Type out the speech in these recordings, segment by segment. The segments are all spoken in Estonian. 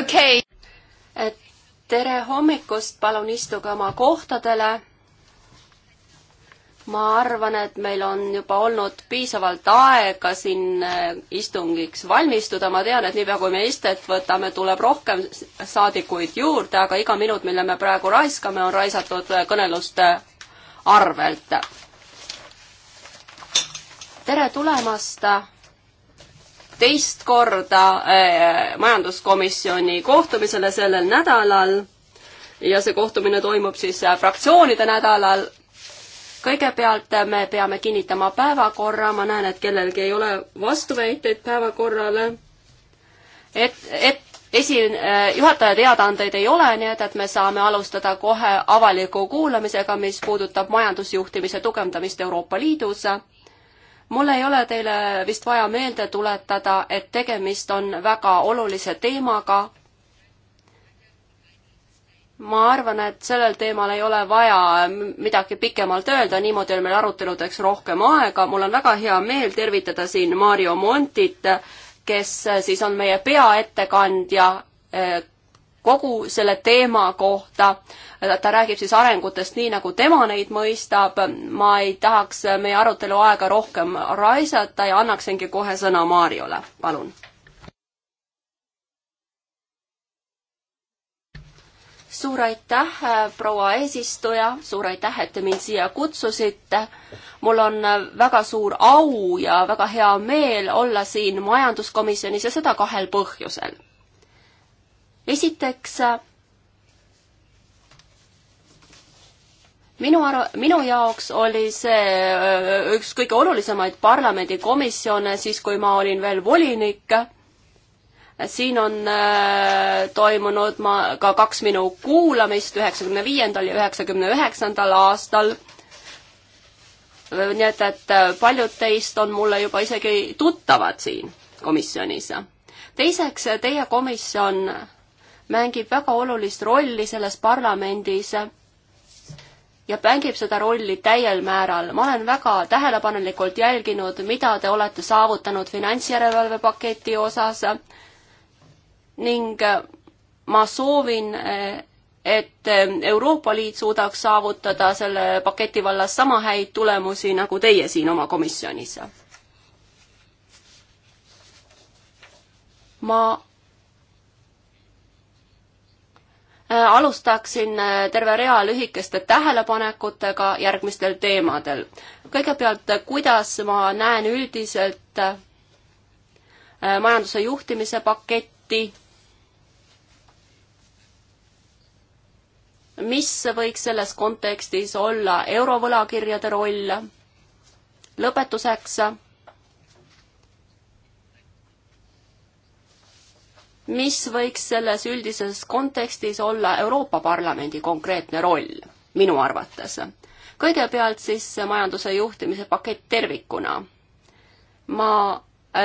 okei okay.. tere hommikust, palun istuge oma kohtadele. ma arvan, et meil on juba olnud piisavalt aega siin äh, istungiks valmistuda, ma tean, et niipea kui me istet võtame, tuleb rohkem saadikuid juurde, aga iga minut, mille me praegu raiskame, on raisatud äh, kõneluste arvelt. tere tulemast teist korda äh, majanduskomisjoni kohtumisele sellel nädalal ja see kohtumine toimub siis äh, fraktsioonide nädalal. kõigepealt äh, me peame kinnitama päevakorra, ma näen, et kellelgi ei ole vastuväiteid päevakorrale. et, et esi-, juhataja teadaandeid ei ole, nii et, et me saame alustada kohe avaliku kuulamisega, mis puudutab majandusjuhtimise tugevdamist Euroopa Liidus mul ei ole teile vist vaja meelde tuletada, et tegemist on väga olulise teemaga. ma arvan, et sellel teemal ei ole vaja midagi pikemalt öelda, niimoodi on meil aruteludeks rohkem aega. mul on väga hea meel tervitada siin Mario Montit, kes siis on meie peaettekandja eh, kogu selle teema kohta. ta räägib siis arengutest nii, nagu tema neid mõistab. ma ei tahaks meie arutelu aega rohkem raisata ja annaksingi kohe sõna Mariole, palun. suur aitäh, proua eesistuja, suur aitäh, et te mind siia kutsusite. mul on väga suur au ja väga hea meel olla siin majanduskomisjonis ja seda kahel põhjusel esiteks, minu arv-, minu jaoks oli see äh, üks kõige olulisemaid parlamendikomisjone siis, kui ma olin veel volinik. siin on äh, toimunud ma ka kaks minu kuulamist üheksakümne viiendal ja üheksakümne üheksandal aastal nii et, et äh, paljud teist on mulle juba isegi tuttavad siin komisjonis. teiseks, teie komisjon mängib väga olulist rolli selles parlamendis ja mängib seda rolli täiel määral. ma olen väga tähelepanelikult jälginud, mida te olete saavutanud finantsjärelevalve paketi osas ning ma soovin, et Euroopa Liit suudaks saavutada selle paketi vallas sama häid tulemusi nagu teie siin oma komisjonis. ma Äh, alustaksin äh, terve rea lühikeste tähelepanekutega järgmistel teemadel. kõigepealt, äh, kuidas ma näen üldiselt majanduse juhtimise paketti, mis võiks selles kontekstis olla eurovõlakirjade roll, lõpetuseks mis võiks selles üldises kontekstis olla Euroopa Parlamendi konkreetne roll, minu arvates? kõigepealt siis majanduse juhtimise pakett tervikuna. ma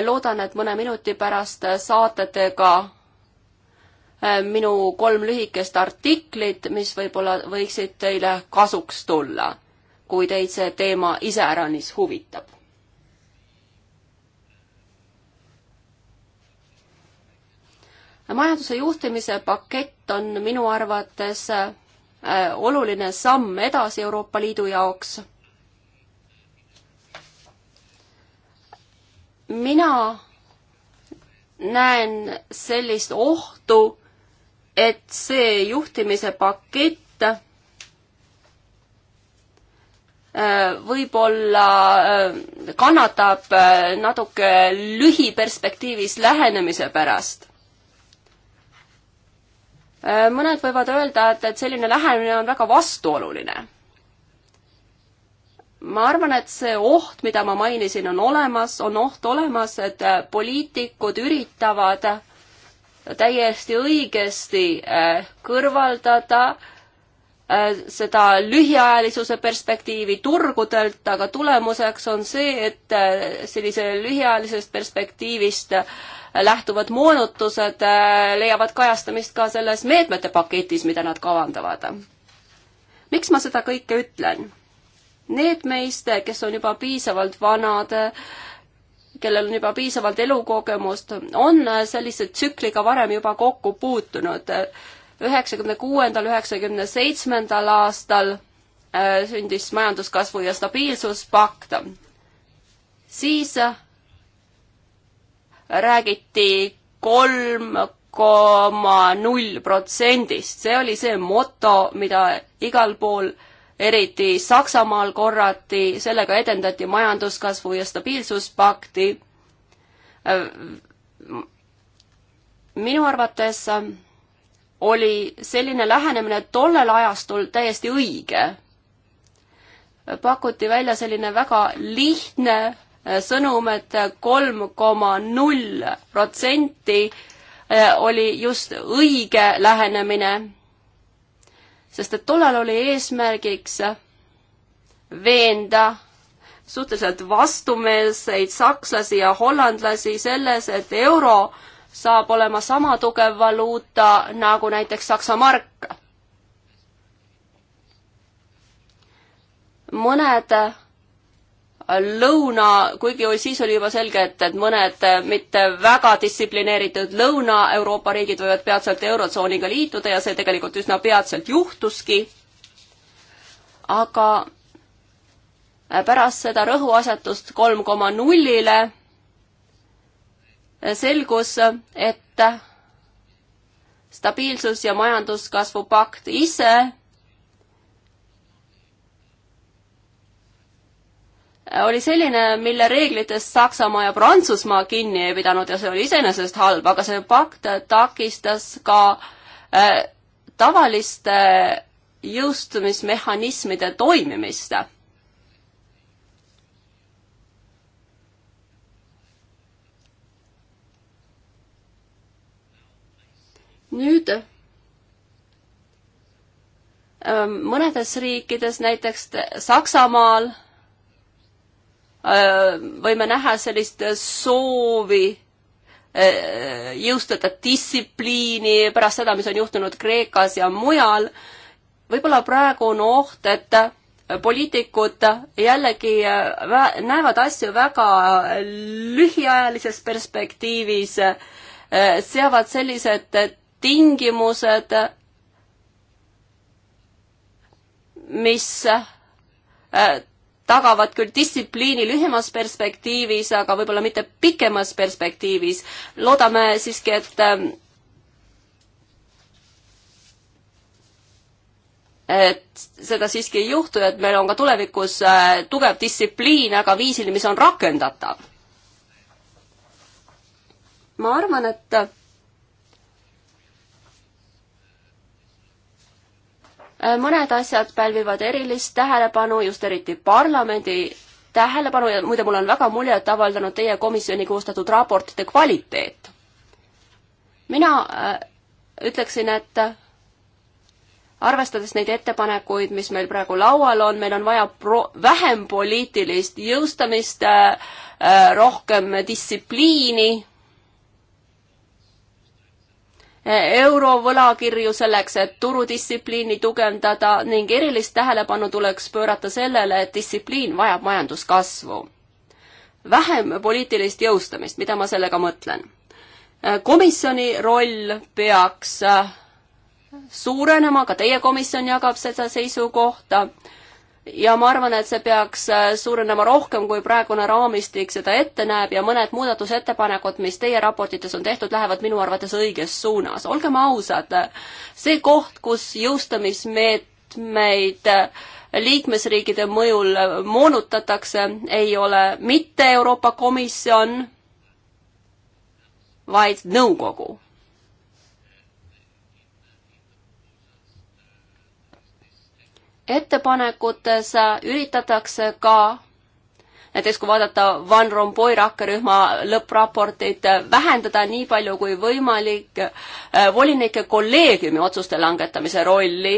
loodan, et mõne minuti pärast saate te ka äh, minu kolm lühikest artiklit, mis võib-olla võiksid teile kasuks tulla, kui teid see teema iseäranis huvitab majanduse juhtimise pakett on minu arvates äh, oluline samm edasi Euroopa Liidu jaoks. mina näen sellist ohtu, et see juhtimise pakett äh, võib-olla äh, kannatab natuke lühiperspektiivis lähenemise pärast Äh, mõned võivad öelda, et, et selline lähenemine on väga vastuoluline. ma arvan, et see oht, mida ma mainisin, on olemas, on oht olemas, et äh, poliitikud üritavad täiesti õigesti äh, kõrvaldada seda lühiajalisuse perspektiivi turgudelt, aga tulemuseks on see, et sellise lühiajalisest perspektiivist äh, lähtuvad moonutused äh, leiavad kajastamist ka selles meetmete paketis, mida nad kavandavad. miks ma seda kõike ütlen? Need meist, kes on juba piisavalt vanad, kellel on juba piisavalt elukogemust, on sellise tsükliga varem juba kokku puutunud. üheksakümne kuuendal, üheksakümne seitsmendal aastal äh, sündis majanduskasvu ja stabiilsuspakt. siis räägiti kolm koma null protsendist, see oli see moto, mida igal pool eriti Saksamaal korrati, sellega edendati majanduskasvu ja stabiilsuspakti. minu arvates oli selline lähenemine tollel ajastul täiesti õige. pakuti välja selline väga lihtne sõnum et, et kolm koma null protsenti eh, oli just õige lähenemine, sest et tollal oli eesmärgiks veenda suhteliselt vastumeelseid sakslasi ja hollandlasi selles, et euro saab olema sama tugev valuuta nagu näiteks Saksa mark. mõned lõuna, kuigi siis oli juba selge, et, et mõned äh, mitte väga distsiplineeritud Lõuna-Euroopa riigid võivad peatselt Eurotsooniga liituda ja see tegelikult üsna peatselt juhtuski. aga äh, pärast seda rõhuasetust kolm koma nullile äh, selgus, et stabiilsus- ja majanduskasvu pakt ise oli selline, mille reeglitest Saksamaa ja Prantsusmaa kinni ei pidanud ja see oli iseenesest halb, aga see pakt takistas ka äh, tavaliste jõustumismehhanismide toimimist. nüüd ähm, mõnedes riikides, näiteks Saksamaal Äh, võime näha sellist soovi äh, jõustada distsipliini pärast seda, mis on juhtunud Kreekas ja mujal. võib-olla praegu on oht, et poliitikud jällegi äh, näevad asju väga lühiajalises perspektiivis, seavad sellised tingimused, mis tagavad küll distsipliini lühemas perspektiivis, aga võib-olla mitte pikemas perspektiivis. loodame siiski, et ähm, et seda siiski ei juhtu ja et meil on ka tulevikus äh, tugev distsipliin, aga viisil, mis on rakendatav. ma arvan, et Äh, mõned asjad pälvivad erilist tähelepanu, just eriti parlamendi tähelepanu ja muide, mul on väga muljet avaldanud teie komisjoni koostatud raportite kvaliteet. mina äh, ütleksin, et arvestades neid ettepanekuid, mis meil praegu laual on, meil on vaja pro-, vähem poliitilist jõustamist äh,, äh rohkem distsipliini eurovõlakirju selleks, et turudistsipliini tugevdada ning erilist tähelepanu tuleks pöörata sellele, et distsipliin vajab majanduskasvu. vähem poliitilist jõustamist, mida ma sellega mõtlen? komisjoni roll peaks suurenema, ka teie komisjon jagab seda seisukohta ja ma arvan, et see peaks äh, suurenema rohkem, kui praegune raamistik seda ette näeb ja mõned muudatusettepanekud, mis teie raportites on tehtud, lähevad minu arvates õiges suunas. olgem ausad, see koht, kus jõustamismeetmeid äh, liikmesriikide mõjul äh, moonutatakse, ei ole mitte Euroopa Komisjon, vaid nõukogu. ettepanekutes üritatakse ka näiteks kui vaadata Van Rompuy rakkerühma lõppraportit, vähendada nii palju kui võimalik äh, volinike kolleegiumi otsuste langetamise rolli.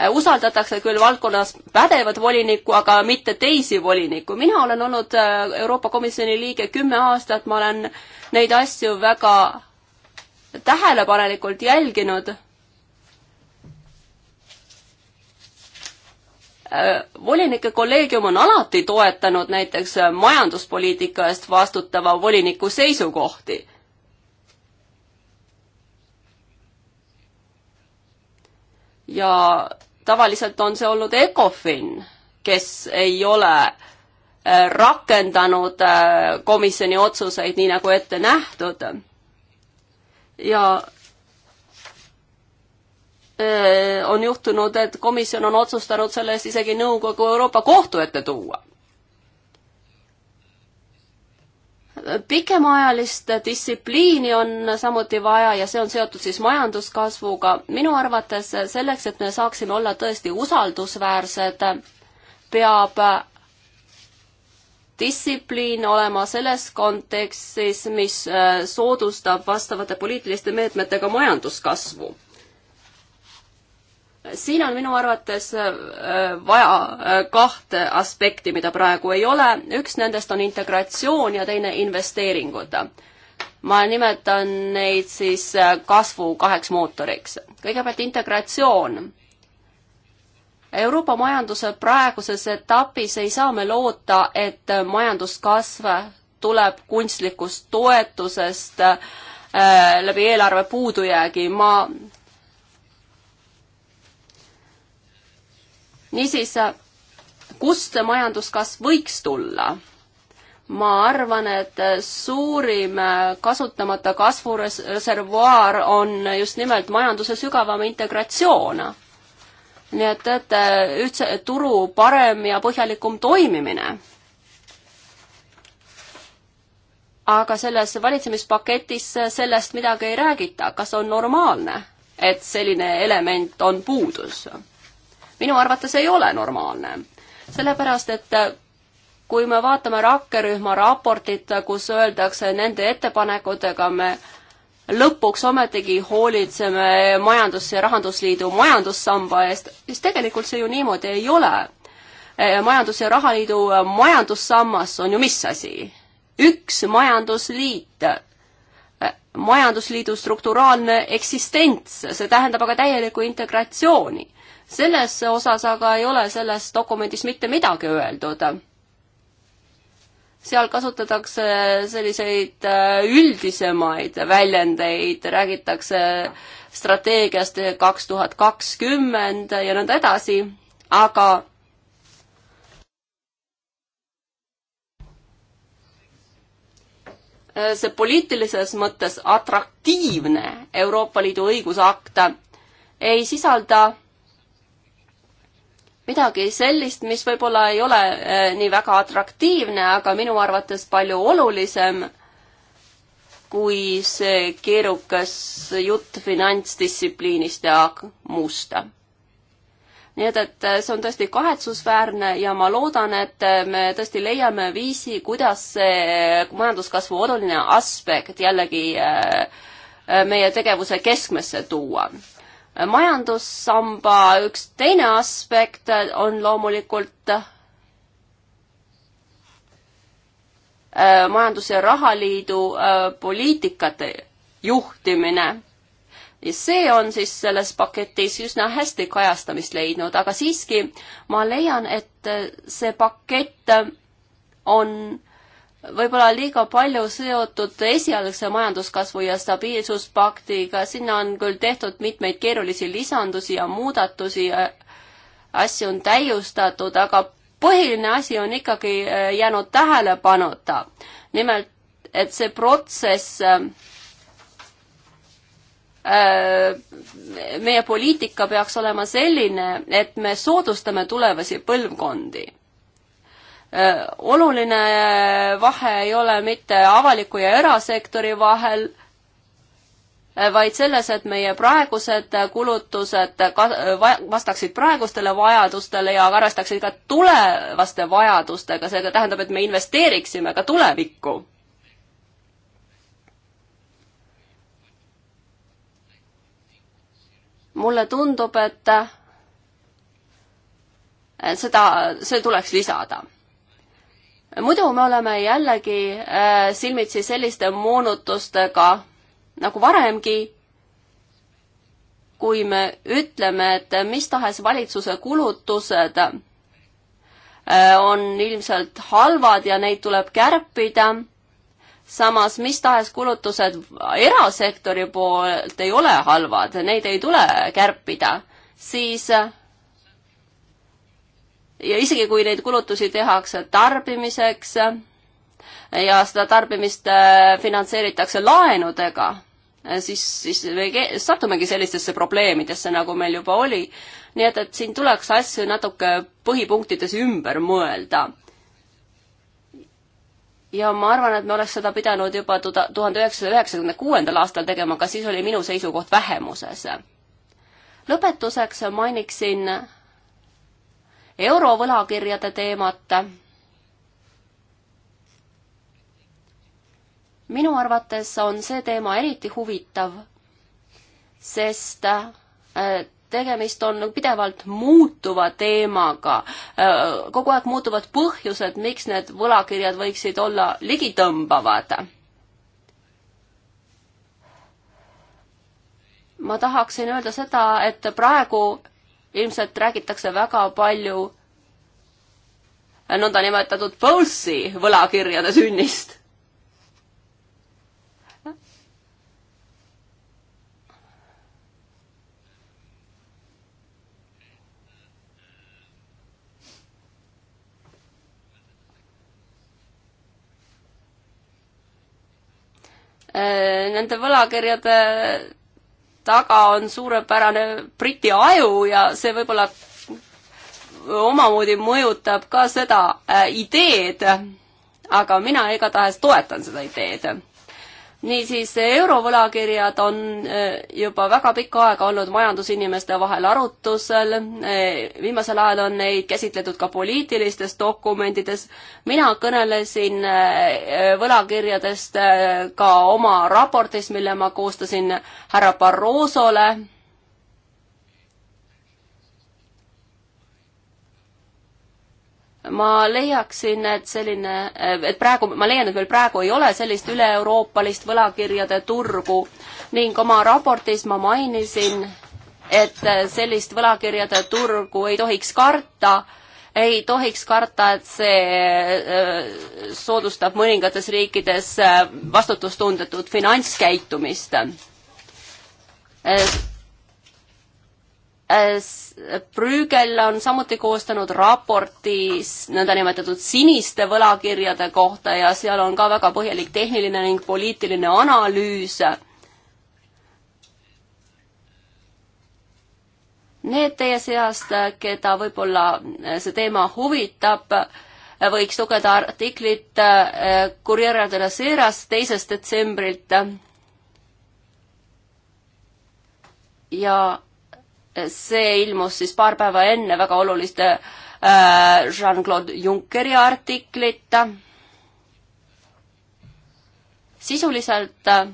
Äh, usaldatakse küll valdkonnas pädevat volinikku, aga mitte teisi volinikku. mina olen olnud äh, Euroopa Komisjoni liige kümme aastat, ma olen neid asju väga tähelepanelikult jälginud Äh, volinike kolleegium on alati toetanud näiteks äh, majanduspoliitika eest vastutava voliniku seisukohti. ja tavaliselt on see olnud Ecofin, kes ei ole äh, rakendanud komisjoni otsuseid nii nagu ette nähtud. ja Äh, on juhtunud, et komisjon on otsustanud selle eest isegi nõukogu Euroopa Kohtu ette tuua. pikemaajalist distsipliini on samuti vaja ja see on seotud siis majanduskasvuga. minu arvates selleks, et me saaksime olla tõesti usaldusväärsed, peab distsipliin olema selles kontekstis, mis äh, soodustab vastavate poliitiliste meetmetega majanduskasvu siin on minu arvates äh, vaja äh, kahte aspekti, mida praegu ei ole, üks nendest on integratsioon ja teine investeeringud. ma nimetan neid siis äh, kasvu kaheks mootoriks. kõigepealt integratsioon. Euroopa majanduse praeguses etapis ei saa me loota, et majanduskasv tuleb kunstlikust toetusest äh, läbi eelarve puudujäägi. ma niisiis, kust see majanduskasv võiks tulla? ma arvan, et suurim kasutamata kasvureservuaar on just nimelt majanduse sügavam integratsioon. nii et, et üldse turu parem ja põhjalikum toimimine aga selles valitsemispaketis sellest midagi ei räägita, kas on normaalne, et selline element on puudus? minu arvates ei ole normaalne. sellepärast, et kui me vaatame rakkerühma raportit, kus öeldakse, nende ettepanekutega me lõpuks ometigi hoolitseme Majandus- ja Rahandusliidu majandussamba eest, siis tegelikult see ju niimoodi ei ole. Eh, majandus- ja Rahaliidu majandussammas on ju mis asi? üks majandusliit, eh, majandusliidu strukturaalne eksistents, see tähendab aga täielikku integratsiooni selles osas aga ei ole selles dokumendis mitte midagi öeldud. seal kasutatakse selliseid äh, üldisemaid väljendeid, räägitakse strateegiast kaks tuhat kakskümmend ja nõnda edasi, aga see poliitilises mõttes atraktiivne Euroopa Liidu õigusakt ei sisalda midagi sellist, mis võib-olla ei ole äh, nii väga atraktiivne, aga minu arvates palju olulisem kui see keerukas jutt finantsdistsipliinist ja muust. nii et, et äh, see on tõesti kahetsusväärne ja ma loodan, et äh, me tõesti leiame viisi, kuidas see majanduskasvu oluline aspekt jällegi meie tegevuse keskmesse tuua majandussamba üks teine aspekt on loomulikult äh, majandus- ja rahaliidu äh, poliitikate juhtimine. ja see on siis selles paketis üsna hästi kajastamist leidnud, aga siiski ma leian, et äh, see pakett on võib-olla liiga palju seotud esialgse majanduskasvu ja stabiilsuspaktiga, sinna on küll tehtud mitmeid keerulisi lisandusi ja muudatusi, asju on täiustatud, aga põhiline asi on ikkagi eh, jäänud tähelepanuta. nimelt, et see protsess eh, meie poliitika peaks olema selline, et me soodustame tulevasi põlvkondi Äh, oluline äh, vahe ei ole mitte avaliku ja erasektori vahel, äh, vaid selles, et meie praegused kulutused vastaksid praegustele vajadustele ja arvestaksid ka tulevaste vajadustega, see tähendab, et me investeeriksime ka tulevikku. mulle tundub, et seda, see tuleks lisada muidu me oleme jällegi äh, silmitsi selliste moonutustega nagu varemgi, kui me ütleme, et mis tahes valitsuse kulutused äh, on ilmselt halvad ja neid tuleb kärpida. samas mis tahes kulutused erasektori poolt ei ole halvad, neid ei tule kärpida, siis äh, ja isegi, kui neid kulutusi tehakse tarbimiseks ja seda tarbimist äh, finantseeritakse laenudega, äh, siis, siis me satumegi sellistesse probleemidesse, nagu meil juba oli. nii et, et siin tuleks asju natuke põhipunktides ümber mõelda. ja ma arvan, et me oleks seda pidanud juba tuhande üheksasaja üheksakümne kuuendal aastal tegema, aga siis oli minu seisukoht vähemuses. lõpetuseks mainiksin eurovõlakirjade teemat. minu arvates on see teema eriti huvitav, sest äh, tegemist on pidevalt muutuva teemaga. Äh, kogu aeg muutuvad põhjused, miks need võlakirjad võiksid olla ligitõmbavad. ma tahaksin öelda seda, et praegu ilmselt räägitakse väga palju nõndanimetatud Bowlesi võlakirjade sünnist. Äh, nende võlakirjade taga on suurepärane Briti aju ja see võib-olla omamoodi mõjutab ka seda äh, ideed, aga mina igatahes toetan seda ideed niisiis, eurovõlakirjad on eh, juba väga pikka aega olnud majandusinimeste vahel arutusel, eh, viimasel ajal on neid käsitletud ka poliitilistes dokumentides. mina kõnelesin eh, võlakirjadest ka oma raportis, mille ma koostasin härra Barrosole ma leiaksin, et selline, et praegu, ma leian, et meil praegu ei ole sellist üle-euroopalist võlakirjade turgu ning oma raportis ma mainisin, et sellist võlakirjade turgu ei tohiks karta, ei tohiks karta, et see äh, soodustab mõningates riikides äh, vastutustundetut finantskäitumist äh, Brügel äh, on samuti koostanud raporti nõndanimetatud siniste võlakirjade kohta ja seal on ka väga põhjalik tehniline ning poliitiline analüüs. Need teie seast, keda võib-olla äh, see teema huvitab, äh, võiks lugeda artiklit Corriere de la Seras teisest detsembrilt. ja see ilmus siis paar päeva enne väga olulist äh, Jean-Claude Junckeri artiklit. sisuliselt äh,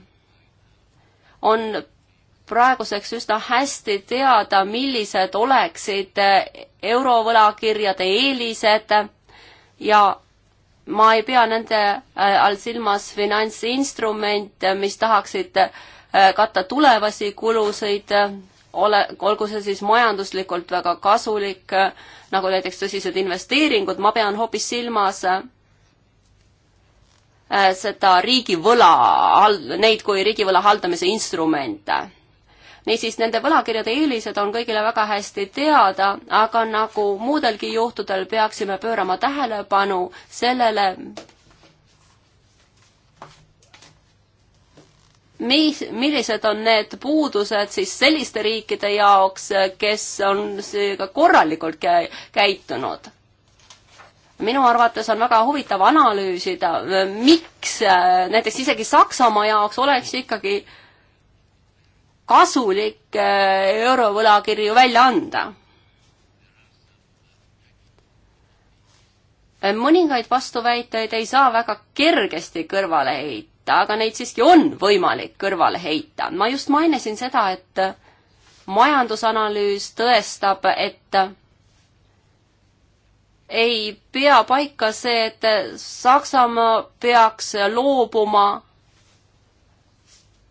on praeguseks üsna hästi teada, millised oleksid äh, eurovõlakirjade eelised ja ma ei pea nende all silmas finantsinstrumente, mis tahaksid katta tulevasi kulusid ole, olgu see siis majanduslikult väga kasulik, nagu näiteks tõsised investeeringud, ma pean hoopis silmas äh, seda riigivõla, neid kui riigivõla haldamise instrumente. niisiis, nende võlakirjade eelised on kõigile väga hästi teada, aga nagu muudelgi juhtudel, peaksime pöörama tähelepanu sellele, mis, millised on need puudused siis selliste riikide jaoks, kes on seega korralikult käitunud? minu arvates on väga huvitav analüüsida, miks näiteks isegi Saksamaa jaoks oleks ikkagi kasulik eh, eurovõlakirju välja anda. mõningaid vastuväiteid ei saa väga kergesti kõrvale heita võtta, aga neid siiski on võimalik kõrvale heita. ma just mainisin seda, et majandusanalüüs tõestab, et ei pea paika see, et Saksamaa peaks loobuma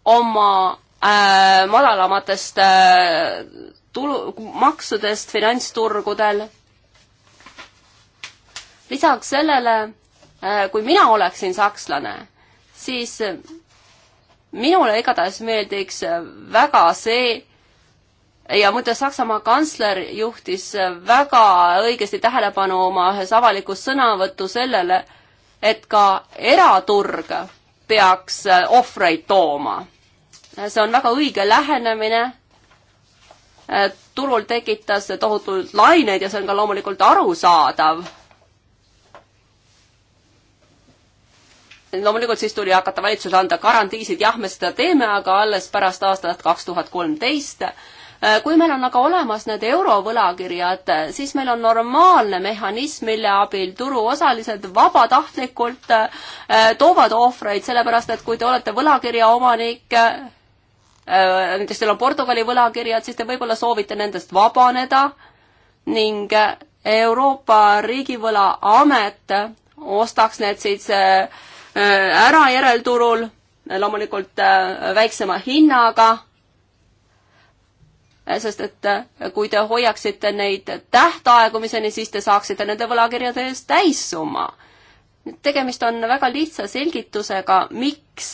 oma äh, madalamatest äh, tulu, maksudest finantsturgudel. lisaks sellele äh,, kui mina oleksin sakslane siis minule igatahes meeldiks väga see, ja muide, Saksamaa kantsler juhtis väga õigesti tähelepanu oma ühes avalikus sõnavõtu sellele, et ka eraturg peaks ohvreid tooma. see on väga õige lähenemine. turul tekitas tohutult laineid ja see on ka loomulikult arusaadav loomulikult siis tuli hakata valitsusele anda garantiisid, jah, me seda teeme, aga alles pärast aastat kaks tuhat kolmteist. kui meil on aga olemas need eurovõlakirjad, siis meil on normaalne mehhanism, mille abil turuosalised vabatahtlikult äh, toovad ohvreid, sellepärast et kui te olete võlakirja omanik, äh, näiteks teil on Portugali võlakirjad, siis te võib-olla soovite nendest vabaneda ning Euroopa Riigivõla Amet ostaks need siis äh, Äh, ära järelturul, äh, loomulikult äh, väiksema hinnaga, sest et kui te hoiaksite neid tähtaegumiseni, siis te saaksite nende võlakirjade eest täissumma. tegemist on väga lihtsa selgitusega, miks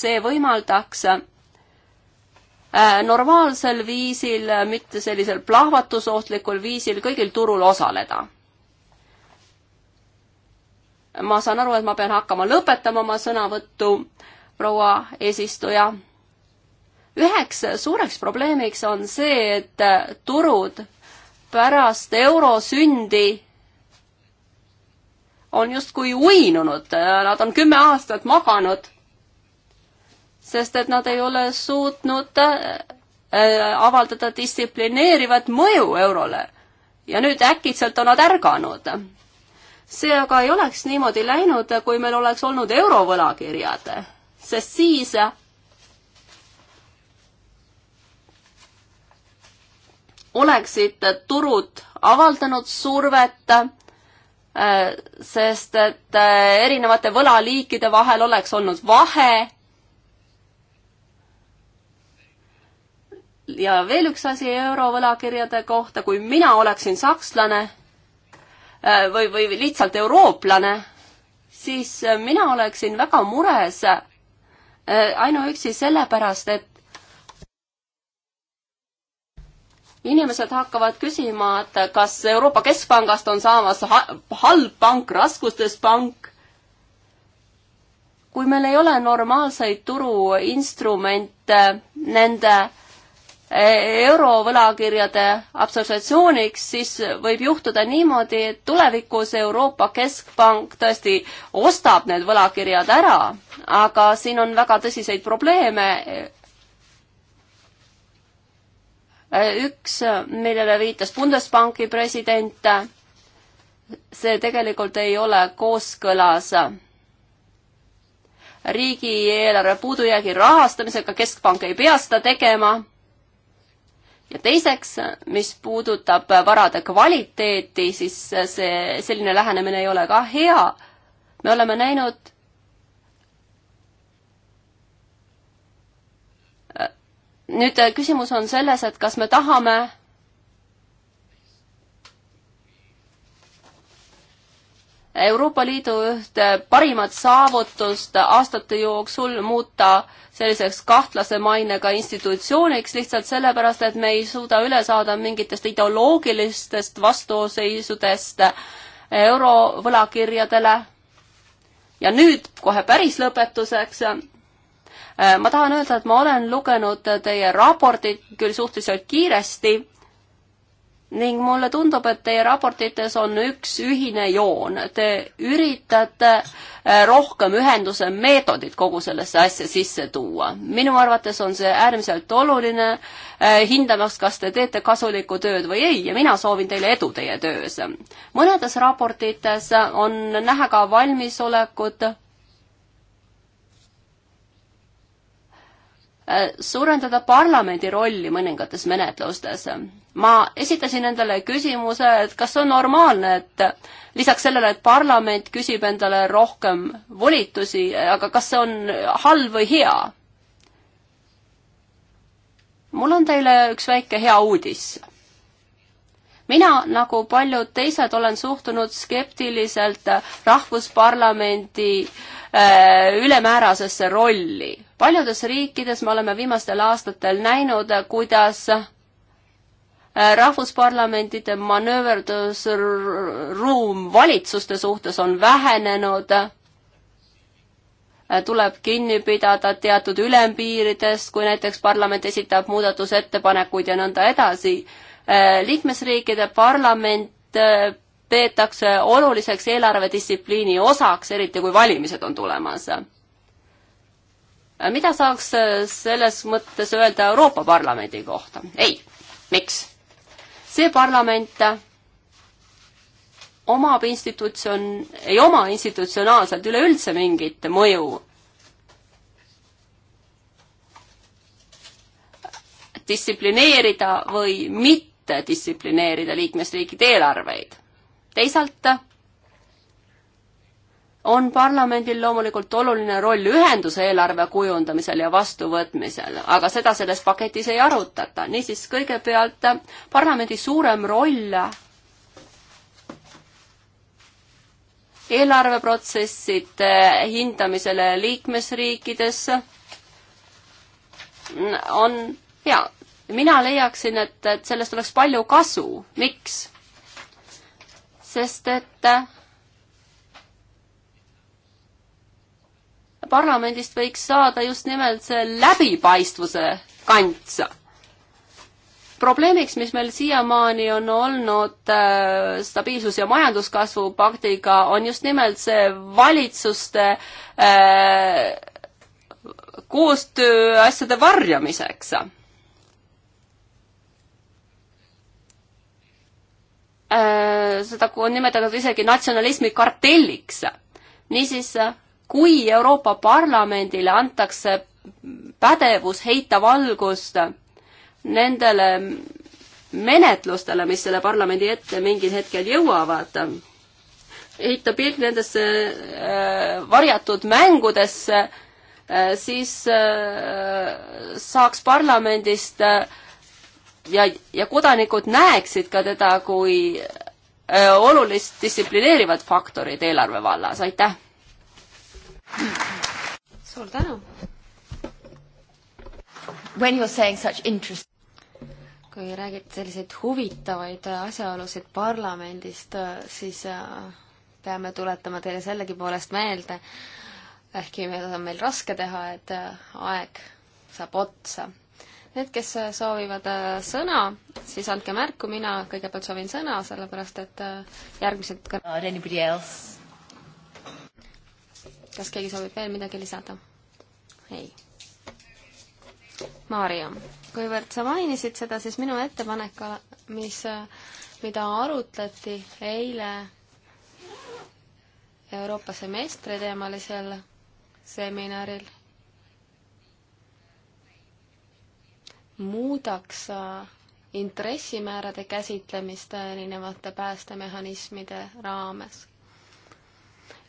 see võimaldaks normaalsel viisil, mitte sellisel plahvatusohtlikul viisil kõigil turul osaleda ma saan aru, et ma pean hakkama lõpetama oma sõnavõttu, proua eesistuja. üheks suureks probleemiks on see, et turud pärast euro sündi on justkui uinunud, nad on kümme aastat maganud, sest et nad ei ole suutnud äh, avaldada distsiplineerivat mõju eurole. ja nüüd äkitselt on nad ärganud see aga ei oleks niimoodi läinud, kui meil oleks olnud eurovõlakirjad, sest siis oleksid turud avaldanud survet, sest et erinevate võlaliikide vahel oleks olnud vahe. ja veel üks asi eurovõlakirjade kohta, kui mina oleksin sakslane Äh, või, või lihtsalt eurooplane, siis äh, mina oleksin väga mures äh, ainuüksi sellepärast, et inimesed hakkavad küsima, et kas Euroopa Keskpangast on saamas halb pank, raskustes pank. kui meil ei ole normaalseid turuinstrumente nende eurovõlakirjade absorptsiooniks, siis võib juhtuda niimoodi, et tulevikus Euroopa Keskpank tõesti ostab need võlakirjad ära, aga siin on väga tõsiseid probleeme. üks, millele viitas Bundesbanki president, see tegelikult ei ole kooskõlas riigieelarve puudujäägi rahastamisega, keskpank ei pea seda tegema ja teiseks, mis puudutab varade kvaliteeti, siis see, selline lähenemine ei ole ka hea. me oleme näinud äh, nüüd äh, küsimus on selles, et kas me tahame Euroopa Liidu ühte parimat saavutust aastate jooksul muuta selliseks kahtlase mainega institutsiooniks lihtsalt sellepärast, et me ei suuda üle saada mingitest ideoloogilistest vastuseisudest eurovõlakirjadele. ja nüüd kohe päris lõpetuseks. ma tahan öelda, et ma olen lugenud teie raportit küll suhteliselt kiiresti ning mulle tundub, et teie raportites on üks ühine joon. Te üritate äh, rohkem ühenduse meetodit kogu sellesse asja sisse tuua. minu arvates on see äärmiselt oluline, äh, hindamaks, kas te teete kasulikku tööd või ei ja mina soovin teile edu teie töös. mõnedes raportites on näha ka valmisolekut Äh, suurendada parlamendi rolli mõningates menetlustes. ma esitasin endale küsimuse, et kas on normaalne, et lisaks sellele, et parlament küsib endale rohkem volitusi, aga kas see on halb või hea? mul on teile üks väike hea uudis. mina, nagu paljud teised, olen suhtunud skeptiliselt rahvusparlamendi äh, Äh, ülemäärasesse rolli. paljudes riikides me oleme viimastel aastatel näinud, kuidas äh, rahvusparlamentide manööverdusruum valitsuste suhtes on vähenenud, äh, tuleb kinni pidada teatud ülempiiridest, kui näiteks parlament esitab muudatusettepanekuid ja nõnda edasi. liikmesriikide parlament peetakse oluliseks eelarvedistsipliini osaks, eriti kui valimised on tulemas. mida saaks selles mõttes öelda Euroopa Parlamendi kohta? ei. miks? see parlament omab institutsioon, ei oma institutsionaalselt üleüldse mingit mõju distsiplineerida või mitte distsiplineerida liikmesriikide eelarveid teisalt on parlamendil loomulikult oluline roll ühenduse eelarve kujundamisel ja vastuvõtmisel, aga seda selles paketis ei arutata. niisiis, kõigepealt parlamendi suurem roll eelarveprotsesside hindamisele liikmesriikides on hea. mina leiaksin, et, et sellest oleks palju kasu. miks? sest et äh, parlamendist võiks saada just nimelt see läbipaistvuse kants. probleemiks, mis meil siiamaani on olnud äh, stabiilsus- ja majanduskasvu paktiga, on just nimelt see valitsuste äh, koostöö asjade varjamiseks Äh, seda on nimetatud isegi natsionalismi kartelliks. niisiis, kui Euroopa Parlamendile antakse pädevus heita valgust nendele menetlustele, mis selle parlamendi ette mingil hetkel jõuavad, heita pilk nendesse äh, varjatud mängudesse, äh, siis saaks parlamendist äh, ja, ja kodanikud näeksid ka teda kui äh, olulist distsiplineerivat faktorit eelarve vallas, aitäh! suur tänu! When you are saying such interest kui räägite selliseid huvitavaid asjaolusid parlamendist, siis äh, peame tuletama teile sellegipoolest meelde, ehkki meil on meil raske teha, et äh, aeg saab otsa Need, kes soovivad äh, sõna, siis andke märku, mina kõigepealt soovin sõna, sellepärast et äh, järgmised kõne-... kas keegi soovib veel midagi lisada? ei. Maarja, kuivõrd sa mainisid seda, siis minu ettepanek, mis, mida arutleti eile Euroopa semestri teemalisel seminaril muudaks äh, intressimäärade käsitlemist äh, erinevate päästemehhanismide raames.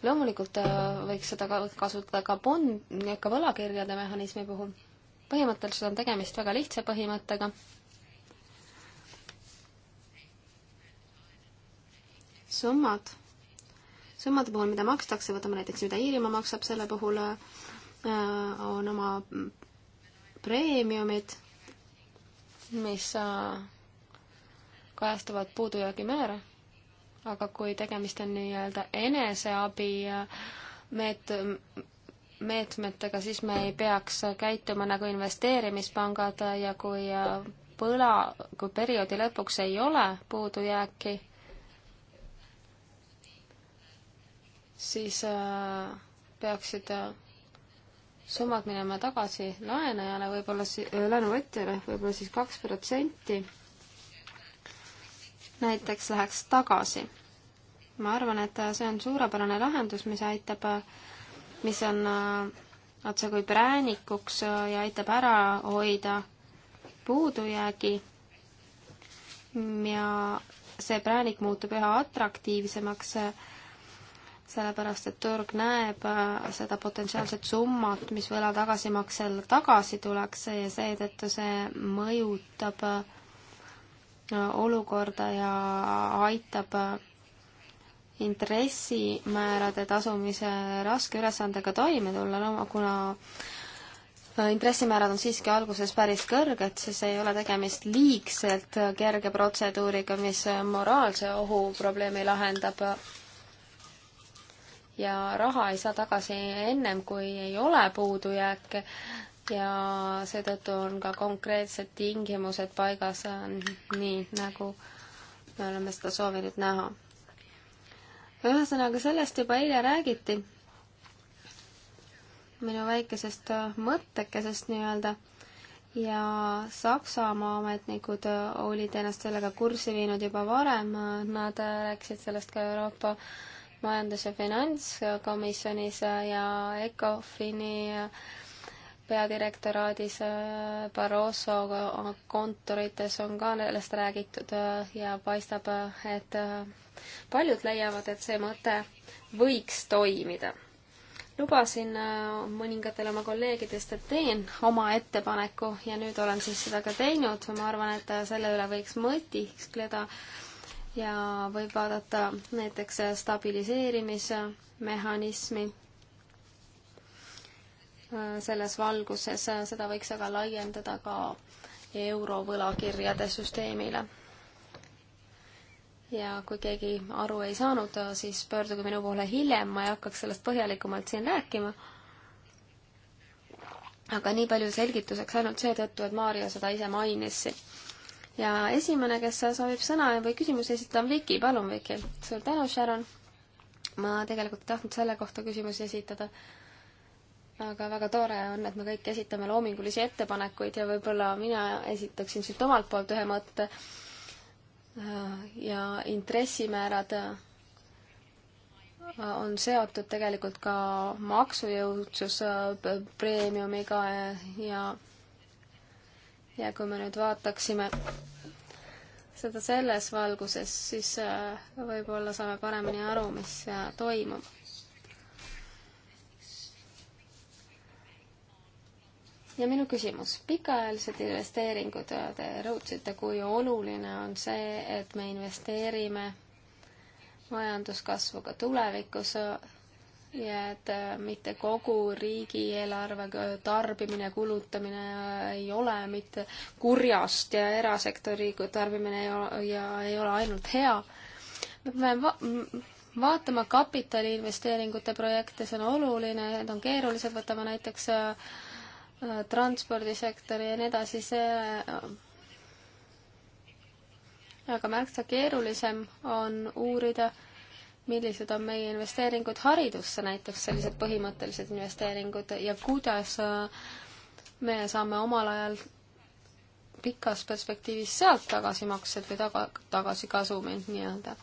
loomulikult äh, võiks seda kasutada ka bond, ka võlakirjade mehhanismi puhul. põhimõtteliselt on tegemist väga lihtsa põhimõttega. summad, summade puhul, mida makstakse, võtame näiteks, mida Iirimaa maksab, selle puhul on oma mm, preemiumid mis äh, kajastavad puudujäägi määra, aga kui tegemist on nii-öelda eneseabi äh, meet-, meetmetega, siis me ei peaks käituma nagu investeerimispangad ja kui põla, äh, kui perioodi lõpuks ei ole puudujääki, siis peaksid summad minema tagasi laenajale, võib-olla si-, laenuvõtjale, võib-olla siis kaks protsenti näiteks läheks tagasi. ma arvan, et äh, see on suurepärane lahendus, mis aitab, äh, mis on äh, otsekui präänikuks ja aitab ära hoida puudujäägi ja see präänik muutub üha atraktiivsemaks sellepärast et turg näeb äh, seda potentsiaalset summat, mis võla tagasimaksel tagasi tuleks ja seetõttu see mõjutab äh, olukorda ja aitab äh, intressimäärade tasumise raske ülesandega toime tulla, no kuna intressimäärad on siiski alguses päris kõrged, siis ei ole tegemist liigselt kerge protseduuriga, mis moraalse ohu probleemi lahendab ja raha ei saa tagasi ennem, kui ei ole puudujääke ja seetõttu on ka konkreetsed tingimused paigas, nii nagu me oleme seda soovinud näha. ühesõnaga, sellest juba eile räägiti, minu väikesest mõttekesest nii-öelda, ja Saksamaa ametnikud olid ennast sellega kurssi viinud juba varem, nad rääkisid sellest ka Euroopa äh, majandus- ja finantskomisjonis ja ECOFIN-i peadirektoraadis äh, Barroso äh, kontorites on ka sellest räägitud äh, ja paistab, et paljud leiavad, et see mõte võiks toimida. lubasin mõningatele oma kolleegidest, et teen oma ettepaneku ja nüüd olen siis seda ka teinud, ma arvan, et selle üle võiks mõtiskleda ja võib vaadata näiteks stabiliseerimismehhanismi selles valguses, seda võiks aga laiendada ka eurovõlakirjade süsteemile. ja kui keegi aru ei saanud, siis pöörduge minu poole hiljem, ma ei hakkaks sellest põhjalikumalt siin rääkima. aga nii palju selgituseks ainult seetõttu, et Maarja seda ise mainis siin ja esimene, kes soovib sõna või küsimuse esitada, on Viki, palun Viki. suur tänu, Sharon. ma tegelikult ei tahtnud selle kohta küsimusi esitada aga väga tore on, et me kõik esitame loomingulisi ettepanekuid ja võib-olla mina esitaksin siit omalt poolt ühe mõtte. ja intressimäärad on seotud tegelikult ka maksujõudsuspreemiumiga ja ja kui me nüüd vaataksime seda selles valguses, siis äh, võib-olla saame paremini aru, mis toimub. ja minu küsimus, pikaajalised investeeringud, äh, te rõhutasite, kui oluline on see, et me investeerime majanduskasvu ka tulevikus ja et äh, mitte kogu riigieelarve tarbimine, kulutamine äh, ei ole mitte kurjast ja erasektori tarbimine ei ole, ja ei ole ainult hea. me peame vaatama kapitaliinvesteeringute projekte, see on oluline, need on keerulised, võtame näiteks äh, transpordisektori ja nii edasi, see aga märksa keerulisem on uurida millised on meie investeeringud haridusse, näiteks sellised põhimõttelised investeeringud ja kuidas äh, me saame omal ajal pikas perspektiivis sealt tagasimaksed või taga, tagasikasumid nii-öelda.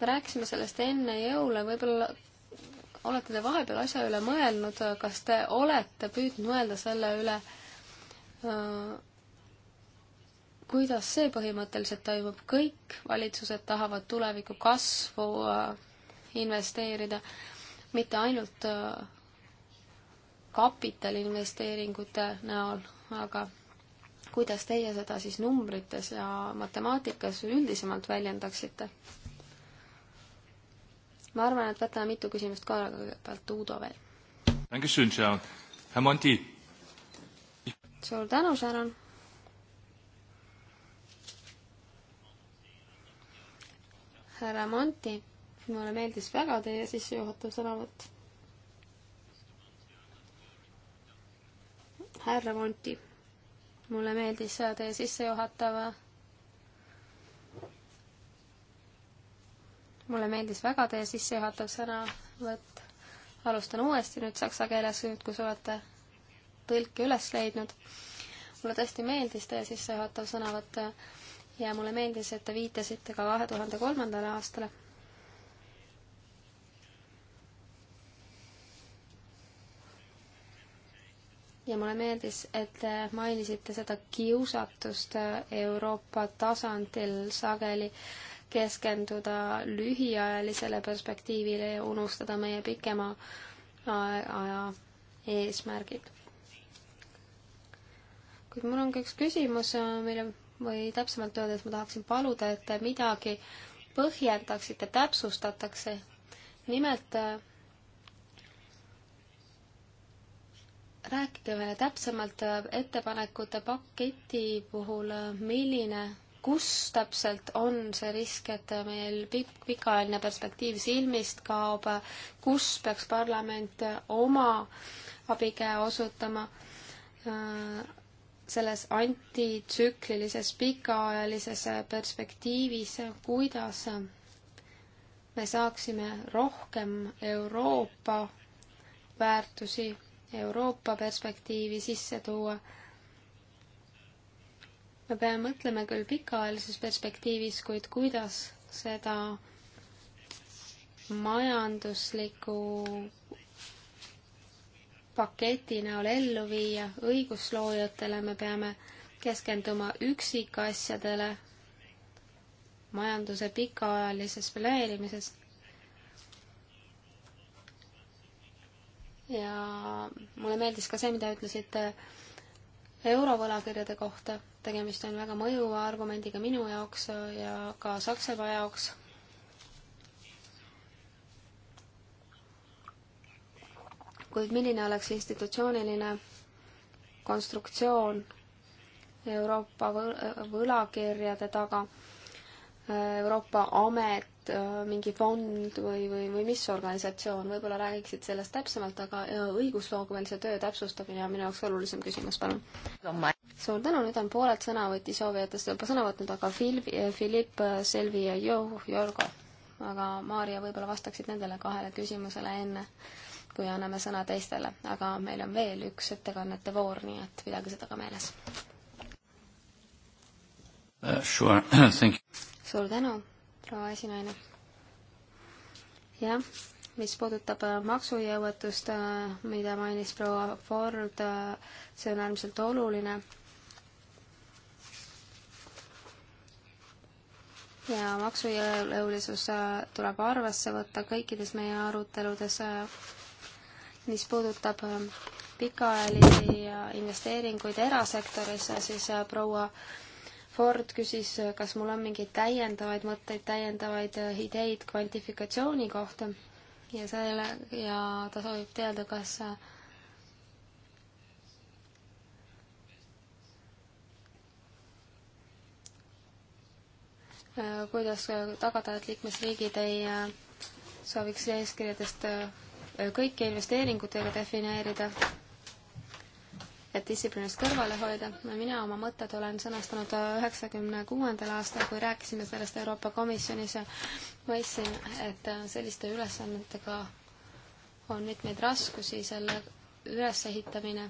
me rääkisime sellest enne jõule, võib-olla olete te vahepeal asja üle mõelnud, kas te olete püüdnud mõelda selle üle äh,, kuidas see põhimõtteliselt toimub, kõik valitsused tahavad tuleviku kasvu äh, investeerida, mitte ainult äh, kapitaliinvesteeringute näol, aga kuidas teie seda siis numbrites ja matemaatikas üldisemalt väljendaksite? ma arvan, et võtame mitu küsimust korraga, kõigepealt Uudo veel. suur tänu, Sharon härra Monti, mulle meeldis väga teie sissejuhatav sõnavõtt. härra Monti, mulle meeldis teie sissejuhatav mulle meeldis väga teie sissejuhatav sõnavõtt. alustan uuesti nüüd saksa keeles, nüüd kus olete tõlki üles leidnud. mulle tõesti meeldis teie sissejuhatav sõnavõtt ja mulle meeldis, et te viitasite ka kahe tuhande kolmandale aastale. ja mulle meeldis, et te mainisite seda kiusatust Euroopa tasandil sageli keskenduda lühiajalisele perspektiivile ja unustada meie pikema aja eesmärgid. kuid mul on ka üks küsimus, mille või täpsemalt öeldes ma tahaksin paluda, et te midagi põhjendaksite, täpsustatakse. nimelt äh, rääkige meile täpsemalt äh, ettepanekute paketi puhul, äh, milline, kus täpselt on see risk, et meil pikk, pikaajaline perspektiiv silmist kaob, kus peaks parlament oma abikäe osutama selles antitsüklilises pikaajalises perspektiivis, kuidas me saaksime rohkem Euroopa väärtusi, Euroopa perspektiivi sisse tuua. me peame mõtlema küll pikaajalises perspektiivis, kuid kuidas seda majanduslikku paketi näol ellu viia õigusloojatele, me peame keskenduma üksikasjadele majanduse pikaajalises planeerimises. ja mulle meeldis ka see, mida ütlesite äh, eurovõlakirjade kohta, tegemist on väga mõjuva argumendiga minu jaoks ja ka Saksamaa jaoks kuid milline oleks institutsiooniline konstruktsioon Euroopa võlakirjade taga, Euroopa amet, mingi fond või, või, või mis organisatsioon, võib-olla räägiksid sellest täpsemalt, aga õigusloomelise töö täpsustamine on minu jaoks olulisem küsimus, palun. suur tänu, nüüd on pooled sõnavõti soovijatest juba sõna võtnud, aga Fil-, Philipp, Selvi ja Jo-, Jorgo. aga Maarja, võib-olla vastaksid nendele kahele küsimusele enne kui anname sõna teistele, aga meil on veel üks ettekannete voor, nii et pidage seda ka meeles uh,. Sure. suur tänu, proua esinaine. jah, mis puudutab äh, maksujõuetust, äh, mida mainis proua Ford, äh, see on äärmiselt oluline ja maksujõulisus tuleb arvesse võtta kõikides meie aruteludes mis puudutab ähm, pikaajalisi äh, investeeringuid erasektorisse, siis äh, proua Ford küsis, äh, kas mul on mingeid täiendavaid mõtteid, täiendavaid ideid kvantifikatsiooni kohta ja selle, ja ta soovib teada, kas kuidas tagada, et liikmesriigid ei sooviks eeskirjadest kõiki investeeringutega defineerida, et distsiplinist kõrvale hoida. mina oma mõtted olen sõnastanud üheksakümne kuuendal aastal, kui rääkisime sellest Euroopa Komisjonis, mõistsin, et selliste ülesannetega on mitmeid raskusi, selle ülesehitamine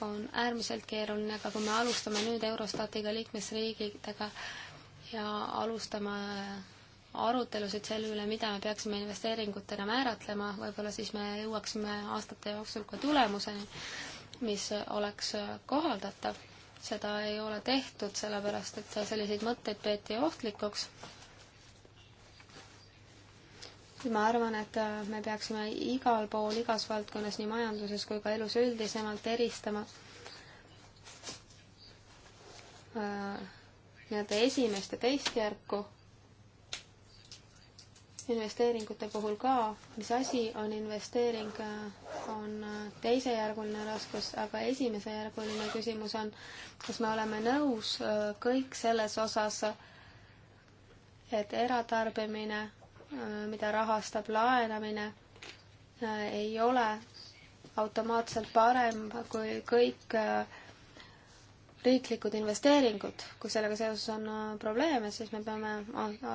on äärmiselt keeruline, aga kui me alustame nüüd Eurostatiga liikmesriigidega ja alustame arutelusid selle üle, mida me peaksime investeeringutena määratlema, võib-olla siis me jõuaksime aastate jooksul ka tulemuseni, mis oleks kohaldatav. seda ei ole tehtud, sellepärast et selliseid mõtteid peeti ohtlikuks. ma arvan, et me peaksime igal pool, igas valdkonnas, nii majanduses kui ka elus üldisemalt eristama äh, nii-öelda esimest ja teist järku investeeringute puhul ka, mis asi on investeering, on teisejärguline raskus, aga esimesejärguline küsimus on, kas me oleme nõus kõik selles osas, et eratarbimine, mida rahastab laenamine, ei ole automaatselt parem kui kõik riiklikud investeeringud, kui sellega seoses on probleeme, siis me peame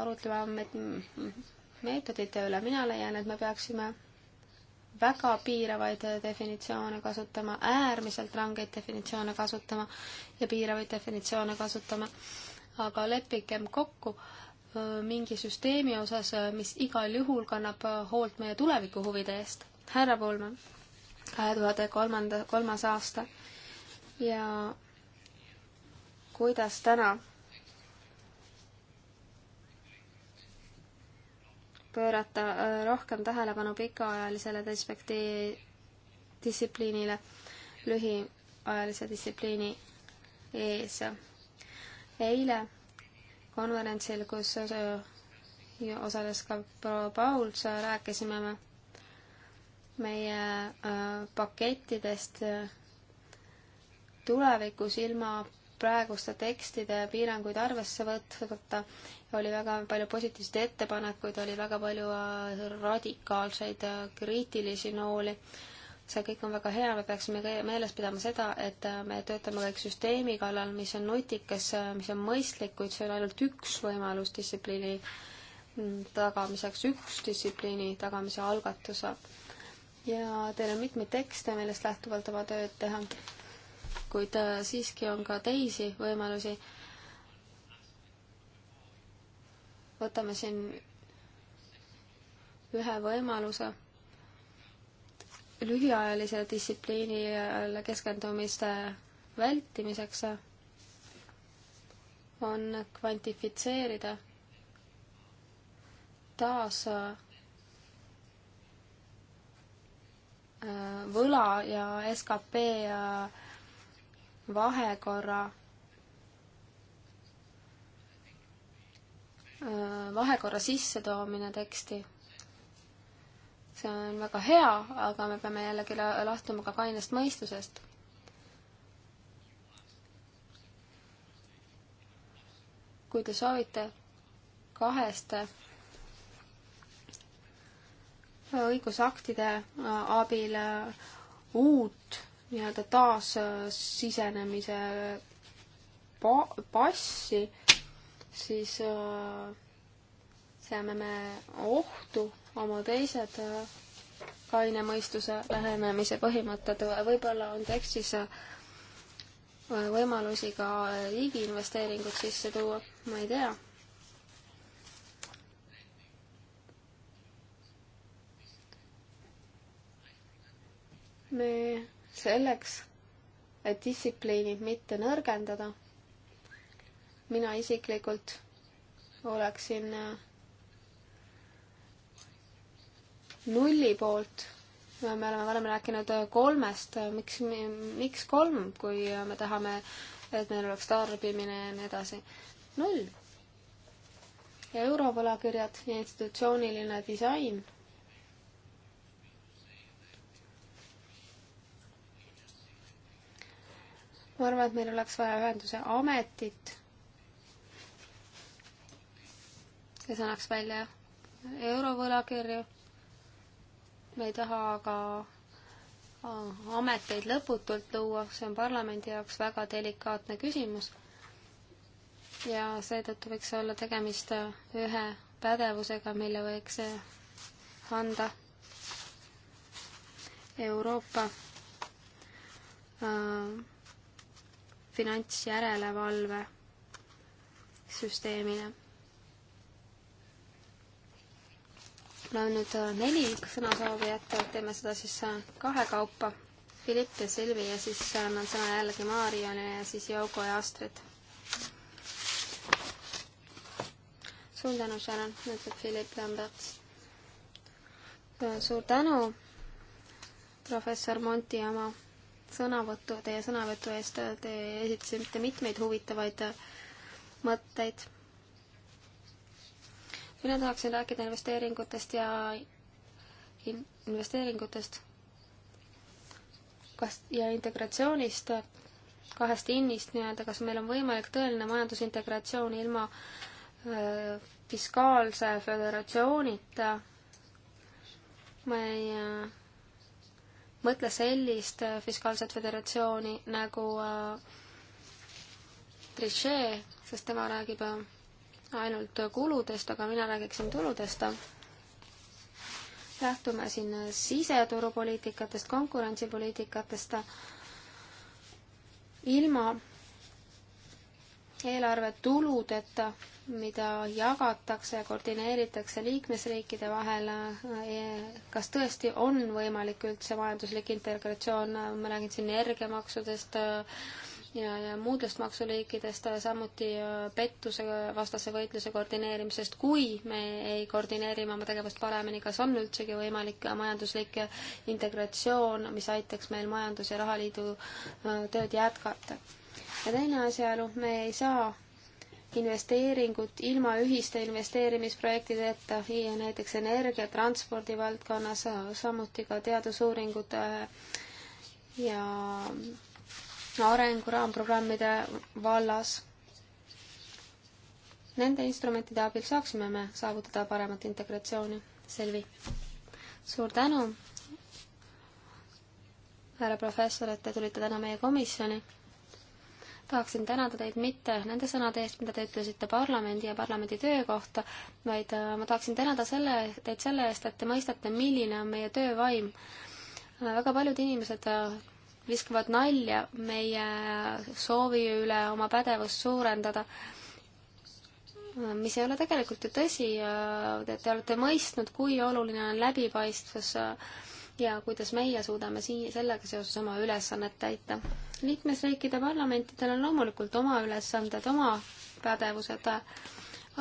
arutlema meetodite üle, mina leian, et me peaksime väga piiravaid definitsioone kasutama, äärmiselt rangeid definitsioone kasutama ja piiravaid definitsioone kasutama, aga leppigem kokku mingi süsteemi osas, mis igal juhul kannab hoolt meie tuleviku huvide eest. härra Poolmann, kahe tuhande kolmanda, kolmas aasta ja kuidas täna pöörata äh, rohkem tähelepanu pikaajalisele despekti distsipliinile lühiajalise distsipliini ees. eile konverentsil, kus osales ka proua Pauls, rääkisime me meie äh, pakettidest äh, tulevikus ilma praeguste tekstide piiranguid arvesse võtta, oli väga palju positiivseid ettepanekuid, oli väga palju äh, radikaalseid äh, kriitilisi nooli. see kõik on väga hea, me peaksime meeles pidama seda, et äh, me töötame kõik süsteemi kallal, mis on nutikas, mis on mõistlik, kuid see on ainult üks võimalus distsipliini mm, tagamiseks, üks distsipliini tagamise algatuse. ja teil on mitmeid tekste, millest lähtuvalt oma tööd teha kuid äh, siiski on ka teisi võimalusi. võtame siin ühe võimaluse lühiajalise distsipliinile keskendumiste vältimiseks on kvantifitseerida taas äh, võla ja skp ja äh, vahekorra vahekorra sissetoomine teksti. see on väga hea, aga me peame jällegi lahtuma ka kainest mõistusest. kui te soovite kahest õigusaktide abil uut nii-öelda taassisenemise pa-, passi, siis äh, seame me ohtu oma teised äh, kaine mõistuse lähenemise põhimõtted, võib-olla on tekstis äh, võimalusi ka riigi investeeringut sisse tuua, ma ei tea me selleks, et distsipliini mitte nõrgendada. mina isiklikult oleksin äh, nulli poolt, me oleme varem rääkinud äh, kolmest, äh, miks, miks kolm, kui me tahame, et meil oleks tarbimine ja nii edasi. null. ja eurovõlakirjad ja institutsiooniline disain ma arvan, et meil oleks vaja ühenduse ametit, kes annaks välja eurovõlakirju. me ei taha aga ameteid lõputult luua, see on parlamendi jaoks väga delikaatne küsimus. ja seetõttu võiks olla tegemist ühe pädevusega, mille võiks anda Euroopa äh, finantsjärelevalve süsteemile. mul on nüüd äh, neli sõnasoovijat, teeme seda siis äh, kahekaupa. Philipp ja Silvi ja siis äh, annan sõna jällegi Maarjale ja siis Jouko ja Astrid. suur tänu, Sharon, ütleb Philipp Lambert. suur tänu, professor Monti oma sõnavõttu, teie sõnavõtu eest, te esitasite mitmeid huvitavaid mõtteid. mina tahaksin rääkida investeeringutest ja in-, investeeringutest kas, ja integratsioonist, kahest innist nii-öelda, kas meil on võimalik tõeline majandusintegratsioon ilma öö, äh, fiskaalse föderatsioonita, ma ei öö, äh, mõtle sellist äh, fiskaalset föderatsiooni nagu äh, Trichet, sest tema räägib äh, ainult kuludest, aga mina räägiksin tuludest. lähtume siin siseturupoliitikatest, konkurentsipoliitikatest, ilma eelarve tuludeta mida jagatakse ja koordineeritakse liikmesriikide vahel, eh, kas tõesti on võimalik üldse majanduslik integratsioon, ma räägin siin energiamaksudest eh, ja, ja muudest maksuliikidest, eh, samuti pettuse vastase võitluse koordineerimisest, kui me ei koordineeri oma tegevust paremini, kas on üldsegi võimalik majanduslik integratsioon, mis aitaks meil Majandus- ja Rahaliidu tööd jätkata? ja teine asjaolu, me ei saa investeeringud ilma ühiste investeerimisprojektideta, näiteks energia, transpordi valdkonnas, samuti ka teadusuuringute ja arenguraamprogrammide vallas. Nende instrumentide abil saaksime me saavutada paremat integratsiooni. Selvi, suur tänu, härra professor, et te tulite täna meie komisjoni tahaksin tänada teid mitte nende sõnade eest, mida te ütlesite parlamendi ja parlamendi töö kohta, vaid äh, ma tahaksin tänada selle, teid selle eest, et te mõistate, milline on meie töövaim. Äh, väga paljud inimesed äh, viskavad nalja meie soovi üle oma pädevust suurendada mis ei ole tegelikult ju tõsi, te olete mõistnud, kui oluline on läbipaistvus ja kuidas meie suudame sii-, sellega seoses oma ülesannet täita. liikmesriikide parlamentidel on loomulikult oma ülesanded, oma pädevused,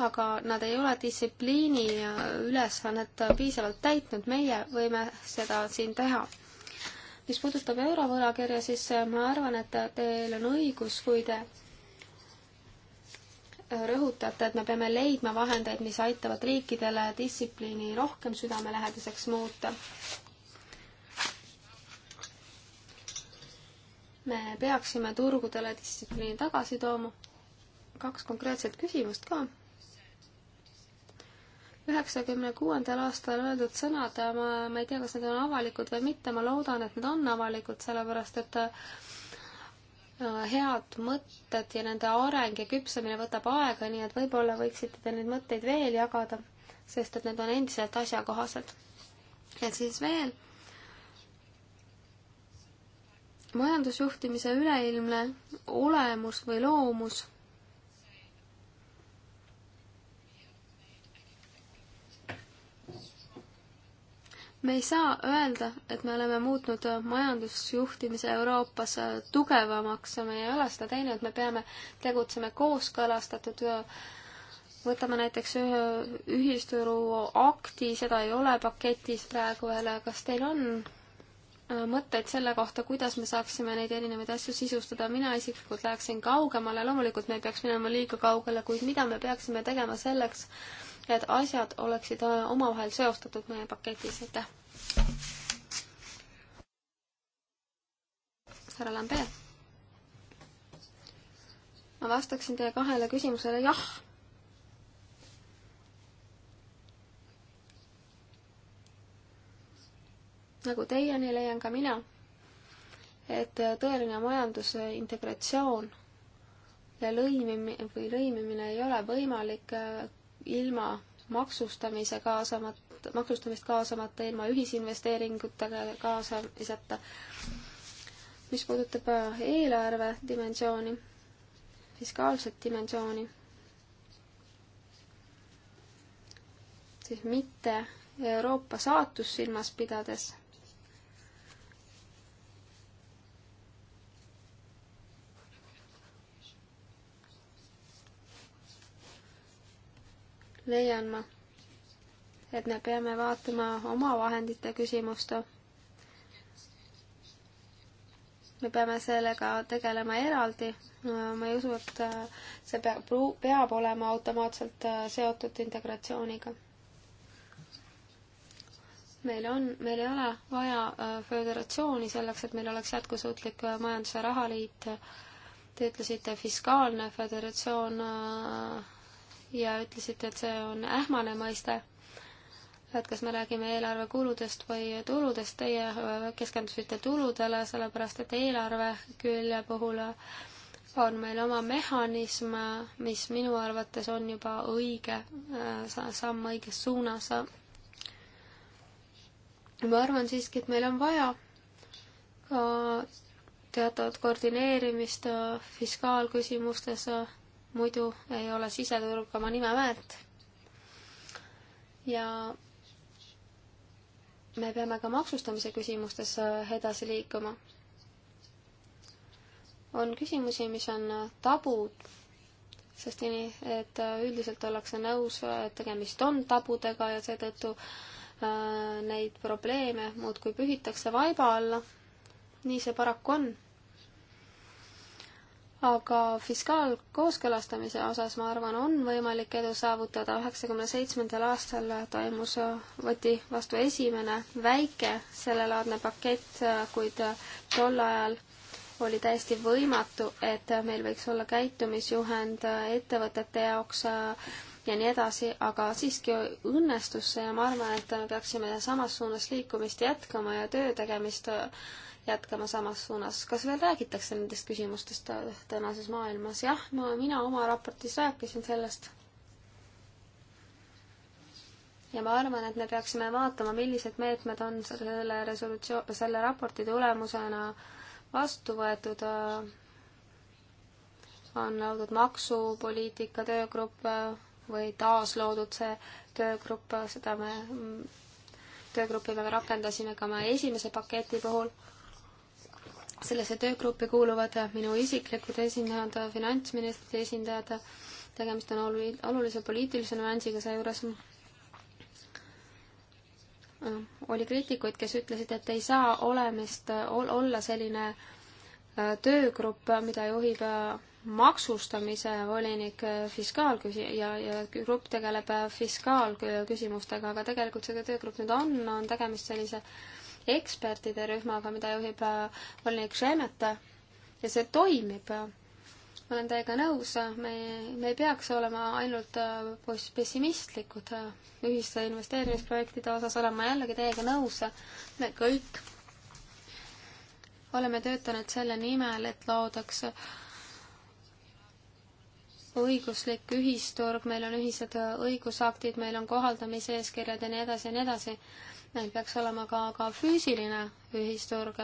aga nad ei ole distsipliini ülesannet piisavalt täitnud, meie võime seda siin teha mis puudutab eurovõlakirja, siis ma arvan, et teil on õigus, kui te rõhutate, et me peame leidma vahendeid, mis aitavad riikidele distsipliini rohkem südamelähedaseks muuta. me peaksime turgudele distsipliini tagasi tooma. kaks konkreetset küsimust ka. üheksakümne kuuendal aastal öeldud sõnad, ma, ma ei tea, kas need on avalikud või mitte, ma loodan, et need on avalikud, sellepärast et äh, head mõtted ja nende areng ja küpsemine võtab aega, nii et võib-olla võiksite te neid mõtteid veel jagada, sest et need on endiselt asjakohased. ja siis veel majandusjuhtimise üleilmne olemus või loomus me ei saa öelda, et me oleme muutnud majandusjuhtimise Euroopas tugevamaks, me ei ole seda teinud, me peame tegutsema kooskõlastatud, võtame näiteks ühe ühisturu akti, seda ei ole paketis praegu veel, kas teil on mõtteid selle kohta, kuidas me saaksime neid erinevaid asju sisustada, mina isiklikult läheksin kaugemale, loomulikult me ei peaks minema liiga kaugele, kuid mida me peaksime tegema selleks, et asjad oleksid äh, omavahel seostatud meie paketis, aitäh. härra Lambert. ma vastaksin teie kahele küsimusele jah nagu teieni leian ka mina, et tõeline majanduse integratsioon ja lõimimine või lõimimine ei ole võimalik äh, ilma maksustamise kaasamat-, maksustamist kaasamata, ilma ühisinvesteeringutega kaasamiseta. mis puudutab äh, eelarve dimensiooni, fiskaalset dimensiooni, siis mitte Euroopa saatust silmas pidades leian ma, et me peame vaatama oma vahendite küsimust. me peame sellega tegelema eraldi. ma ei usu, et see peab, peab olema automaatselt äh, seotud integratsiooniga. meil on, meil ei ole vaja äh, föderatsiooni selleks, et meil oleks jätkusuutlik äh, majandus- ja rahaliit. Te ütlesite fiskaalne föderatsioon äh, ja ütlesite, et see on ähmane mõiste. et kas me räägime eelarve kuludest või tuludest, teie äh, keskendusite tuludele, sellepärast et eelarve külje puhul on meil oma mehhanism, mis minu arvates on juba õige äh, samm õiges suunas. ma arvan siiski, et meil on vaja ka teatavat koordineerimist äh, fiskaalküsimustes muidu ei ole siseturg oma nime väärt. ja me peame ka maksustamise küsimustes edasi liikuma. on küsimusi, mis on tabud, sest nii, et üldiselt ollakse nõus, et tegemist on tabudega ja seetõttu äh, neid probleeme muudkui pühitakse vaiba alla. nii see paraku on aga fiskaalkooskõlastamise osas, ma arvan, on võimalik edu saavutada. üheksakümne seitsmendal aastal toimus, võeti vastu esimene väike sellelaadne pakett, kuid tol ajal oli täiesti võimatu, et meil võiks olla käitumisjuhend ettevõtete jaoks ja nii edasi, aga siiski õnnestus see ja ma arvan, et me peaksime samas suunas liikumist jätkama ja töö tegemist jätkama samas suunas. kas veel räägitakse nendest küsimustest tänases maailmas? jah, ma, mina oma raportis rääkisin sellest. ja ma arvan, et me peaksime vaatama, millised meetmed on selle resolutsioon, selle raporti tulemusena vastu võetud. on loodud maksupoliitika töögrupp või taasloodud see töögrupp, seda me, töögruppi me rakendasime ka oma esimese paketi puhul sellesse töögruppi kuuluvad minu isiklikud esindajad, finantsministrite esindajad, tegemist on olu-, olulise poliitilise nüansiga seejuures. oli kriitikuid, kes ütlesid, et ei saa olemist ol,, olla selline äh, töögrupp, mida juhib äh, maksustamise volinik äh, fiskaalküsi- ja, ja grupp tegeleb fiskaalküsimustega, aga tegelikult see töögrupp nüüd on, on tegemist sellise äh, ekspertide rühmaga, mida juhib äh, volinik Šemeta ja see toimib. ma olen teiega nõus, me, me ei peaks olema ainult äh, pessimistlikud äh, ühiste investeerimisprojektide osas, olen ma jällegi teiega nõus, me kõik oleme töötanud selle nimel, et loodaks õiguslik ühisturg, meil on ühised õigusaktid, meil on kohaldamise eeskirjad ja nii edasi ja nii edasi meil peaks olema ka, ka füüsiline ühisturg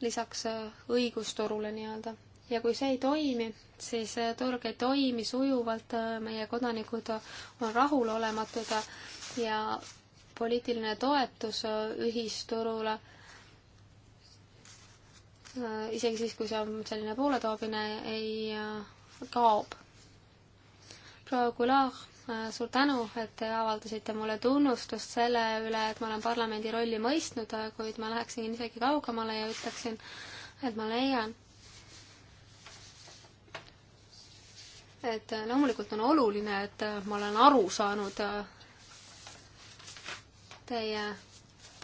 lisaks äh, õigusturule nii-öelda. ja kui see ei toimi, siis äh, turg ei toimi sujuvalt, äh, meie kodanikud on rahulolematud ja poliitiline toetus ühisturule isegi siis, kui see on selline pooletoobine, ei kaob. proua Goulart Äh, suur tänu, et te avaldasite mulle tunnustust selle üle, et ma olen parlamendi rolli mõistnud, äh, kuid ma läheksin isegi kaugemale ja ütleksin, et ma leian, et äh, loomulikult on oluline, et ma olen aru saanud teie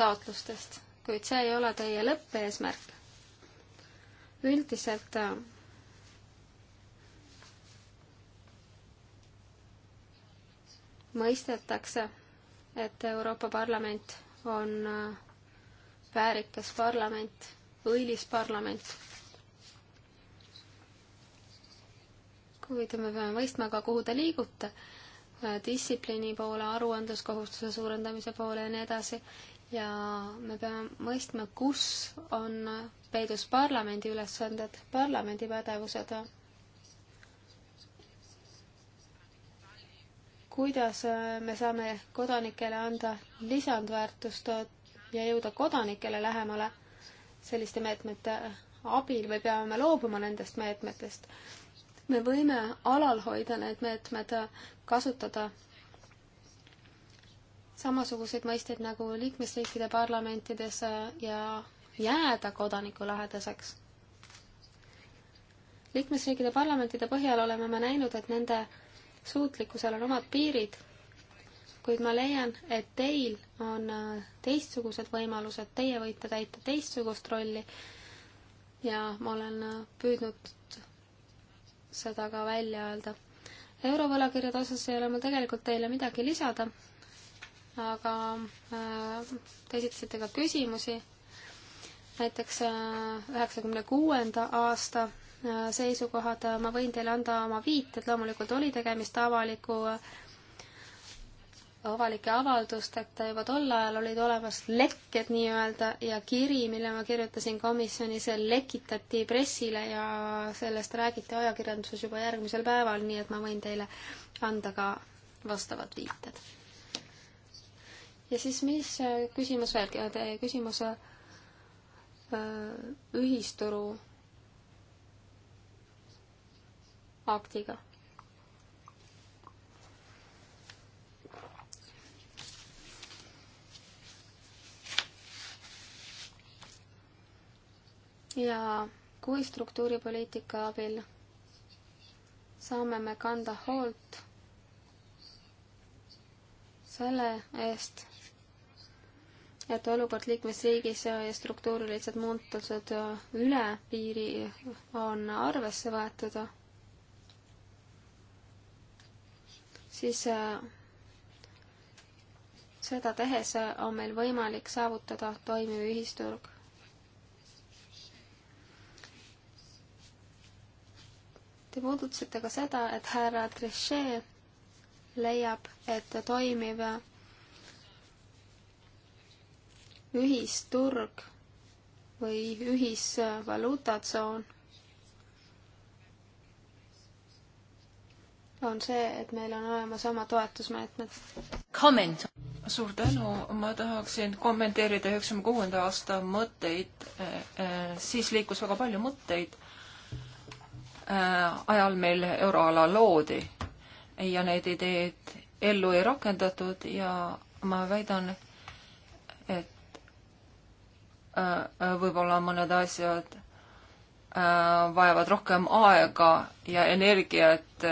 taotlustest, kuid see ei ole teie lõppeesmärk. üldiselt mõistetakse, et Euroopa Parlament on äh, väärikas parlament, õilis parlament. kuid me peame mõistma ka, kuhu te liigute, äh, distsipliini poole, aruandluskohustuse suurendamise poole ja nii edasi, ja me peame mõistma, kus on peidus parlamendi ülesanded, parlamendi pädevused kuidas äh, me saame kodanikele anda lisandväärtust äh, ja jõuda kodanikele lähemale selliste meetmete äh, abil või peame me loobuma nendest meetmetest. me võime alal hoida need meetmed, kasutada samasuguseid mõisteid nagu liikmesriikide parlamentides ja jääda kodanikulähedaseks. liikmesriikide parlamentide põhjal oleme me näinud, et nende suutlikkusel on omad piirid, kuid ma leian, et teil on äh, teistsugused võimalused, teie võite täita teistsugust rolli ja ma olen äh, püüdnud seda ka välja öelda. eurovõlakirjade osas ei ole mul tegelikult teile midagi lisada, aga äh, te esitasite ka küsimusi, näiteks üheksakümne kuuenda aasta seisukohad, ma võin teile anda oma viited, loomulikult oli tegemist avaliku, avalike avaldusteta, juba tol ajal olid olemas lekked nii-öelda ja kiri, mille ma kirjutasin komisjonis, lekitati pressile ja sellest räägiti ajakirjanduses juba järgmisel päeval, nii et ma võin teile anda ka vastavad viited. ja siis, mis küsimus veel, teie küsimus äh, ühisturu aktiga. ja kui struktuuripoliitika abil saame me kanda hoolt selle eest, et olukord liikmesriigis ja struktuurilised muutused üle piiri on arvesse võetud siis äh, seda tehes äh, on meil võimalik saavutada toimiv ühisturg. Te puudutasite ka seda, et härra Trichet leiab, et toimiv ühisturg või ühisvaluutatsoon on see, et meil on olemas oma toetusmeetmed. suur tänu, ma tahaksin kommenteerida üheksakümne kuuenda aasta mõtteid. Äh, äh, siis liikus väga palju mõtteid äh, ajal meil euroala loodi ja need ideed ellu ei rakendatud ja ma väidan, et võib-olla mõned asjad vajavad rohkem aega ja energiat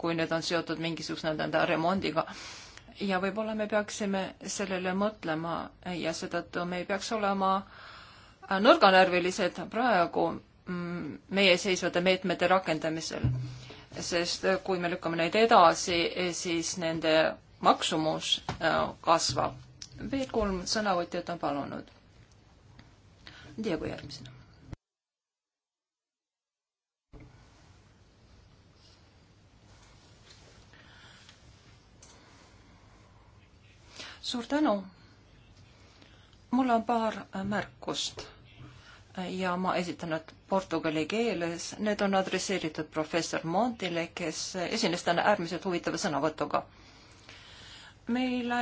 kui need on seotud mingisuguse nende remondiga. ja võib-olla me peaksime sellele mõtlema ja seetõttu me ei peaks olema nõrganärvilised praegu mm, meie seisvate meetmete rakendamisel. sest kui me lükkame neid edasi, siis nende maksumus äh, kasvab. veel kolm sõnavõtjat on palunud. Diego järgmisena. suur tänu. mul on paar äh, märkust ja ma esitan nad portugali keeles. Need on adresseeritud professor Montile, kes esines täna äärmiselt huvitava sõnavõtuga. meile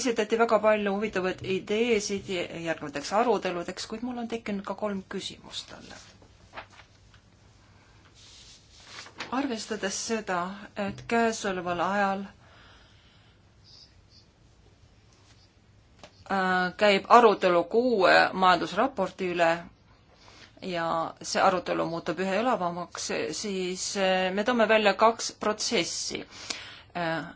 esitati väga palju huvitavaid ideesid järgnevateks aruteludeks, kuid mul on tekkinud ka kolm küsimust talle. arvestades seda, et käesoleval ajal Äh, käib arutelu kuue majandusraporti üle ja see arutelu muutub üha elavamaks, siis äh, me toome välja kaks protsessi äh,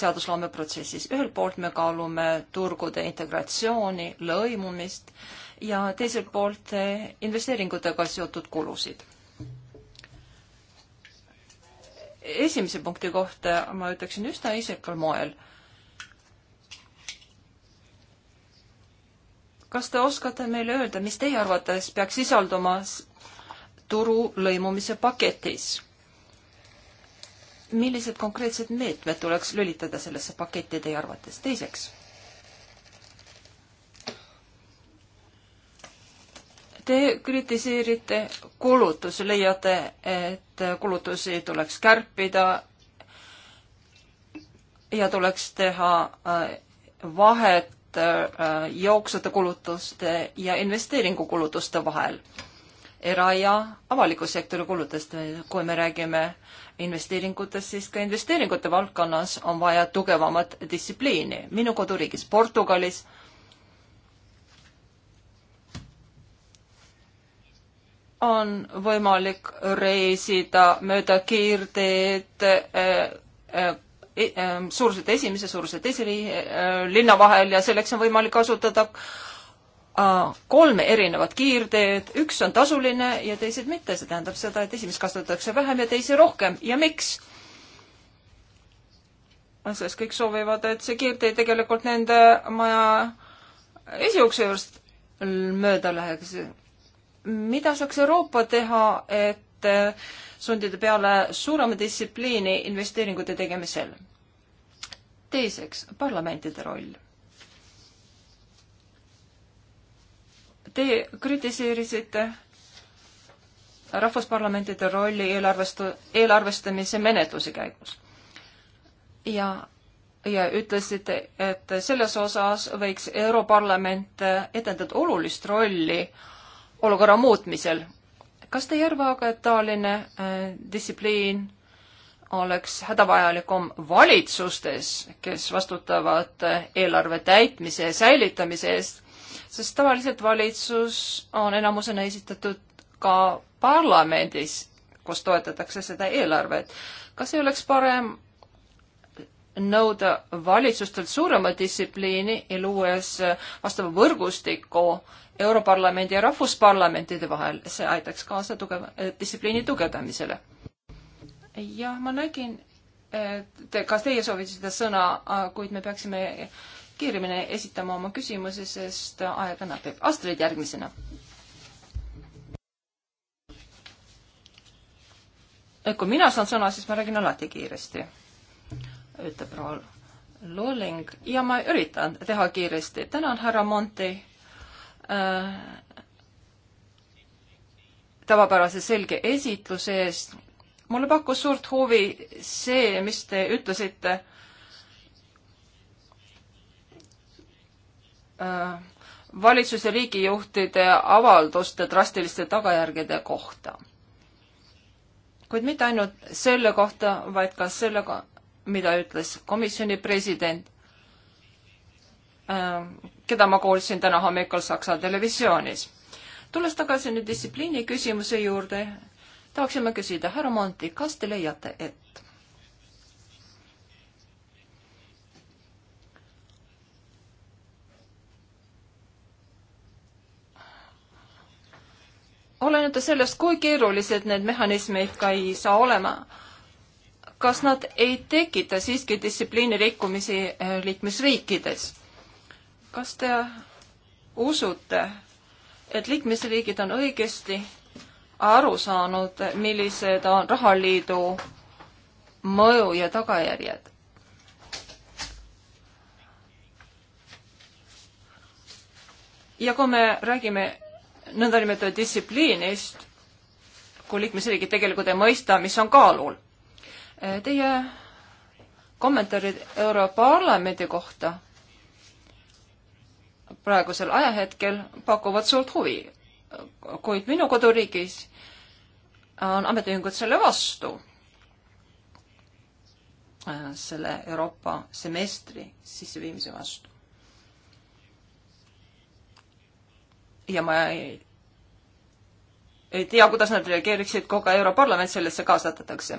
seadusloome protsessis. ühelt poolt me kaalume turgude integratsiooni, lõimumist ja teiselt poolt investeeringutega seotud kulusid. esimese punkti kohta ma ütleksin üsna isekal moel kas te oskate meile öelda, mis teie arvates peaks sisalduma turu lõimumise paketis? millised konkreetsed meetmed tuleks lülitada sellesse paketti teie arvates? teiseks, te kritiseerite kulutusi, leiate, et kulutusi tuleks kärpida ja tuleks teha äh, vahet Äh, jooksvate kulutuste ja investeeringukulutuste vahel era- ja avaliku sektori kulutest, kui me räägime investeeringutest, siis ka investeeringute valdkonnas on vaja tugevamat distsipliini. minu koduriigis Portugalis on võimalik reisida mööda kiirteed äh, äh, E-, e, suuruselt esimese, suuruselt teise e, linna vahel ja selleks on võimalik kasutada äh, kolme erinevat kiirteed, üks on tasuline ja teised mitte, see tähendab seda, et esimest kasutatakse vähem ja teisi rohkem ja miks? sest kõik soovivad, et see kiirtee tegelikult nende maja esiukse juurest mööda läheks. mida saaks Euroopa teha, et sundida peale suurema distsipliini investeeringute tegemisel. teiseks, parlamentide roll. Te kritiseerisite rahvusparlamentide rolli eelarvestu-, eelarvestamise menetluse käigus. ja, ja ütlesite, et selles osas võiks Europarlament etendada olulist rolli olukorra muutmisel kas te ei arva aga, et taoline äh, distsipliin oleks hädavajalikum valitsustes, kes vastutavad äh, eelarve täitmise ja säilitamise eest, sest tavaliselt valitsus on enamusena esitatud ka parlamendis, kus toetatakse seda eelarvet. kas ei oleks parem nõuda valitsustelt suurema distsipliini ja luues äh, vastava võrgustiku Europarlamendi ja Rahvusparlamentide vahel, see aitaks kaasa tugev, äh, distsipliini tugevdamisele. jah, ma nägin, et te, kas teie soovisite sõna, äh, kuid me peaksime kiiremini esitama oma küsimusi, sest aega napib. Astrid järgmisena. kui mina saan sõna, siis ma räägin alati kiiresti ütleb proua Lulling ja ma üritan teha kiiresti. tänan, härra Monti äh, tavapärase selge esitluse eest. mulle pakkus suurt huvi see, mis te ütlesite äh, valitsuse riigijuhtide avalduste drastiliste tagajärgede kohta kuid mitte ainult selle kohta, vaid ka selle mida ütles komisjoni president, ähm, keda ma kuulsin täna hommikul Saksa televisioonis. tulles tagasi nüüd distsipliini küsimuse juurde, tahaksime küsida, härra Monti, kas te leiate, et olenemata sellest, kui keerulised need mehhanismid ka ei saa olema, kas nad ei tekita siiski distsipliini rikkumisi eh, liikmesriikides? kas te usute, et liikmesriigid on õigesti aru saanud, millised on rahaliidu mõju ja tagajärjed? ja kui me räägime nõndanimetatud distsipliinist, kui liikmesriigid tegelikult ei mõista, mis on kaalul Teie kommentaarid Europarlamendi kohta praegusel ajahetkel pakuvad suurt huvi, kuid minu koduriigis on ametiühingud selle vastu, selle Euroopa semestri sisseviimise vastu. ja ma ei ei tea, kuidas nad reageeriksid, kui ka Europarlament sellesse kaasatakse.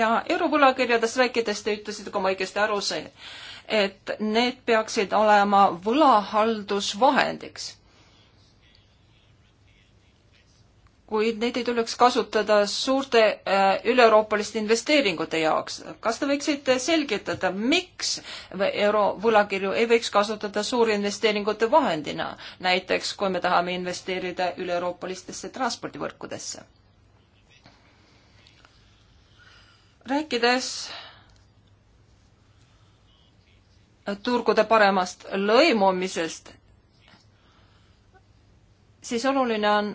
ja eurovõlakirjadest rääkides te ütlesite, kui ma õigesti aru sain, et need peaksid olema võlahaldusvahendiks kuid neid ei tuleks kasutada suurte äh, üle-euroopaliste investeeringute jaoks. kas te võiksite selgitada, miks eurovõlakirju ei võiks kasutada suurinvesteeringute vahendina, näiteks kui me tahame investeerida üle-euroopalistesse transpordivõrkudesse? rääkides turgude paremast lõimumisest, siis oluline on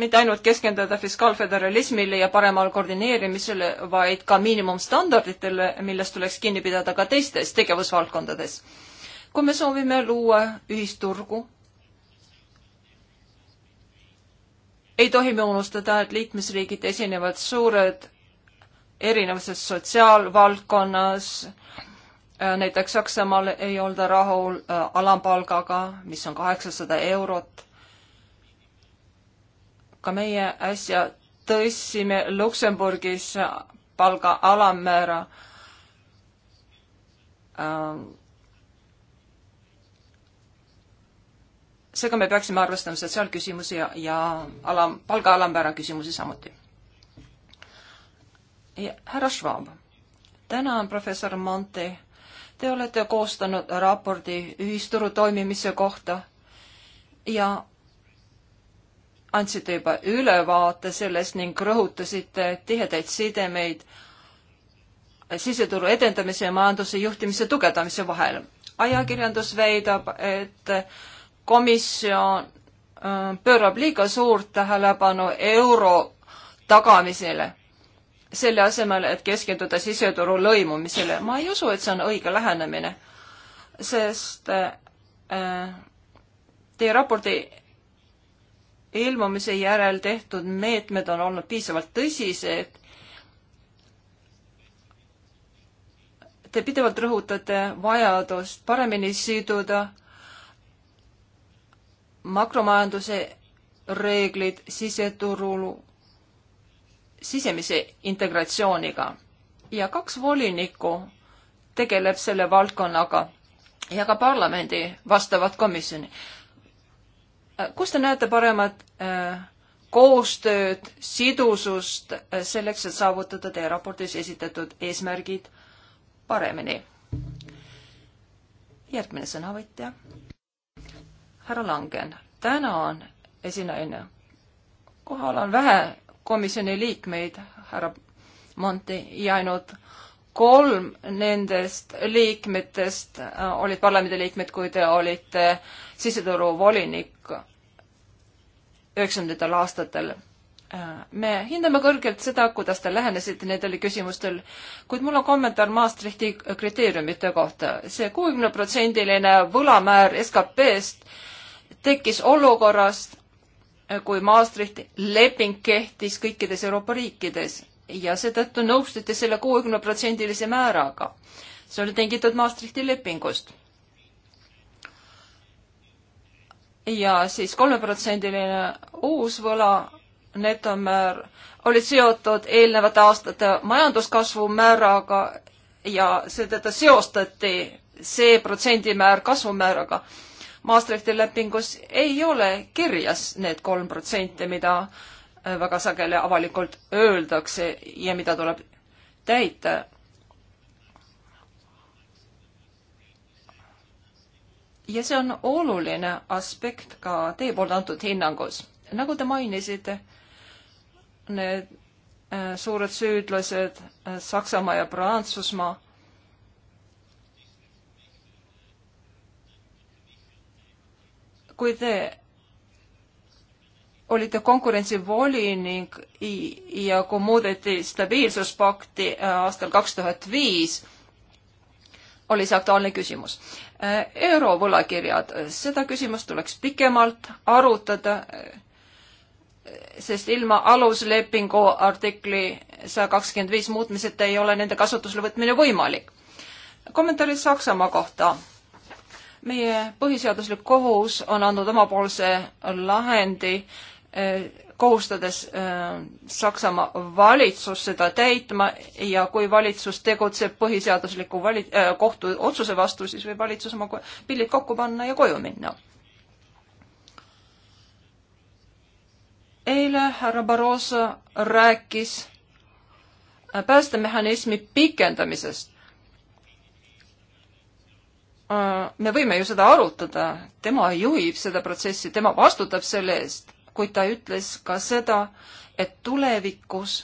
mitte ainult keskenduda fiskaalföderalismile ja paremal koordineerimisele, vaid ka miinimumstandarditele, millest tuleks kinni pidada ka teistes tegevusvaldkondades. kui me soovime luua ühisturgu, ei tohi me unustada, et liikmesriigid esinevad suured erinevused sotsiaalvaldkonnas, näiteks Saksamaal ei olda rahul äh, alampalgaga, mis on kaheksasada eurot ka meie äsja tõstsime Luksemburgis palga alammäära ähm, seega me peaksime arvestama sotsiaalküsimusi ja, ja alam, palga alampäära küsimusi samuti. härra Schwab, tänan, professor Monti. Te olete koostanud raporti ühisturu toimimise kohta ja andsite juba ülevaate sellest ning rõhutasite tihedaid sidemeid siseturu edendamise ja majanduse juhtimise tugevdamise vahel. ajakirjandus väidab, et komisjon äh, pöörab liiga suurt tähelepanu euro tagamisele, selle asemel, et keskenduda siseturu lõimumisele. ma ei usu, et see on õige lähenemine, sest äh, äh teie raporti ilmumise järel tehtud meetmed on olnud piisavalt tõsised. Te pidevalt rõhutate vajadust paremini siduda makromajanduse reeglid siseturul sisemise integratsiooniga ja kaks volinikku tegeleb selle valdkonnaga ja ka parlamendi vastavat komisjoni Äh, kus te näete paremat äh, koostööd, sidusust äh, selleks, et saavutada teie raportis esitatud eesmärgid paremini? järgmine sõnavõtja. härra Langen, tänan, esinaine. kohal on vähe komisjoni liikmeid, härra Monti jäänud kolm nendest liikmetest olid parlamendiliikmed, kui te olite siseturu volinik üheksakümnendatel aastatel. me hindame kõrgelt seda, kuidas te lähenesite nendele küsimustel, kuid mul on kommentaar Maastrichti kriteeriumite kohta see. see kuuekümneprotsendiline võlamäär SKP-st tekkis olukorrast, kui Maastrichti leping kehtis kõikides Euroopa riikides ja seetõttu nõustuti selle kuuekümneprotsendilise määraga. see oli tingitud Maastrichti lepingust ja siis kolmeprotsendiline uus võla netomäär olid seotud eelnevate aastate majanduskasvu määraga ja seetõttu seostati see protsendimäär kasvumääraga. Maastrichti lepingus ei ole kirjas need kolm protsenti, mida äh, väga sageli avalikult öeldakse ja mida tuleb täita. ja see on oluline aspekt ka teie poolt antud hinnangus. nagu te mainisite, need äh, suured süüdlased äh, Saksamaa ja Prantsusmaa kui te olite konkurentsivolinik ja kui muudeti stabiilsuspakti äh, aastal kaks tuhat viis, oli see aktuaalne küsimus. Eh, eurovõlakirjad, seda küsimust tuleks pikemalt arutada, eh, sest ilma aluslepingu artikli saja kakskümmend viis muutmiseta ei ole nende kasutusele võtmine võimalik. kommentaarid Saksamaa kohta. meie põhiseaduslik kohus on andnud omapoolse lahendi eh, kohustades äh, Saksamaa valitsust seda täitma ja kui valitsus tegutseb põhiseadusliku vali-, äh, kohtu otsuse vastu, siis võib valitsus oma pillid kokku panna ja koju minna. eile härra Barroso rääkis äh, päästemehhanismi pikendamisest. me võime ju seda arutada, tema juhib seda protsessi, tema vastutab selle eest kuid ta ütles ka seda, et tulevikus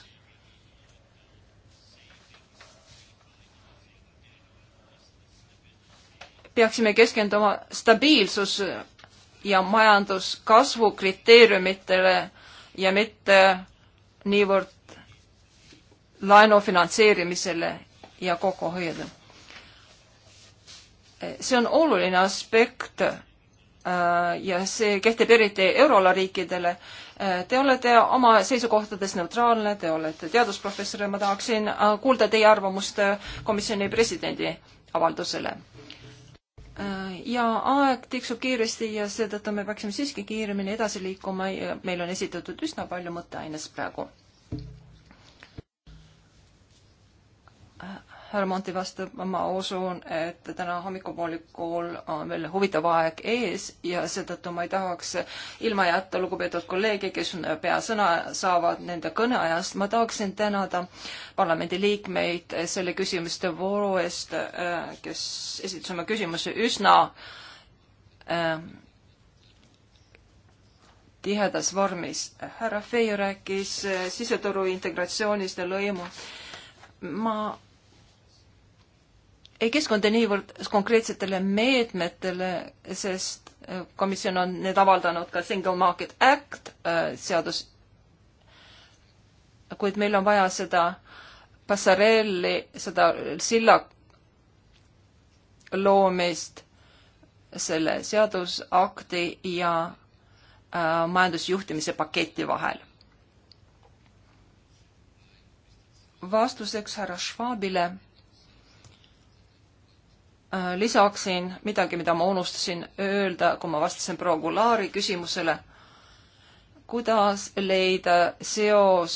peaksime keskenduma stabiilsus ja majanduskasvu kriteeriumitele ja mitte niivõrd laenu finantseerimisele ja kokkuhoiule. see on oluline aspekt Äh, ja see kehtib eriti euroala riikidele. Äh, te olete oma seisukohtades neutraalne, te olete teadusprofessor ja ma tahaksin äh, kuulda teie arvamust komisjoni presidendi avaldusele. ja aeg tiksub kiiresti ja seetõttu me peaksime siiski kiiremini edasi liikuma ja meil on esitatud üsna palju mõtteainest praegu härra Monti vastu, ma usun, et täna hommikupoolikul on veel huvitav aeg ees ja seetõttu ma ei tahaks ilma jätta lugupeetud kolleege, kes peasõna saavad nende kõneajast. ma tahaksin tänada parlamendiliikmeid selle küsimuste vooru eest, äh, kes esitas oma küsimuse üsna ähm, tihedas vormis. härra Feio rääkis äh, siseturu integratsioonist ja lõimu. ma ei keskkunda niivõrd konkreetsetele meetmetele, sest äh, komisjon on need avaldanud ka Single Market Act äh, seadus. kuid meil on vaja seda passarelli, seda silla loomist selle seadusakti ja äh, majandusjuhtimise paketi vahel. vastuseks härra Schwabile Äh, lisaksin midagi, mida ma unustasin öelda, kui ma vastasin proua Gulaari küsimusele. kuidas leida seos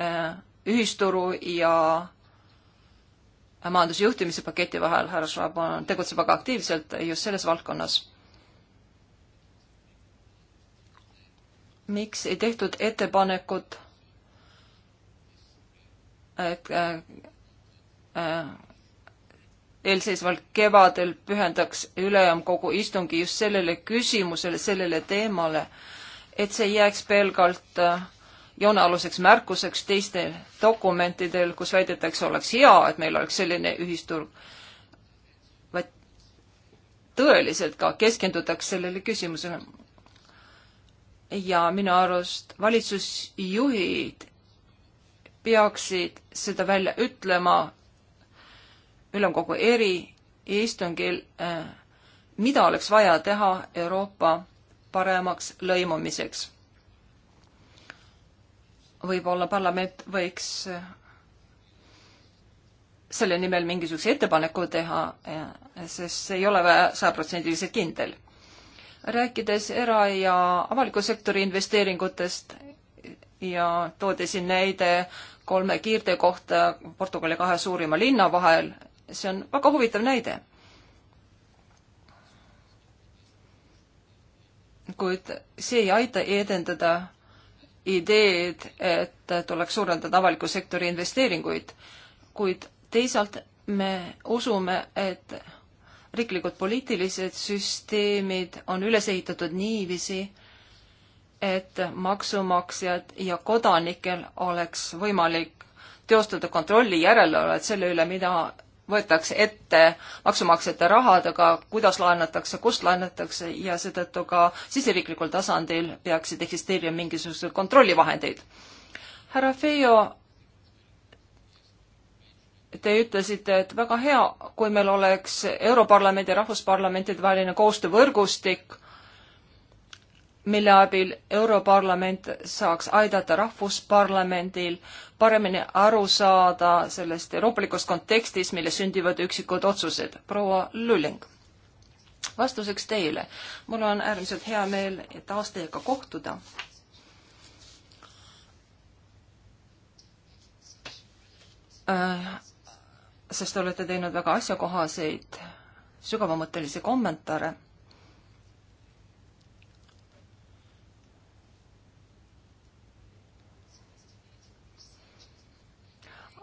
äh, ühisturu ja majandusjuhtimise paketi vahel, härra Schwab on, tegutseb väga aktiivselt just selles valdkonnas. miks ei tehtud ettepanekut, et äh, äh, eelseisval kevadel pühendaks ülemkogu istungi just sellele küsimusele, sellele teemale, et see ei jääks pelgalt äh, joonealuseks märkuseks teistel dokumentidel, kus väidetakse, oleks hea, et meil oleks selline ühisturg, vaid tõeliselt ka keskendutaks sellele küsimusele. ja minu arust valitsusjuhid peaksid seda välja ütlema ülemkogu eriistungil, äh, mida oleks vaja teha Euroopa paremaks lõimumiseks. võib-olla parlament võiks äh, selle nimel mingisuguse ettepaneku teha, äh, sest see ei ole sajaprotsendiliselt kindel. rääkides era- ja avaliku sektori investeeringutest ja toodi siin näide kolme kiirtee kohta Portugali kahe suurima linna vahel, see on väga huvitav näide. kuid see ei aita edendada ideed, et tuleks suurendada avaliku sektori investeeringuid, kuid teisalt me usume, et riiklikud poliitilised süsteemid on üles ehitatud niiviisi, et maksumaksjad ja kodanikel oleks võimalik teostada kontrolli järelevalvet selle üle, mida võetakse ette maksumaksjate rahadega, kuidas laenatakse, kust laenatakse ja seetõttu ka siseriiklikul tasandil peaksid eksisteerima mingisuguseid kontrollivahendeid. härra Feio, te ütlesite, et väga hea, kui meil oleks Europarlamendi ja Rahvusparlamentide vaheline koostöövõrgustik mille abil Europarlament saaks aidata Rahvusparlamendil paremini aru saada sellest euroopalikust kontekstist, milles sündivad üksikud otsused. proua Lulling, vastuseks teile. mul on äärmiselt hea meel taas teiega kohtuda. Äh, sest te olete teinud väga asjakohaseid sügavamõttelisi kommentaare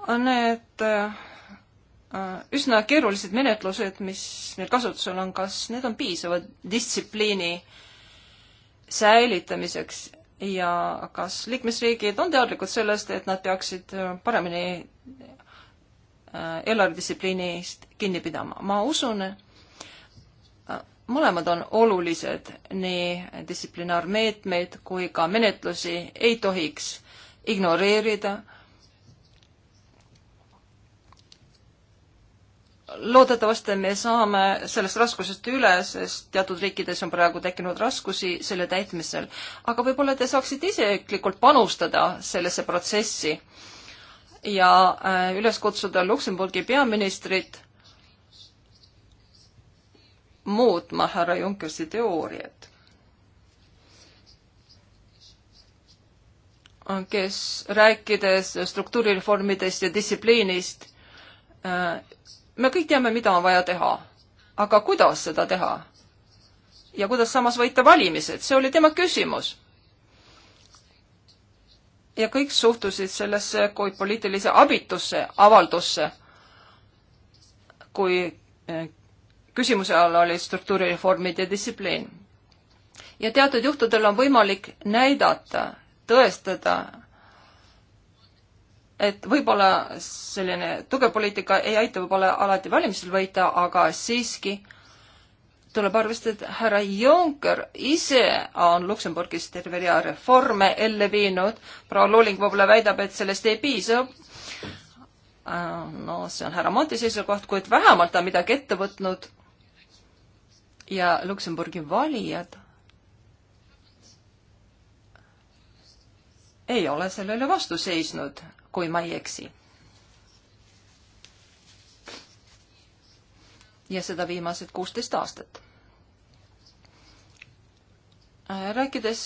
on need äh, üsna keerulised menetlused, mis meil kasutusel on, kas need on piisavad distsipliini säilitamiseks ja kas liikmesriigid on teadlikud sellest, et nad peaksid paremini äh, eelarvedistsipliini eest kinni pidama? ma usun, äh, mõlemad on olulised, nii distsiplinaarmeetmeid kui ka menetlusi ei tohiks ignoreerida loodetavasti me saame sellest raskusest üle, sest teatud riikides on praegu tekkinud raskusi selle täitmisel. aga võib-olla te saaksite isiklikult panustada sellesse protsessi ja äh, üles kutsuda Luksemburgi peaministrit muutma härra Junckersi teooriat. kes rääkides struktuurireformidest ja distsipliinist äh, me kõik teame, mida on vaja teha, aga kuidas seda teha? ja kuidas samas võita valimised, see oli tema küsimus. ja kõik suhtusid sellesse kui poliitilise abitusse, avaldusse, kui eh, küsimuse all oli struktuurireformid ja distsipliin. ja teatud juhtudel on võimalik näidata, tõestada, et võib-olla selline tugev poliitika ei aita võib-olla alati valimistel võita, aga siiski tuleb arvestada, et härra Juncker ise on Luksemburgis terve rea reforme ellu viinud. proua Luling võib-olla väidab, et sellest ei piisa. no see on härra Monti seisukoht, kuid vähemalt ta on midagi ette võtnud. ja Luksemburgi valijad ei ole sellele vastu seisnud kui ma ei eksi. ja seda viimased kuusteist aastat. Äh, rääkides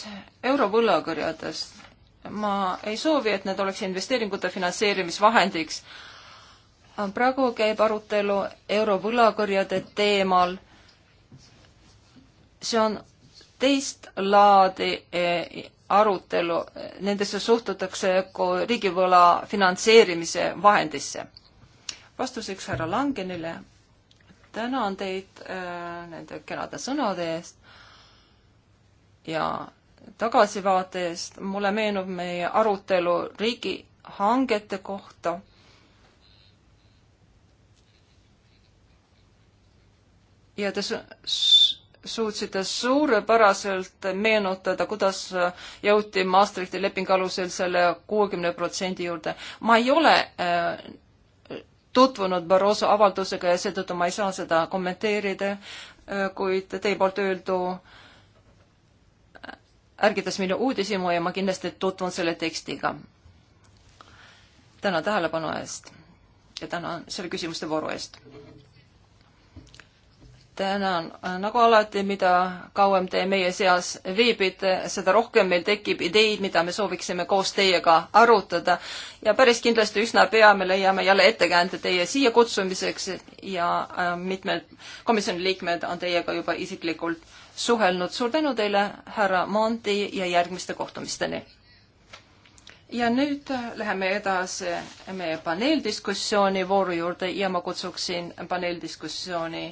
eurovõlakõrjadest, ma ei soovi, et need oleks investeeringute finantseerimisvahendiks. Äh, praegu käib arutelu eurovõlakõrjade teemal. see on teist laadi äh, arutelu, nendesse suhtutakse kui riigivõla finantseerimise vahendisse. vastuseks härra Langenile tänan teid äh, nende kenade sõnade eest ja tagasivaate eest. mulle meenub meie arutelu riigihangete kohta. ja te suutsite suurepäraselt meenutada, kuidas jõuti Maastrichti lepingu alusel selle kuuekümne protsendi juurde. ma ei ole äh, tutvunud Barroso avaldusega ja seetõttu ma ei saa seda kommenteerida, äh, kuid teie poolt öeldu äh, ärgitas minu uudishimu ja ma kindlasti tutvun selle tekstiga. tänan tähelepanu eest ja tänan selle küsimuste vooru eest tänan, nagu alati, mida kauem te meie seas viibite, seda rohkem meil tekib ideid, mida me sooviksime koos teiega arutada ja päris kindlasti üsna pea me leiame jälle ettekäände teie siia kutsumiseks ja äh, mitmed komisjoni liikmed on teiega juba isiklikult suhelnud. suur tänu teile, härra Monti ja järgmiste kohtumisteni! ja nüüd äh, läheme edasi meie paneeldiskussiooni vooru juurde ja ma kutsuksin paneeldiskussiooni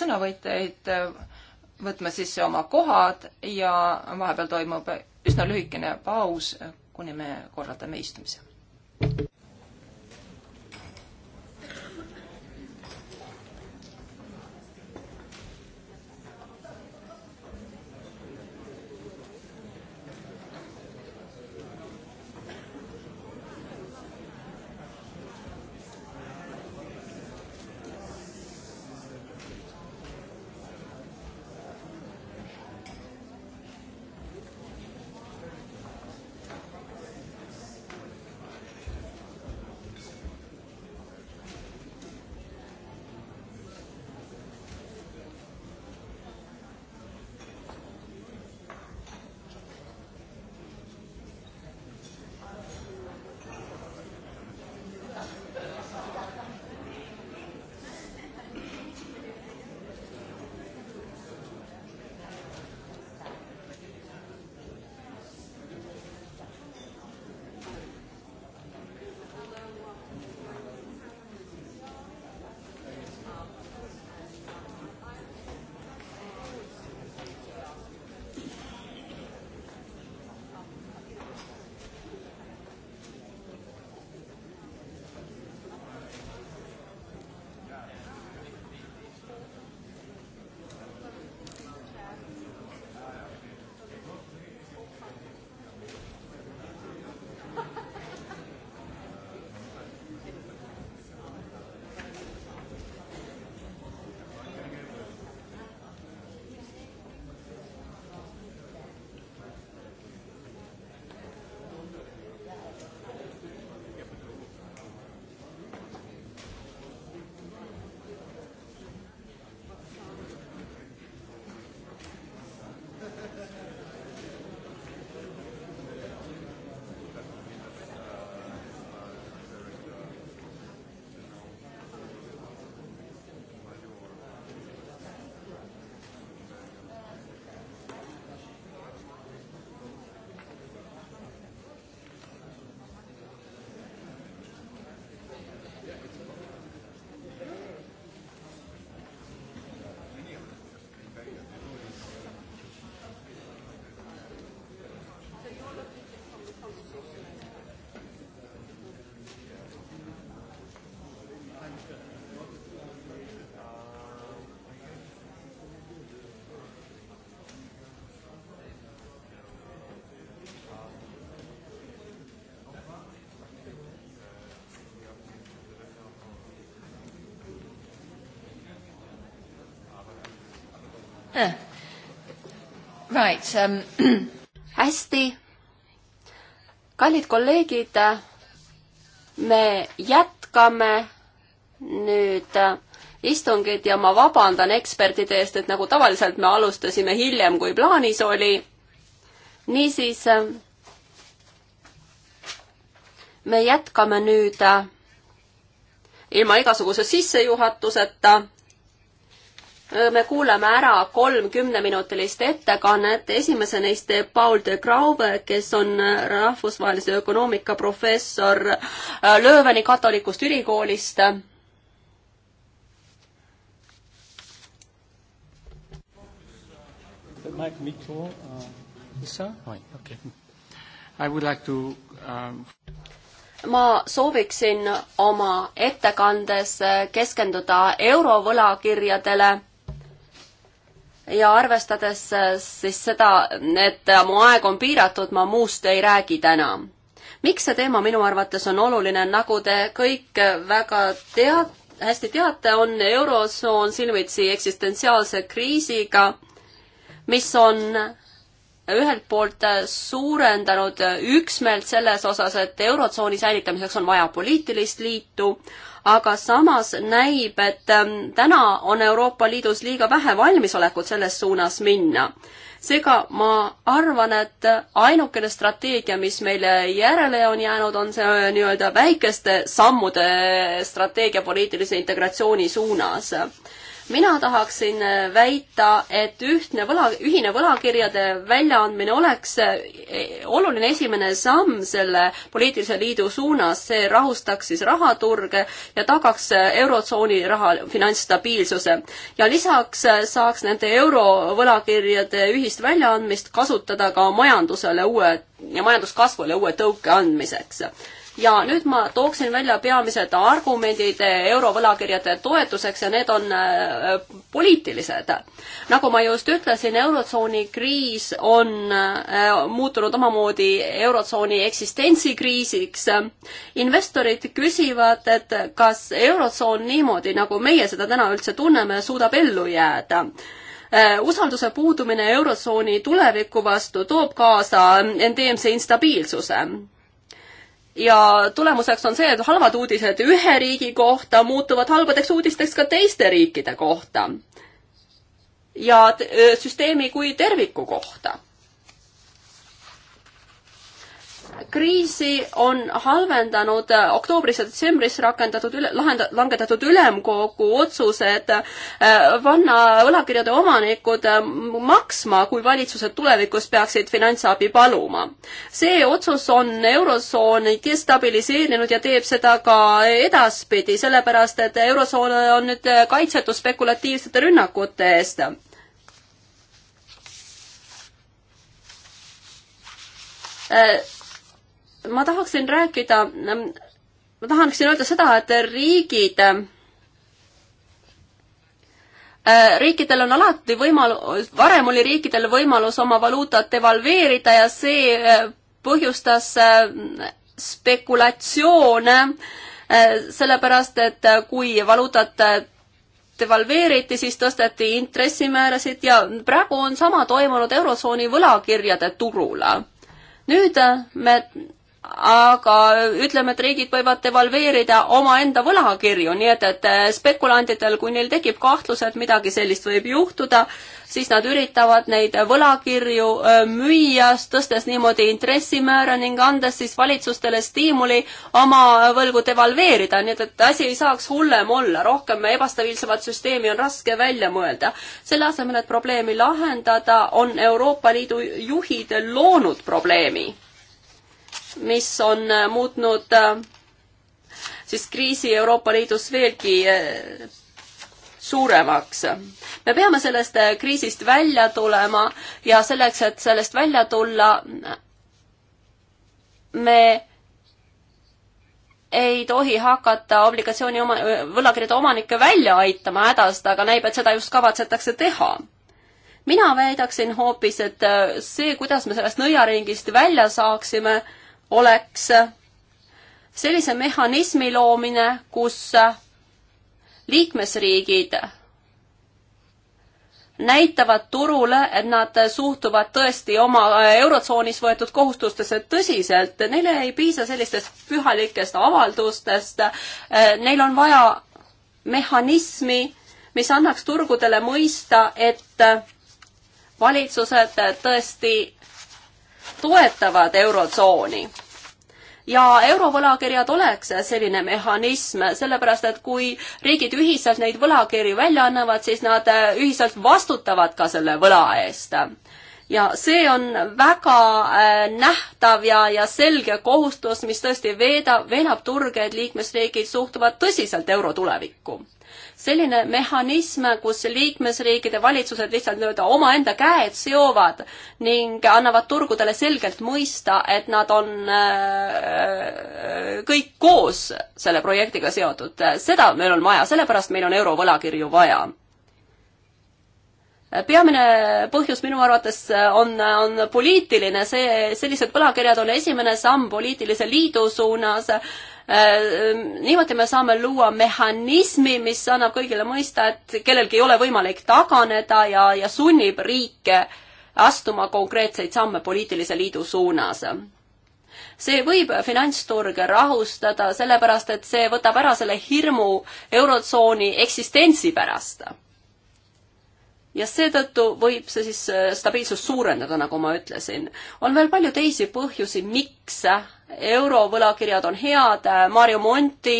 sõnavõtjaid äh, võtma sisse oma kohad ja vahepeal toimub üsna lühikene paus, äh, kuni me korraldame istumise. Eh. Right um.... hästi. kallid kolleegid, me jätkame nüüd äh, istungit ja ma vabandan ekspertide eest, et nagu tavaliselt me alustasime hiljem, kui plaanis oli. niisiis me jätkame nüüd äh, ilma igasuguse sissejuhatuseta me kuulame ära kolm kümneminutilist ettekannet, esimese neist teeb Paul de Grauve, kes on rahvusvahelise ökonoomika professor Lööveni katolikust ülikoolist. Mike Mikko uh,, mis sa? oi, okei okay.. I would like to um... ma sooviksin oma ettekandes keskenduda eurovõlakirjadele ja arvestades äh, siis seda, et mu aeg on piiratud, ma muust ei räägi täna. miks see teema minu arvates on oluline, nagu te kõik väga tead, hästi teate, on Eurosoon silmitsi eksistentsiaalse kriisiga, mis on ühelt poolt suurendanud üksmeelt selles osas, et Eurotsooni säilitamiseks on vaja poliitilist liitu, aga samas näib, et ähm, täna on Euroopa Liidus liiga vähe valmisolekut selles suunas minna. seega ma arvan, et ainukene strateegia, mis meile järele on jäänud, on see nii-öelda väikeste sammude strateegia poliitilise integratsiooni suunas mina tahaksin äh, väita, et ühtne võla, ühine võlakirjade väljaandmine oleks äh, e, oluline esimene samm selle poliitilise liidu suunas, see rahustaks siis rahaturge ja tagaks äh, Eurotsooni raha finantsstabiilsuse. ja lisaks saaks nende eurovõlakirjade ühist väljaandmist kasutada ka majandusele uue ja majanduskasvule uue tõuke andmiseks ja nüüd ma tooksin välja peamised argumendid eurovõlakirjade toetuseks ja need on äh, poliitilised. nagu ma just ütlesin, eurotsooni kriis on äh, muutunud omamoodi eurotsooni eksistentsikriisiks. investorid küsivad, et kas eurotsoon niimoodi, nagu meie seda täna üldse tunneme, suudab ellu jääda äh, usalduse puudumine Eurotsooni tuleviku vastu toob kaasa endeemse instabiilsuse ja tulemuseks on see, et halvad uudised ühe riigi kohta muutuvad halbadeks uudisteks ka teiste riikide kohta ja süsteemi kui terviku kohta. kriisi on halvendanud äh, oktoobris ja detsembris rakendatud üle, lahenda-, langetatud ülemkogu otsused äh, panna võlakirjade omanikud äh, maksma, kui valitsused tulevikus peaksid finantsabi paluma. see otsus on Eurotsooni destabiliseerinud ja teeb seda ka edaspidi, sellepärast et Eurotsoon on nüüd kaitsetud spekulatiivsete rünnakute eest äh, ma tahaksin rääkida, mm, ma tahaksin öelda seda, et riigid, äh, riikidel on alati võimalus, varem oli riikidel võimalus oma valuutat devalveerida ja see äh, põhjustas äh, spekulatsioone, sellepärast et kui valuutat devalveeriti, siis tõsteti intressimäärasid ja praegu on sama toimunud Eurotsooni võlakirjade turul. nüüd me aga ütleme, et riigid võivad devalveerida omaenda võlakirju, nii et, et eh, spekulantidel, kui neil tekib kahtlus, et midagi sellist võib juhtuda, siis nad üritavad neid võlakirju müüa, tõstes niimoodi intressimäära ning andes siis valitsustele stiimuli oma võlgu devalveerida, nii et, et asi ei saaks hullem olla, rohkem ebastabiilsemat süsteemi on raske välja mõelda. selle asemel, et probleemi lahendada, on Euroopa Liidu juhid loonud probleemi mis on äh, muutnud äh, siis kriisi Euroopa Liidus veelgi äh, suuremaks. me peame sellest kriisist välja tulema ja selleks, et sellest välja tulla, me ei tohi hakata obligatsiooni oma, võlakirjade omanikke välja aitama hädast, aga näib, et seda just kavatsetakse teha. mina väidaksin hoopis, et see, kuidas me sellest nõiaringist välja saaksime, oleks sellise mehhanismi loomine, kus liikmesriigid näitavad turule, et nad suhtuvad tõesti oma Eurotsoonis võetud kohustustesse tõsiselt. Neile ei piisa sellistest pühalikest avaldustest. Neil on vaja mehhanismi, mis annaks turgudele mõista, et valitsused tõesti toetavad Eurotsooni. ja eurovõlakirjad oleks selline mehhanism, sellepärast et kui riigid ühiselt neid võlakirju välja annavad, siis nad äh, ühiselt vastutavad ka selle võla eest ja see on väga äh, nähtav ja, ja selge kohustus, mis tõesti veedab, veenab turge, et liikmesriigid suhtuvad tõsiselt euro tulevikku selline mehhanism, kus liikmesriikide valitsused lihtsalt nii-öelda omaenda käed seovad ning annavad turgudele selgelt mõista, et nad on äh, kõik koos selle projektiga seotud. seda meil on vaja, sellepärast meil on eurovõlakirju vaja peamine põhjus minu arvates on, on poliitiline, see, sellised võlakirjad on esimene samm poliitilise liidu suunas Äh, niimoodi me saame luua mehhanismi, mis annab kõigile mõista, et kellelgi ei ole võimalik taganeda ja, ja sunnib riike astuma konkreetseid samme poliitilise liidu suunas. see võib finantsturge rahustada, sellepärast et see võtab ära selle hirmu Eurotsooni eksistentsi pärast ja seetõttu võib see siis äh, stabiilsust suurendada, nagu ma ütlesin. on veel palju teisi põhjusi, miks äh, eurovõlakirjad on head, äh, Mario Monti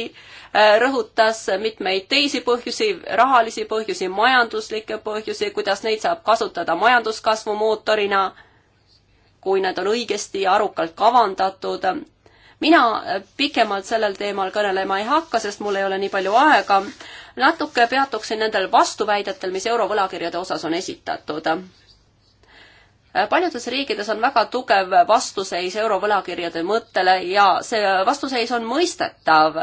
rõhutas mitmeid teisi põhjusi, rahalisi põhjusi, majanduslikke põhjusi, kuidas neid saab kasutada majanduskasvu mootorina, kui need on õigesti ja arukalt kavandatud mina pikemalt sellel teemal kõnelema ei hakka, sest mul ei ole nii palju aega. natuke peatuksin nendel vastuväidetel, mis eurovõlakirjade osas on esitatud paljudes riikides on väga tugev vastuseis eurovõlakirjade mõttele ja see vastuseis on mõistetav.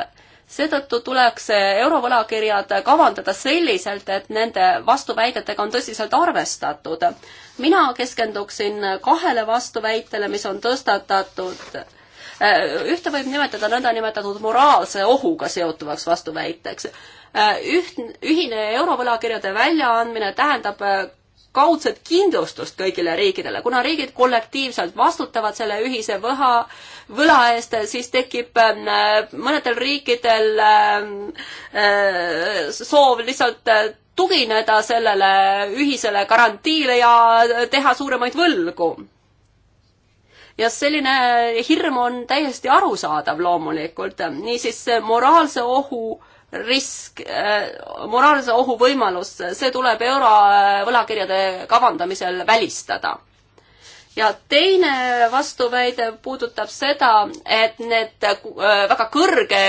seetõttu tuleks eurovõlakirjad kavandada selliselt, et nende vastuväidetega on tõsiselt arvestatud. mina keskenduksin kahele vastuväitele, mis on tõstatatud Äh, ühte võib nimetada nõndanimetatud moraalse ohuga seotuvaks vastuväiteks. Äh, üht, ühine eurovõlakirjade väljaandmine tähendab äh, kaudset kindlustust kõigile riikidele, kuna riigid kollektiivselt vastutavad selle ühise võha, võla eest, siis tekib ähm, mõnedel riikidel ähm, soov lihtsalt tugineda sellele ühisele garantiile ja teha suuremaid võlgu ja selline hirm on täiesti arusaadav loomulikult, niisiis moraalse ohu risk, äh, moraalse ohu võimalus, see tuleb euro äh, võlakirjade kavandamisel välistada. ja teine vastuväide puudutab seda, et need äh, väga kõrge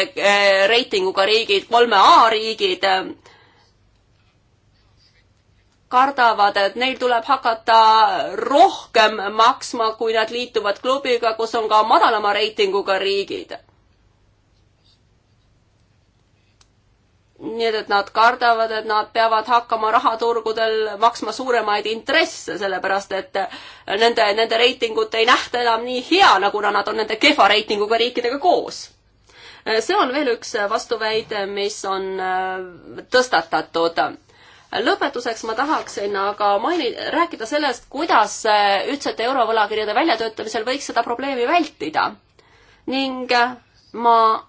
reitinguga riigid, kolme A riigid, kardavad, et neil tuleb hakata rohkem maksma, kui nad liituvad klubiga, kus on ka madalama reitinguga riigid. nii et, et nad kardavad, et nad peavad hakkama rahaturgudel maksma suuremaid intresse, sellepärast et nende, nende reitingut ei nähta enam nii hea, nagu nad on nende kehva reitinguga riikidega koos see on veel üks vastuväide, mis on äh, tõstatatud lõpetuseks ma tahaksin aga maini-, rääkida sellest, kuidas ühtsete eurovõlakirjade väljatöötamisel võiks seda probleemi vältida. ning ma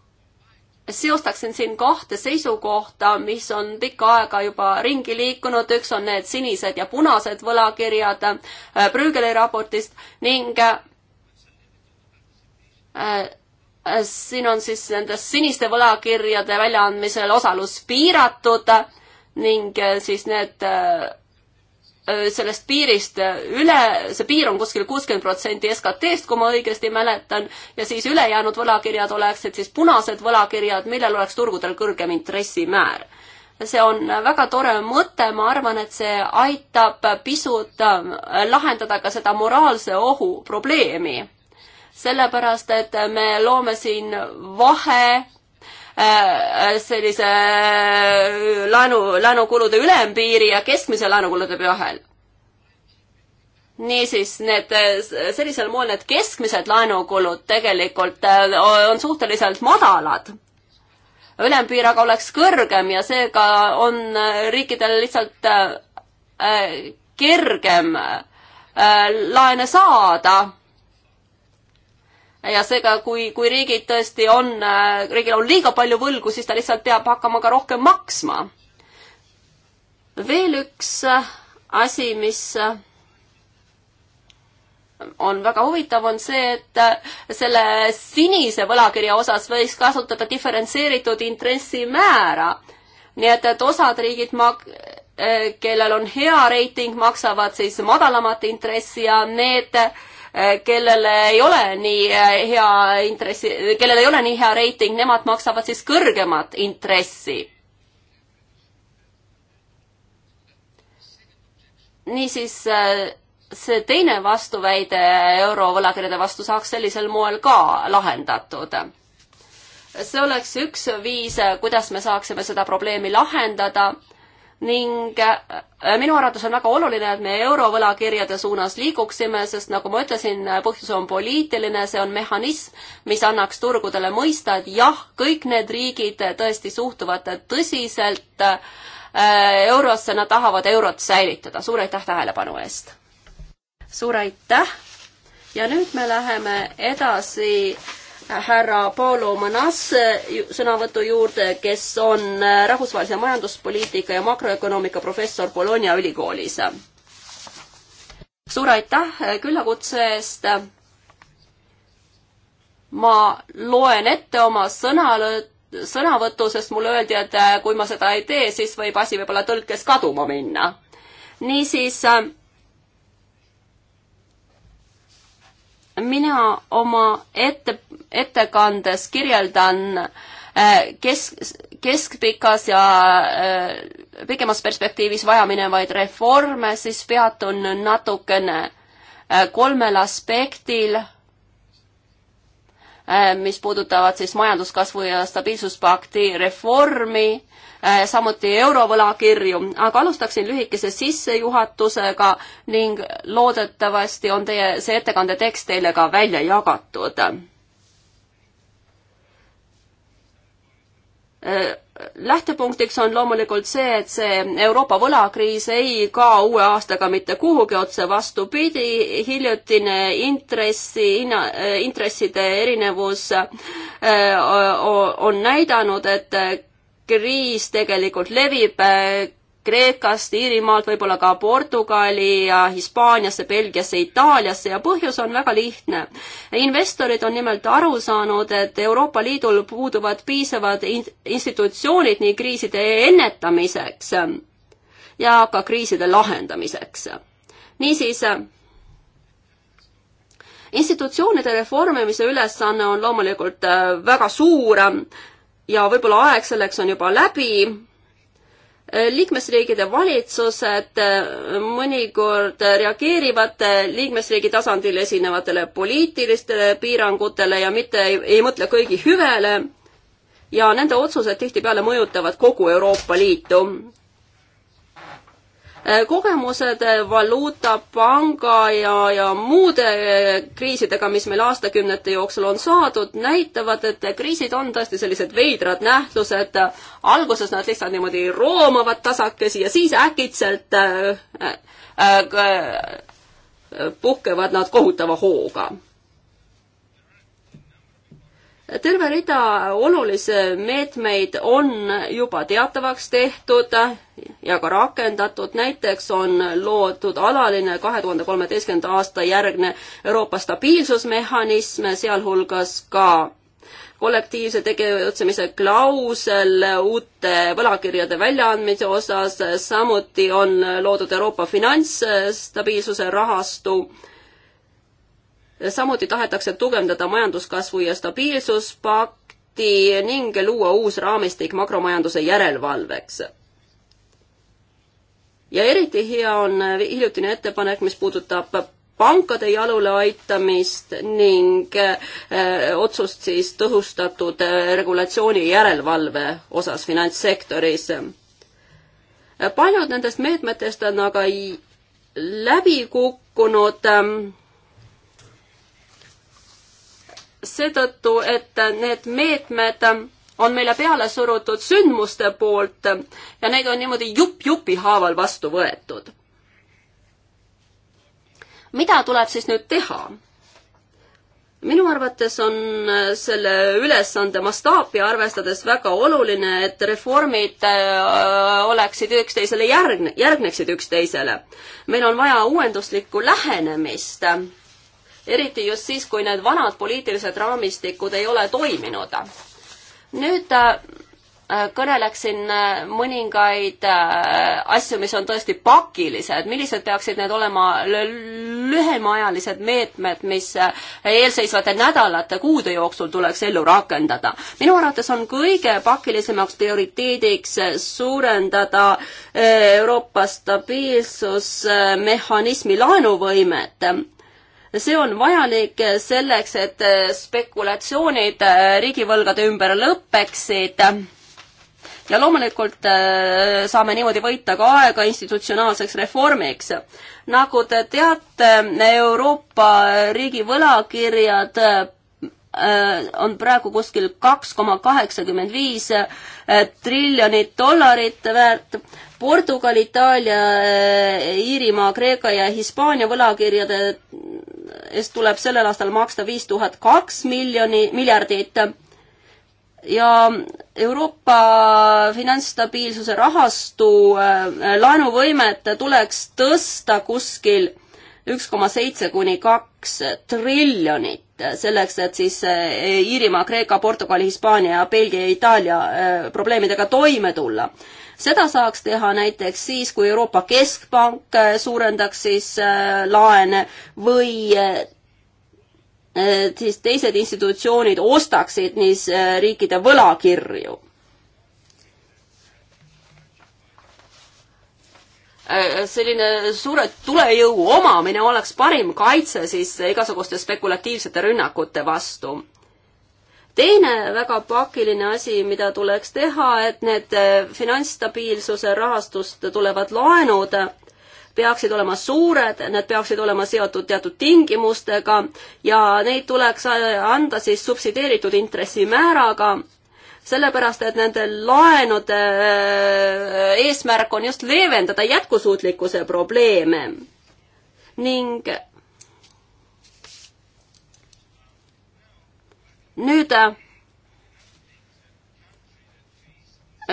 seostaksin siin kahte seisukohta, mis on pikka aega juba ringi liikunud, üks on need sinised ja punased võlakirjad äh, Brügeli raportist ning äh, äh, siin on siis nende siniste võlakirjade väljaandmisel osalus piiratud ning äh, siis need äh, äh, sellest piirist üle, see piir on kuskil kuuskümmend protsenti SKT-st, kui ma õigesti mäletan, ja siis ülejäänud võlakirjad oleksid siis punased võlakirjad, millel oleks turgudel kõrgem intressimäär. see on väga tore mõte, ma arvan, et see aitab pisut lahendada ka seda moraalse ohu probleemi. sellepärast, et me loome siin vahe Äh, sellise äh, laenu, laenukulude ülempiiri ja keskmise laenukulude vahel. niisiis, need, äh, sellisel moel need keskmised laenukulud tegelikult on suhteliselt madalad ülempiir aga oleks kõrgem ja seega on riikidel lihtsalt kergem laene saada ja seega, kui, kui riigid tõesti on, äh, riigil on liiga palju võlgu, siis ta lihtsalt peab hakkama ka rohkem maksma. veel üks äh, asi, mis äh, on väga huvitav, on see, et selle sinise võlakirja osas võiks kasutada diferentseeritud intressimäära. nii et, et osad riigid mak-, kellel on hea reiting, maksavad siis madalamat intressi ja need äh, Eh, kellel ei ole nii eh, hea intressi, kellel ei ole nii hea reiting, nemad maksavad siis kõrgemat intressi. niisiis eh, see teine vastuväide eurovõlakirjade vastu saaks sellisel moel ka lahendatud see oleks üks viis, kuidas me saaksime seda probleemi lahendada ning äh, minu arvates on väga oluline, et me eurovõlakirjade suunas liiguksime, sest nagu ma ütlesin, äh, põhjus on poliitiline, see on mehhanism, mis annaks turgudele mõista, et jah, kõik need riigid äh, tõesti suhtuvad tõsiselt eurosse, nad tahavad eurot säilitada. suur aitäh tähelepanu eest! suur aitäh! ja nüüd me läheme edasi härra Paolo Manas sõnavõtu juurde, kes on äh, rahvusvahelise majanduspoliitika ja makroökonoomika professor Bologna ülikoolis. suur aitäh äh, küllakutse eest. ma loen ette oma sõnalõõt-, sõnavõtu, sest mulle öeldi, et äh, kui ma seda ei tee, siis võib asi võib-olla tõlkes kaduma minna. niisiis mina oma ette, ettekandes kirjeldan äh, kesk, keskpikas ja äh, pikemas perspektiivis vajaminevaid reforme, siis peatun natukene äh, kolmel aspektil Äh, mis puudutavad siis majanduskasvu ja stabiilsuspakti reformi, äh, samuti eurovõlakirju, aga alustaksin lühikese sissejuhatusega ning loodetavasti on teie, see ettekande tekst teile ka välja jagatud lähtepunktiks on loomulikult see, et see Euroopa võlakriis ei kao uue aastaga mitte kuhugi otse, vastupidi, hiljutine intressi, hinna, äh, intresside erinevus äh, on näidanud, et kriis tegelikult levib äh, Kreekast, Iirimaalt, võib-olla ka Portugali ja Hispaaniasse, Belgiasse, Itaaliasse ja põhjus on väga lihtne. investorid on nimelt aru saanud, et Euroopa Liidul puuduvad piisavad institutsioonid nii kriiside ennetamiseks ja ka kriiside lahendamiseks. niisiis, institutsioonide reformimise ülesanne on loomulikult äh, väga suur ja võib-olla aeg selleks on juba läbi liikmesriigide valitsused äh, mõnikord reageerivad äh, liikmesriigi tasandil esinevatele poliitilistele piirangutele ja mitte ei, ei mõtle kõigi hüvele ja nende otsused tihtipeale mõjutavad kogu Euroopa Liitu Äh, kogemused äh, valuutapanga ja, ja muude äh, kriisidega, mis meil aastakümnete jooksul on saadud, näitavad, et kriisid on tõesti sellised veidrad nähtused. alguses nad lihtsalt niimoodi roomavad tasakesi ja siis äkitselt äh, äh, puhkevad nad kohutava hooga terve rida olulisi meetmeid on juba teatavaks tehtud ja ka rakendatud, näiteks on loodud alaline kahe tuhande kolmeteistkümnenda aasta järgne Euroopa stabiilsusmehhanism, sealhulgas ka kollektiivse tegevutsemise klausel uute võlakirjade väljaandmise osas, samuti on loodud Euroopa finantsstabiilsuse rahastu samuti tahetakse tugevdada majanduskasvu ja stabiilsuspakti ning luua uus raamistik makromajanduse järelevalveks. ja eriti hea on hiljutine ettepanek, mis puudutab pankade jalule aitamist ning eh, otsust siis tõhustatud eh, regulatsiooni järelevalve osas finantssektoris. paljud nendest meetmetest on aga läbi kukkunud ehm, seetõttu, et need meetmed on meile peale surutud sündmuste poolt ja neid on niimoodi jupp jupi haaval vastu võetud. mida tuleb siis nüüd teha? minu arvates on selle ülesande mastaapi arvestades väga oluline, et reformid äh, oleksid üksteisele järgne, järgneksid üksteisele. meil on vaja uuenduslikku lähenemist eriti just siis, kui need vanad poliitilised raamistikud ei ole toiminud. nüüd äh, äh, kõneleksin äh, mõningaid asju, mis on tõesti pakilised, millised peaksid need olema lühemaajalised meetmed, mis eelseisvate nädalate, kuude jooksul tuleks ellu rakendada. minu arvates on kõige pakilisemaks prioriteediks suurendada Euroopa stabiilsusmehhanismi laenuvõimet see on vajalik selleks, et äh, spekulatsioonid äh, riigivõlgade ümber lõpeksid ja loomulikult äh, saame niimoodi võita ka aega institutsionaalseks reformiks. nagu te teate, Euroopa riigi võlakirjad on praegu kuskil kaks koma kaheksakümmend viis triljonit dollarit väärt. Portugal, Itaalia, Iirimaa, Kreeka ja Hispaania võlakirjade eest tuleb sellel aastal maksta viis tuhat kaks miljoni, miljardit ja Euroopa finantsstabiilsuse rahastu äh, laenuvõimet tuleks tõsta kuskil üks koma seitse kuni kaks triljonit, selleks et siis äh, Iirimaa, Kreeka, Portugal, Hispaania, Belgia ja Itaalia äh, probleemidega toime tulla seda saaks teha näiteks siis, kui Euroopa Keskpank äh, suurendaks siis äh, laene või äh, siis teised institutsioonid ostaksid niis riikide võlakirju. selline suure tulejõu omamine oleks parim kaitse siis igasuguste spekulatiivsete rünnakute vastu teine väga pakiline asi, mida tuleks teha, et need äh, finantsstabiilsuse rahastust tulevad laenud peaksid olema suured, need peaksid olema seotud teatud tingimustega ja neid tuleks äh, anda siis subsideeritud intressimääraga, sellepärast et nende laenude äh, eesmärk on just leevendada jätkusuutlikkuse probleeme. ning nüüd äh,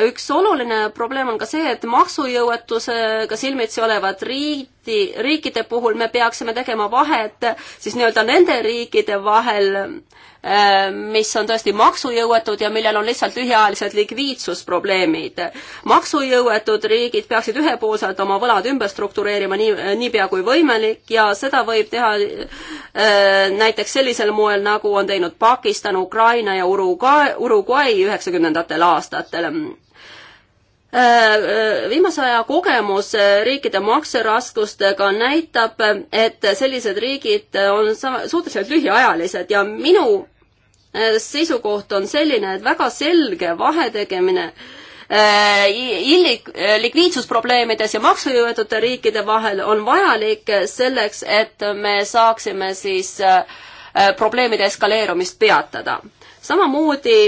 üks oluline probleem on ka see, et maksujõuetusega silmitsi olevad riik, Balti riikide puhul me peaksime tegema vahet siis nii-öelda nende riikide vahel, äh, mis on tõesti maksujõuetud ja millel on lihtsalt lühiajalised likviidsusprobleemid. maksujõuetud riigid peaksid ühepoolselt oma võlad ümber struktureerima nii, äh, niipea kui võimalik ja seda võib teha äh, näiteks sellisel moel, nagu on teinud Pakistan, Ukraina ja Uruguay, Uruguay üheksakümnendatel aastatel viimase aja kogemus riikide makseraskustega näitab, et sellised riigid on suhteliselt lühiajalised ja minu eh, seisukoht on selline, et väga selge vahetegemine eh, illik-, likviidsusprobleemides ja maksujõuetute riikide vahel on vajalik selleks, et me saaksime siis eh, probleemide eskaleerumist peatada. samamoodi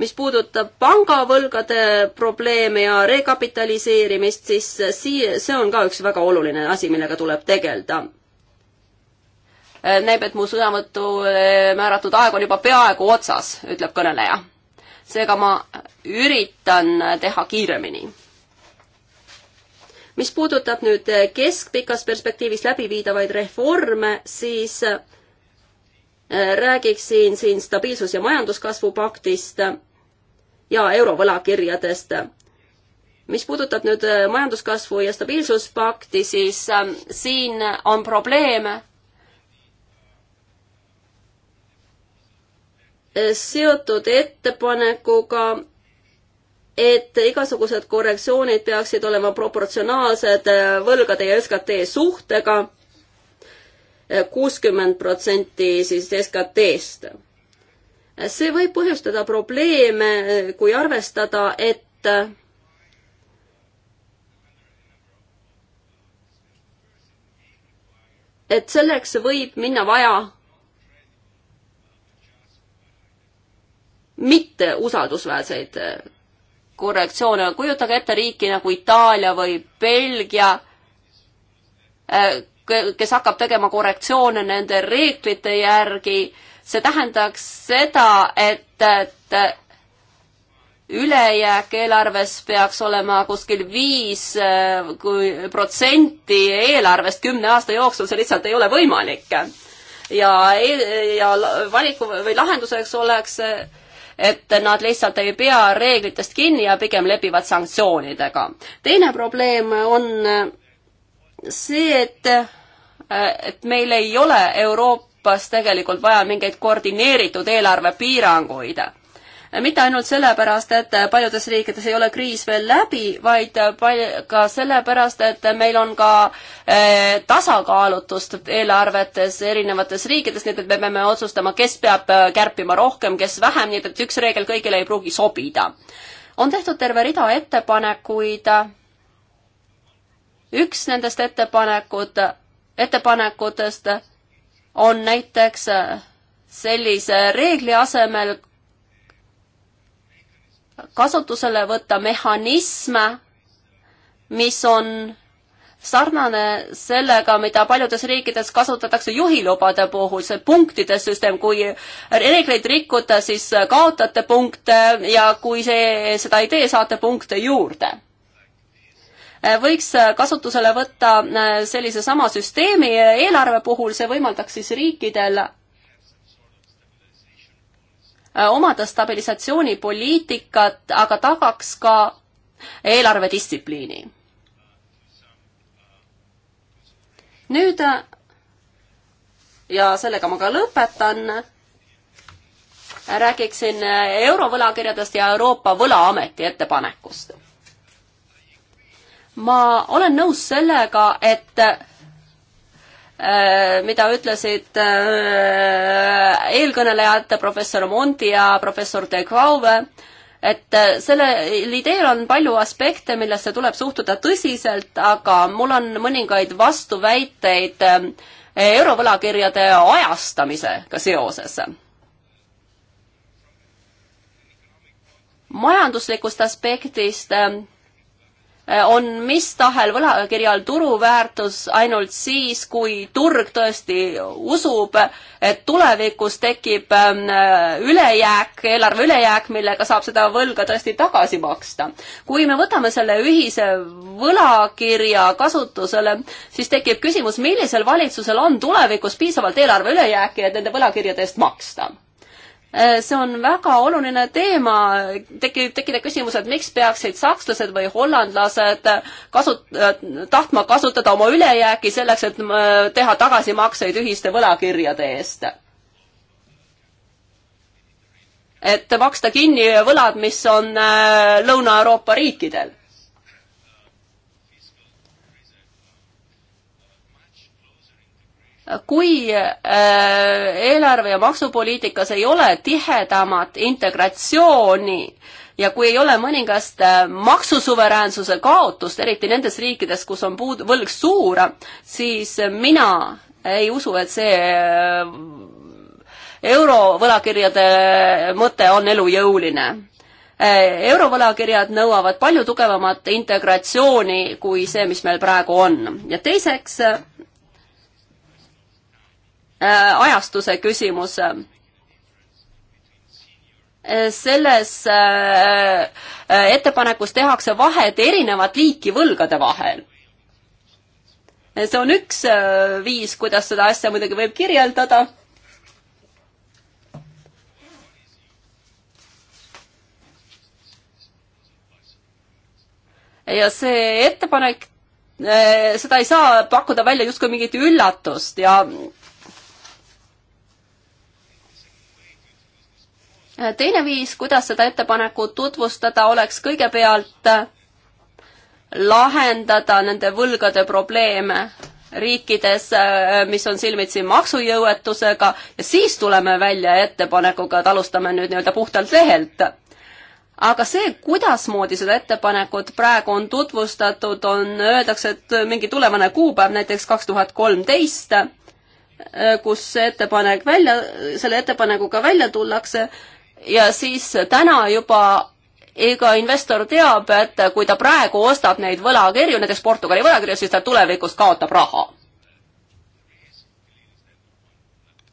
mis puudutab pangavõlgade probleeme ja rekapitaliseerimist, siis sii-, see on ka üks väga oluline asi, millega tuleb tegeleda. näib, et mu sõnavõttu eh, määratud aeg on juba peaaegu otsas, ütleb kõneleja. seega ma üritan teha kiiremini mis puudutab nüüd keskpikas perspektiivis läbiviidavaid reforme, siis eh, räägiksin siin stabiilsus- ja majanduskasvu paktist ja eurovõlakirjadest. mis puudutab nüüd äh, majanduskasvu ja stabiilsuspakti, siis ähm, siin on probleem äh, seotud ettepanekuga, et igasugused korrektsioonid peaksid olema proportsionaalsed äh, võlgade ja SKT suhtega kuuskümmend protsenti siis SKT-st see võib põhjustada probleeme, eh, kui arvestada, et eh, et selleks võib minna vaja mitte usaldusväärseid eh, korrektsioone. kujutage ette riiki nagu Itaalia või Belgia, kes hakkab tegema korrektsioone nende reeglite järgi see tähendaks seda, et, et ülejääk eelarves peaks olema kuskil viis eh, kui protsenti eelarvest kümne aasta jooksul, see lihtsalt ei ole võimalik. ja, e-, ja valiku või lahenduseks oleks et nad lihtsalt ei pea reeglitest kinni ja pigem lepivad sanktsioonidega. teine probleem on see, et, et meil ei ole Euroopa Euroopas tegelikult vaja mingeid koordineeritud eelarvepiiranguid. mitte ainult sellepärast, et paljudes riikides ei ole kriis veel läbi, vaid pal-, ka sellepärast, et meil on ka eh, tasakaalutust eelarvetes erinevates riikides, nii et me peame otsustama, kes peab eh, kärpima rohkem, kes vähem, nii et üks reegel kõigile ei pruugi sobida. on tehtud terve rida ettepanekuid üks nendest ettepanekud, ettepanekutest on näiteks äh, sellise reegli asemel kasutusele võtta mehhanism, mis on sarnane sellega, mida paljudes riikides kasutatakse juhilubade puhul, see punktide süsteem, kui reegleid rikkuda, siis kaotate punkte ja kui see, seda ei tee, saate punkte juurde. Äh, võiks äh, kasutusele võtta äh, sellise sama süsteemi eelarve puhul, see võimaldaks siis riikidel omada stabilisatsioonipoliitikat, aga tagaks ka eelarvedistsipliini. nüüd ja sellega ma ka lõpetan räägiksin eurovõlakirjadest ja Euroopa Võlaameti ettepanekust ma olen nõus sellega, et äh, mida ütlesid äh, eelkõnelejad professor Mondi ja professor De Grauve, et äh, sellel ideel on palju aspekte, millesse tuleb suhtuda tõsiselt, aga mul on mõningaid vastuväiteid eurovõlakirjade ajastamisega seoses majanduslikust aspektist Äh, on mis tahel võlakirjal turuväärtus ainult siis, kui turg tõesti usub, et tulevikus tekib ähm, ülejääk, eelarve ülejääk, millega saab seda võlga tõesti tagasi maksta. kui me võtame selle ühise võlakirja kasutusele, siis tekib küsimus, millisel valitsusel on tulevikus piisavalt eelarve ülejääki, et nende võlakirjade eest maksta Äh, see on väga oluline teema, tekib, tekkida küsimus, et miks peaksid sakslased või hollandlased kasut-, äh, tahtma kasutada oma ülejääki selleks, et äh, teha tagasimakseid ühiste võlakirjade eest. et maksta kinni võlad, mis on Lõuna-Euroopa riikidel kui äh, eelarve ja maksupoliitikas ei ole tihedamat integratsiooni ja kui ei ole mõningast äh, maksusuveräänsuse kaotust, eriti nendes riikides, kus on puud-, võlg suur, siis mina ei usu, et see äh, eurovõlakirjade mõte on elujõuline eurovõlakirjad nõuavad palju tugevamat integratsiooni kui see, mis meil praegu on. ja teiseks Äh, ajastuse küsimus. Äh, selles äh, ettepanekus tehakse vahet erinevat liiki võlgade vahel. see on üks viis, kuidas seda asja muidugi võib kirjeldada ja see ettepanek, seda ei saa pakkuda välja justkui mingit üllatust ja teine viis, kuidas seda ettepanekut tutvustada, oleks kõigepealt äh, lahendada nende võlgade probleeme riikides, äh, mis on silmitsi maksujõuetusega ja siis tuleme välja ettepanekuga, et alustame nüüd nii-öelda puhtalt lehelt. aga see, kuidasmoodi seda ettepanekut praegu on tutvustatud, on, öeldakse, et mingi tulevane kuupäev, näiteks kaks tuhat kolmteist, äh, kus see ettepanek välja, selle ettepanekuga välja tullakse ja siis täna juba iga investor teab, et kui ta praegu ostab neid võlakirju, näiteks Portugali võlakirju, siis ta tulevikus kaotab raha.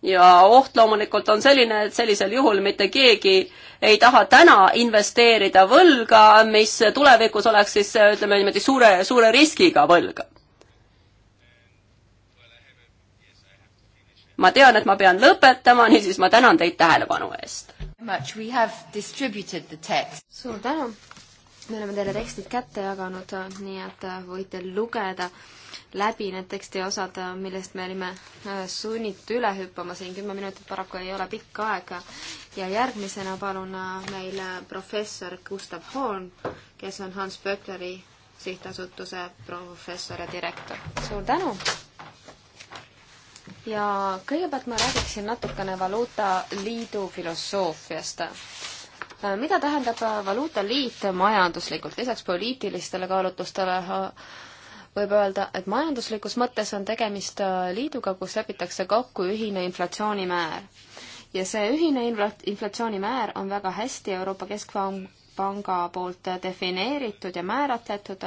ja oht loomulikult on selline, et sellisel juhul mitte keegi ei taha täna investeerida võlga, mis tulevikus oleks siis ütleme niimoodi suure, suure riskiga võlg ma tean, et ma pean lõpetama, niisiis ma tänan teid tähelepanu eest much. We have distributed the text. suur tänu! me oleme teile tekstid kätte jaganud, nii et äh, võite lugeda läbi need tekstiosad, äh, millest me olime äh, sunnitud üle hüppama siin, kümme minutit paraku ei ole pikk aeg. ja järgmisena palun meile professor Gustav Horn, kes on Hans Böckleri sihtasutuse professor ja direktor. suur tänu! ja kõigepealt ma räägiksin natukene valuutaliidu filosoofiast. Äh, mida tähendab äh, valuutaliit majanduslikult, lisaks poliitilistele kaalutlustele äh, võib öelda, et majanduslikus mõttes on tegemist liiduga, kus lepitakse kokku ühine inflatsioonimäär. ja see ühine inflatsioonimäär on väga hästi Euroopa Keskpanga poolt defineeritud ja määratletud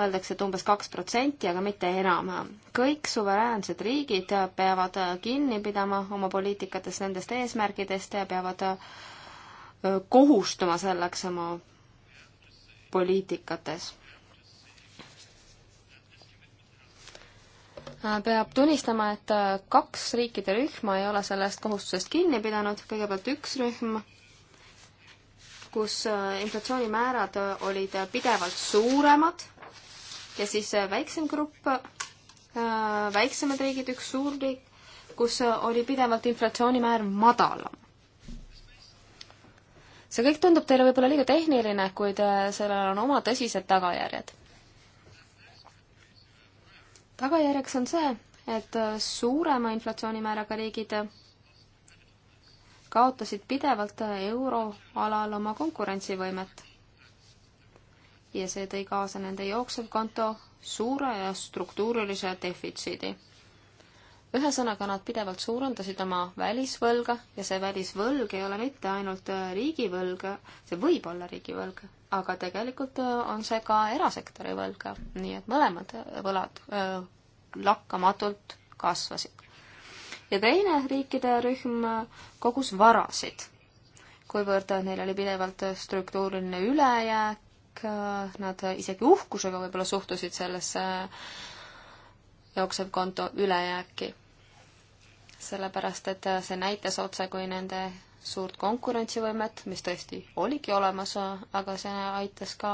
öeldakse, et umbes kaks protsenti, aga mitte enam. kõik suveräänsed riigid peavad kinni pidama oma poliitikates nendest eesmärgidest ja peavad kohustuma selleks oma poliitikates peab tunnistama, et kaks riikide rühma ei ole sellest kohustusest kinni pidanud, kõigepealt üks rühm, kus inflatsioonimäärad olid pidevalt suuremad ja siis äh, väiksem grupp, äh, väiksemad riigid, üks suurriik, kus äh, oli pidevalt inflatsioonimäär madalam. see kõik tundub teile võib-olla liiga tehniline, kuid sellel on oma tõsised tagajärjed. tagajärjeks on see, et suurema inflatsioonimääraga riigid kaotasid pidevalt euroalal oma konkurentsivõimet ja see tõi kaasa nende jooksevkonto suure ja struktuurilise defitsiidi. ühesõnaga, nad pidevalt suurendasid oma välisvõlga ja see välisvõlg ei ole mitte ainult riigivõlg, see võib olla riigivõlg, aga tegelikult on see ka erasektori võlg, nii et mõlemad võlad öö, äh, lakkamatult kasvasid. ja teine riikide rühm kogus varasid, kuivõrd neil oli pidevalt struktuuriline ülejääk, kõik äh, nad isegi uhkusega võib-olla suhtusid sellesse jooksevkonto ülejääki. sellepärast, et see näitas otse kui nende suurt konkurentsivõimet, mis tõesti oligi olemas, aga see aitas ka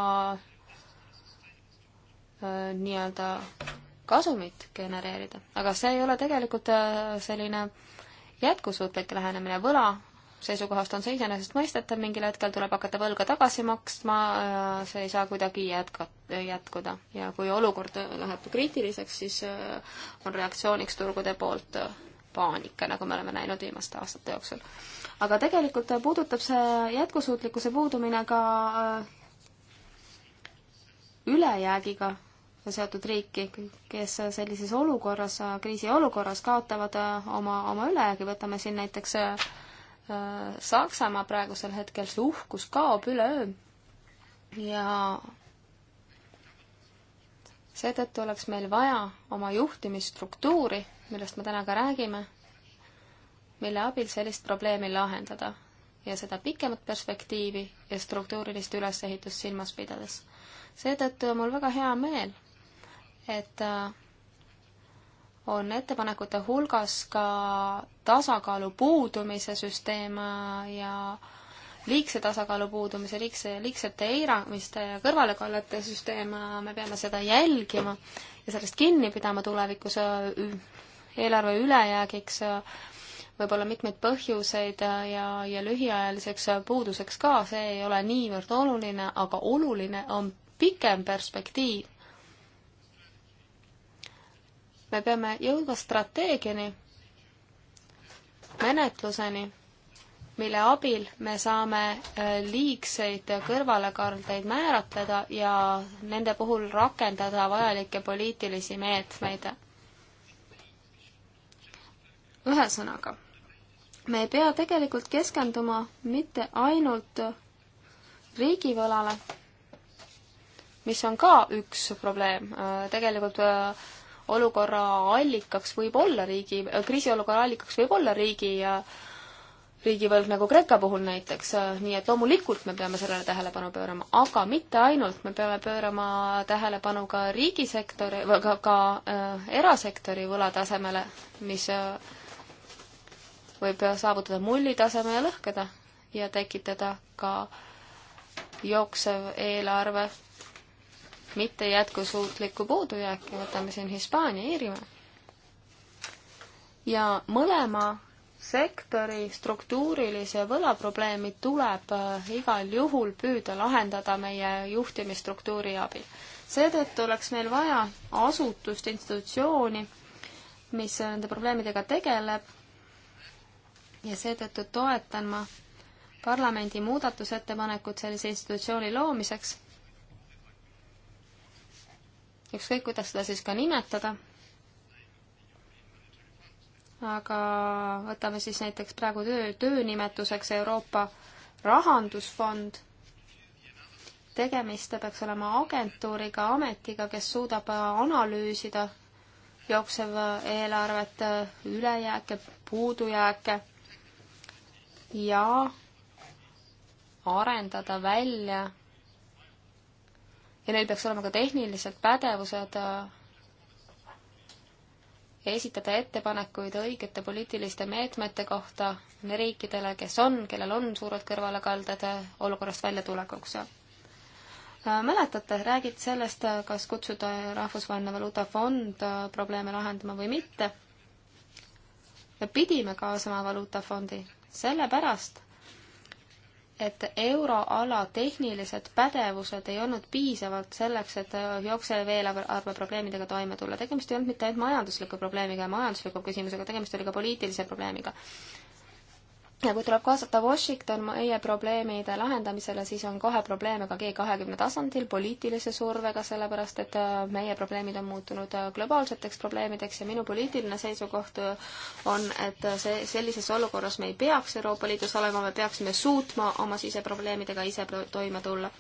äh, nii-öelda kasumit genereerida. aga see ei ole tegelikult äh, selline jätkusuutlik lähenemine, võla seisukohast on see iseenesestmõistetav, mingil hetkel tuleb hakata võlga tagasi maksma, see ei saa kuidagi jätka, jätkuda. ja kui olukord läheb kriitiliseks, siis äh, on reaktsiooniks turgude poolt äh, paanika, nagu me oleme näinud viimaste aastate jooksul. aga tegelikult äh, puudutab see jätkusuutlikkuse puudumine ka ülejäägiga seotud riiki, kes sellises olukorras, kriisiolukorras kaotavad oma, oma ülejäägi, võtame siin näiteks äh, Saksamaa praegusel hetkel, see uhkus kaob üleöö ja seetõttu oleks meil vaja oma juhtimisstruktuuri, millest me täna ka räägime, mille abil sellist probleemi lahendada ja seda pikemat perspektiivi ja struktuurilist ülesehitust silmas pidades. seetõttu on mul väga hea meel, et äh, on ettepanekute hulgas ka tasakaalu puudumise süsteem ja liigse tasakaalu puudumise, liigse, liigsete eiramiste ja kõrvalekallete süsteem, me peame seda jälgima ja sellest kinni pidama tulevikus äh, eelarve ülejäägiks äh, võib-olla mitmeid põhjuseid äh, ja, ja lühiajaliseks puuduseks ka, see ei ole niivõrd oluline, aga oluline on pikem perspektiiv me peame jõudma strateegiani, menetluseni, mille abil me saame äh, liigseid kõrvalekaldeid määratleda ja nende puhul rakendada vajalikke poliitilisi meetmeid. ühesõnaga, me ei pea tegelikult keskenduma mitte ainult riigivõlale, mis on ka üks probleem, äh, tegelikult äh, olukorra allikaks võib olla riigi, kriisiolukorra allikaks võib olla riigi ja riigivõlg nagu Kreeka puhul näiteks, nii et loomulikult me peame sellele tähelepanu pöörama, aga mitte ainult, me peame pöörama tähelepanu ka riigisektori, ka, ka äh, erasektori võlatasemele, mis äh, võib saavutada mullitaseme ja lõhkeda ja tekitada ka jooksev eelarve mitte jätkusuutlikku puudujääki, võtame siin Hispaania, Iirimaa. ja mõlema sektori struktuurilise võlaprobleemi tuleb äh, igal juhul püüda lahendada meie juhtimisstruktuuri abil. seetõttu oleks meil vaja asutust, institutsiooni, mis nende probleemidega tegeleb ja seetõttu toetan ma parlamendi muudatusettepanekut sellise institutsiooni loomiseks ükskõik, kuidas seda siis ka nimetada. aga võtame siis näiteks praegu töö, töönimetuseks Euroopa Rahandusfond. tegemist peaks olema agentuuriga, ametiga, kes suudab analüüsida jooksev eelarvet, ülejääke, puudujääke ja arendada välja ja neil peaks olema ka tehnilised pädevused äh, esitada ettepanekuid õigete poliitiliste meetmete kohta riikidele, kes on, kellel on suured kõrvalekalded äh, olukorrast väljatulekuks. Äh, mäletate, räägiti sellest, kas kutsuda Rahvusvaheline Valuutafond probleeme lahendama või mitte. me pidime kaasama Valuutafondi sellepärast, et euroala tehnilised pädevused ei olnud piisavalt selleks, et äh, jooksev eelarve probleemidega toime tulla. tegemist ei olnud mitte ainult majandusliku probleemiga ja majandusliku küsimusega, tegemist oli ka poliitilise probleemiga ja kui tuleb kaasata Washington meie probleemide lahendamisele, siis on kohe probleeme ka G kahekümne tasandil, poliitilise survega, sellepärast et äh, meie probleemid on muutunud äh, globaalseteks probleemideks ja minu poliitiline seisukoht äh, on, et see, sellises olukorras me ei peaks Euroopa Liidus olema, me peaksime suutma oma siseprobleemidega ise toime tulla.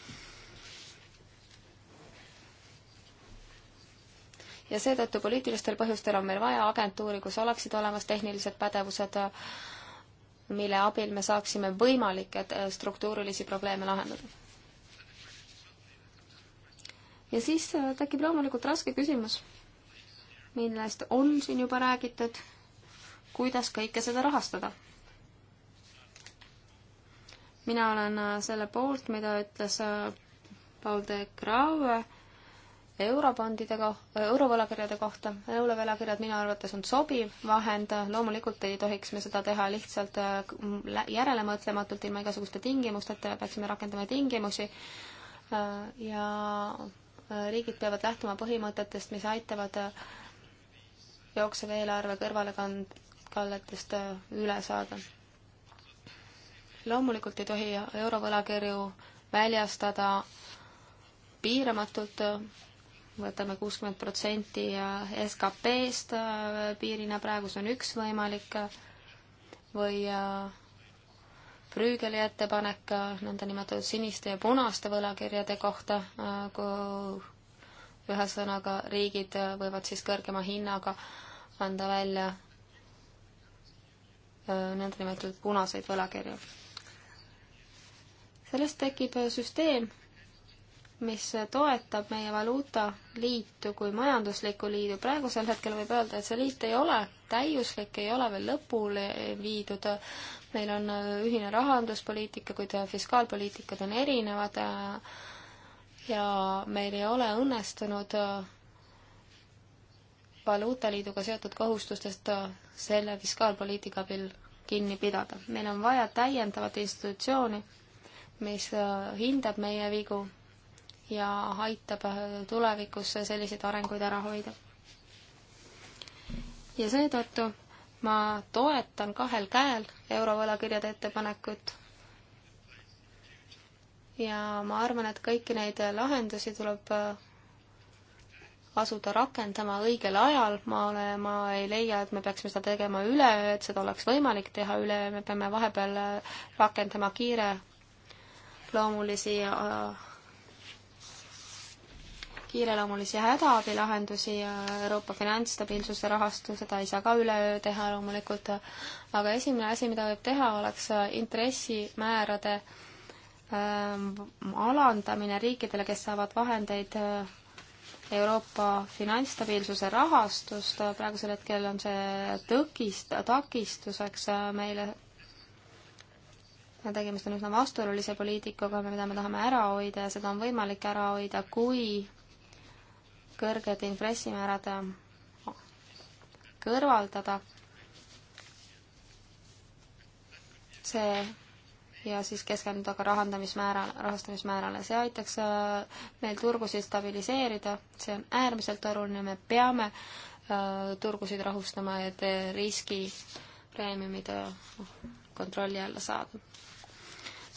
ja seetõttu poliitilistel põhjustel on meil vaja agentuuri, kus oleksid olemas tehnilised pädevused mille abil me saaksime võimalikke äh, struktuurilisi probleeme lahendada. ja siis äh, tekib loomulikult raske küsimus, millest on siin juba räägitud, kuidas kõike seda rahastada. mina olen äh, selle poolt, mida ütles Paul de Graue eurobondidega, eurovõlakirjade kohta. eurovõlakirjad minu arvates on sobiv vahend, loomulikult ei tohiks me seda teha lihtsalt äh, järelemõtlematult, ilma igasuguste tingimusteta, peaksime rakendama tingimusi äh, ja äh, riigid peavad lähtuma põhimõtetest, mis aitavad jooksev eelarve kõrvalekalletest üle saada. loomulikult ei tohi eurovõlakirju väljastada piiramatult võtame kuuskümmend protsenti SKP-st äh, piirina, praegu see on üks võimalik, äh, või Brügeli äh, ettepanek nõndanimetatud siniste ja punaste võlakirjade kohta, kui ühesõnaga riigid võivad siis kõrgema hinnaga anda välja nõndanimetatud punaseid võlakirju. sellest tekib süsteem, mis toetab meie valuutaliitu kui majanduslikku liidu. praegusel hetkel võib öelda, et see liit ei ole täiuslik, ei ole veel lõpule viidud. meil on ühine rahanduspoliitika, kuid fiskaalpoliitikad on erinevad ja meil ei ole õnnestunud valuutaliiduga seotud kohustustest selle fiskaalpoliitika abil kinni pidada. meil on vaja täiendavat institutsiooni, mis hindab meie vigu ja aitab äh, tulevikus selliseid arenguid ära hoida. ja seetõttu ma toetan kahel käel eurovõlakirjade ettepanekut ja ma arvan, et kõiki neid lahendusi tuleb äh, asuda rakendama õigel ajal, ma ole, ma ei leia, et me peaksime seda tegema üleöö, et seda oleks võimalik teha üleöö, me peame vahepeal äh, rakendama kiire loomulisi äh, kiireloomulisi hädaabilahendusi ja Euroopa finantsstabiilsuse rahastu, seda ei saa ka üleöö teha loomulikult, aga esimene asi, mida võib teha, oleks intressimäärade ähm, alandamine riikidele, kes saavad vahendeid äh, Euroopa finantsstabiilsuse rahastust, praegusel hetkel on see tõkist-, takistuseks äh, meile, tegemist on üsna vastuolulise poliitikaga, mida me tahame ära hoida ja seda on võimalik ära hoida, kui kõrged intressimäärad äh, kõrvaldada. see ja siis keskenduda ka rahandamismäärale, rahastamismäärale. see aitaks äh, meil turgusid stabiliseerida, see on äärmiselt oluline, me peame äh, turgusid rahustama, et riski preemiumid kontrolli alla saada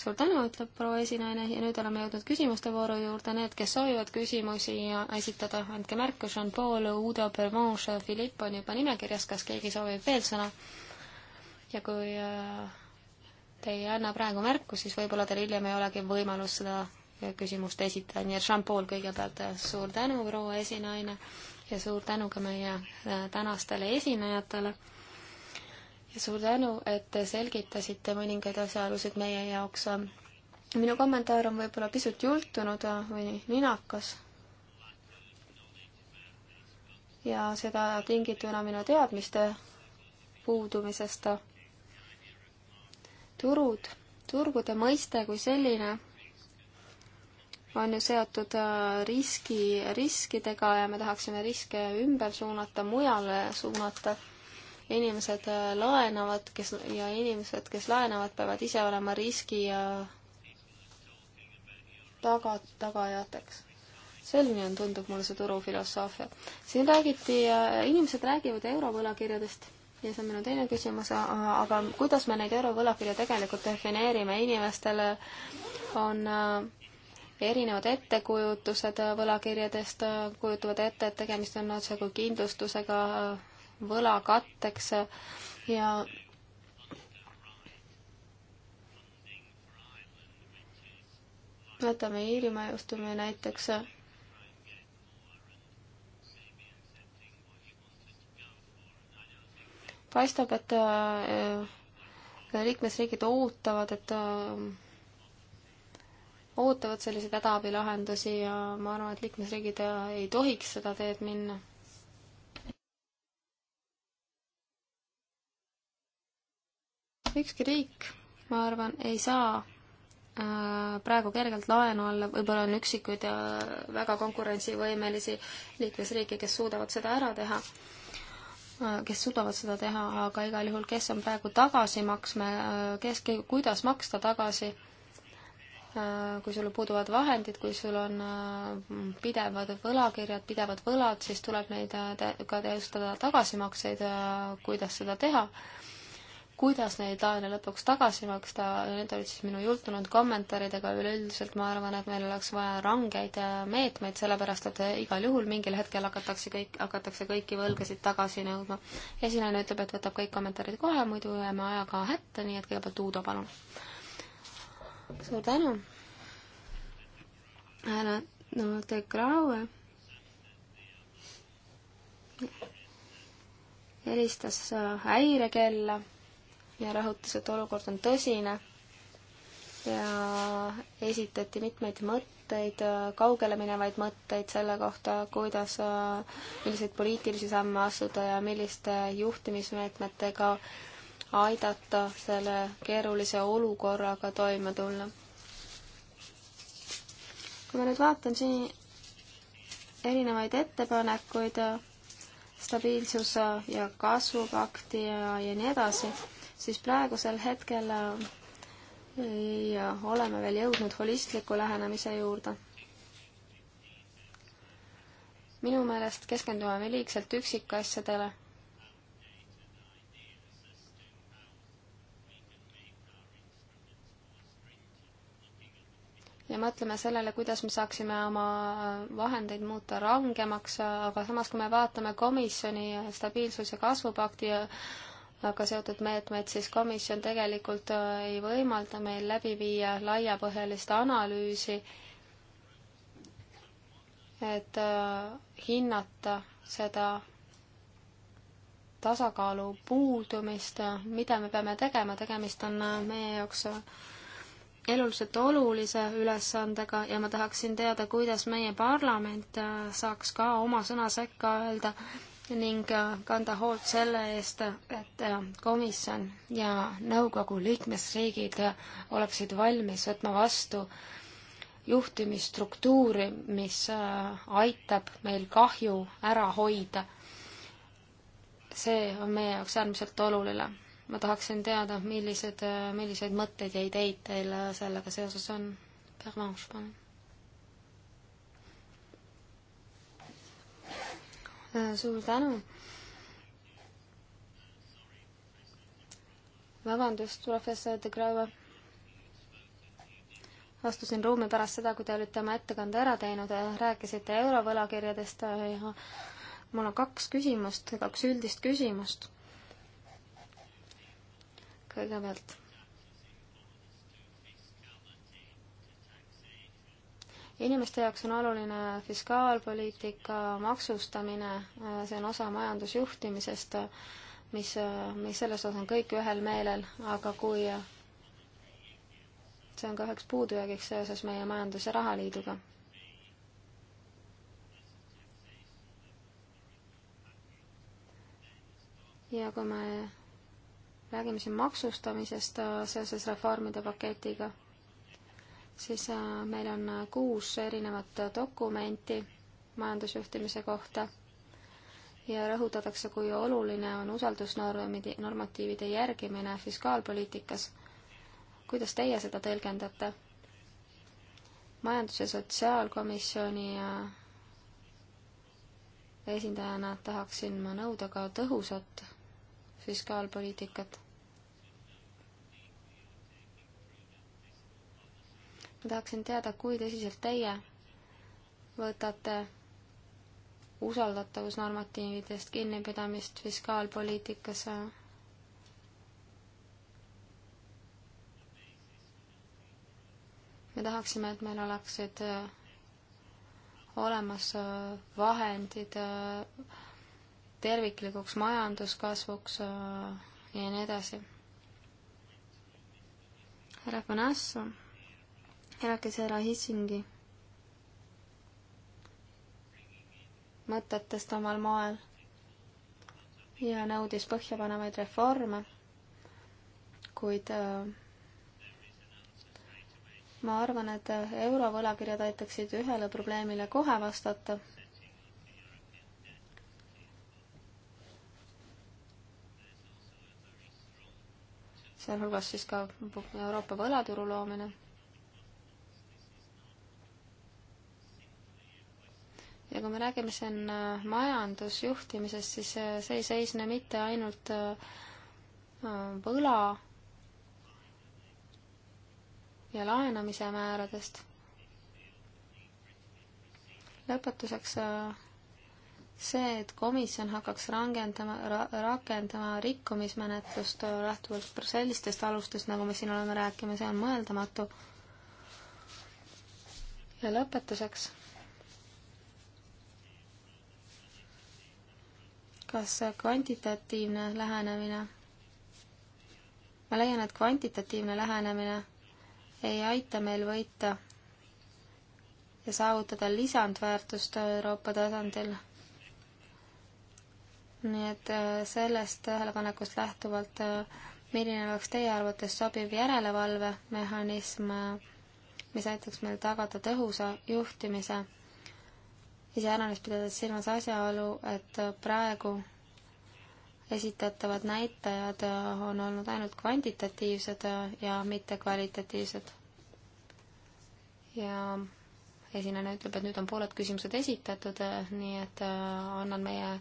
suur tänu, ütleb proua esinaine ja nüüd oleme jõudnud küsimuste vooru juurde, need, kes soovivad küsimusi esitada, andke märku, Jean-Paul, Udo, Bermange, Philipp on juba nimekirjas, kas keegi soovib veel sõna? ja kui äh, te ei anna praegu märku, siis võib-olla teil hiljem ei olegi võimalus seda äh, küsimust esitada, nii et Jean-Paul kõigepealt äh, suur tänu, proua esinaine, ja suur tänu ka meie tänastele esinejatele ja suur tänu, et te selgitasite mõningaid asjaolusid meie jaoks. minu kommentaar on võib-olla pisut jultunud või ninakas. ja seda tingituna minu teadmiste puudumisest. turud, turgude mõiste kui selline on ju seotud äh, riski, riskidega ja me tahaksime riske ümber suunata, mujale suunata inimesed äh, laenavad, kes ja inimesed, kes laenavad, peavad ise olema riski ja taga, tagajateks. selline on, tundub mulle see turufilosoofia. siin räägiti, äh, inimesed räägivad eurovõlakirjadest ja see on minu teine küsimus, aga kuidas me neid eurovõlakirju tegelikult defineerime, inimestel on äh, erinevad ettekujutused võlakirjadest, kujutavad ette, et tegemist on otsekui kindlustusega võla katteks ja võtame Iirimaa juhtumi näiteks. paistab, et äh, liikmesriigid ootavad, et äh, ootavad selliseid hädaabilahendusi ja ma arvan, et liikmesriigid äh, ei tohiks seda teed minna ükski riik, ma arvan, ei saa äh, praegu kergelt laenu alla, võib-olla on üksikuid ja väga konkurentsivõimelisi liikmesriike, kes suudavad seda ära teha, äh, kes suudavad seda teha, aga igal juhul, kes on praegu tagasi maksma, äh, kes, kuidas maksta tagasi, kui sul puuduvad vahendid, kui sul on pidevad võlakirjad, pidevad võlad, siis tuleb neid ka teostada tagasimakseid, kuidas seda teha kuidas neid laene lõpuks tagasi maksta, need olid siis minu jultunud kommentaarid, aga üleüldiselt ma arvan, et meil oleks vaja rangeid äh, meetmeid, sellepärast et äh, igal juhul mingil hetkel hakatakse kõik, hakatakse kõiki võlgasid tagasi nõudma. esinejana ütleb, et võtab kõik kommentaarid kohe, muidu jääme ajaga hätta, nii et kõigepealt Uudo, palun. suur tänu. härra no, De Graue äh, helistas häirekella ja rõhutas, et olukord on tõsine ja esitati mitmeid mõtteid, kaugele minevaid mõtteid selle kohta, kuidas, milliseid poliitilisi samme astuda ja milliste juhtimismeetmetega aidata selle keerulise olukorraga toime tulla. kui ma nüüd vaatan siin erinevaid ettepanekuid, stabiilsuse ja kasvupakti ja, ja nii edasi siis praegusel hetkel ei äh, oleme veel jõudnud holistliku lähenemise juurde. minu meelest keskendume me liigselt üksikasjadele. ja mõtleme sellele, kuidas me saaksime oma vahendeid muuta rangemaks, aga samas, kui me vaatame komisjoni stabiilsus- ja kasvupakti ja aga seotud meetmeid, siis komisjon tegelikult äh, ei võimalda meil läbi viia laiapõhjalist analüüsi, et äh, hinnata seda tasakaalu puudumist, mida me peame tegema, tegemist on äh, meie jaoks eluliselt olulise ülesandega ja ma tahaksin teada, kuidas meie parlament saaks ka oma sõna sekka öelda ning äh, kanda hoolt selle eest, et äh, komisjon ja nõukogu liikmesriigid äh, oleksid valmis võtma vastu juhtimisstruktuuri, mis aitab meil kahju ära hoida. see on meie jaoks äärmiselt oluline. ma tahaksin teada, millised, milliseid mõtteid ja ideid teil sellega seoses on. Pervanche, palun Äh, suur tänu. vabandust, professor De Grauer. astusin ruumi pärast seda, kui te olite oma ettekande ära teinud, äh, rääkisite eurovõlakirjadest äh, ja mul on kaks küsimust, kaks üldist küsimust. kõigepealt inimeste jaoks on oluline fiskaalpoliitika, maksustamine, see on osa majandusjuhtimisest, mis, mis selles osas on kõik ühel meelel, aga kui see on ka üheks puudujäägiks seoses meie majandus- ja rahaliiduga. ja kui me räägime siin maksustamisest seoses reformide paketiga siis äh, meil on äh, kuus erinevat dokumenti majandusjuhtimise kohta ja rõhutatakse, kui oluline on usaldusnormide, normatiivide järgimine fiskaalpoliitikas. kuidas teie seda tõlgendate? majandus- ja sotsiaalkomisjoni äh, esindajana tahaksin ma nõuda ka tõhusat fiskaalpoliitikat ma tahaksin teada, kui tõsiselt teie võtate usaldatavusnormatiividest kinnipidamist fiskaalpoliitikas me tahaksime, et meil oleksid äh, olemas äh, vahendid äh, terviklikuks majanduskasvuks ja nii edasi. härra Panassu rääkis härra Hissingi mõtetest omal moel ja nõudis põhjapanevaid reforme, kuid äh, ma arvan, et eurovõlakirjad aitaksid ühele probleemile kohe vastata. sealhulgas siis ka Euroopa võlaturu loomine ja kui me räägime siin äh, majandusjuhtimisest, siis äh, see ei seisne mitte ainult äh, võla ja laenamise määradest. lõpetuseks see, et komisjon hakkaks rangendama ra,, rakendama rikkumismenetlust lähtuvalt sellistest alustest, nagu me siin oleme rääkima, see on mõeldamatu. ja lõpetuseks kas kvantitatiivne lähenemine ma leian, et kvantitatiivne lähenemine ei aita meil võita ja saavutada lisandväärtust Euroopa tasandil. nii et äh, sellest tähelepanekust lähtuvalt, äh, milline oleks teie arvates sobiv järelevalvemehhanism, äh, mis aitaks meil tagada tõhusa juhtimise iseäranis pidades silmas asjaolu, et praegu esitatavad näitajad on olnud ainult kvantitatiivsed ja mitte kvalitatiivsed. ja esineja ütleb, et nüüd on pooled küsimused esitatud, nii et äh, annan meie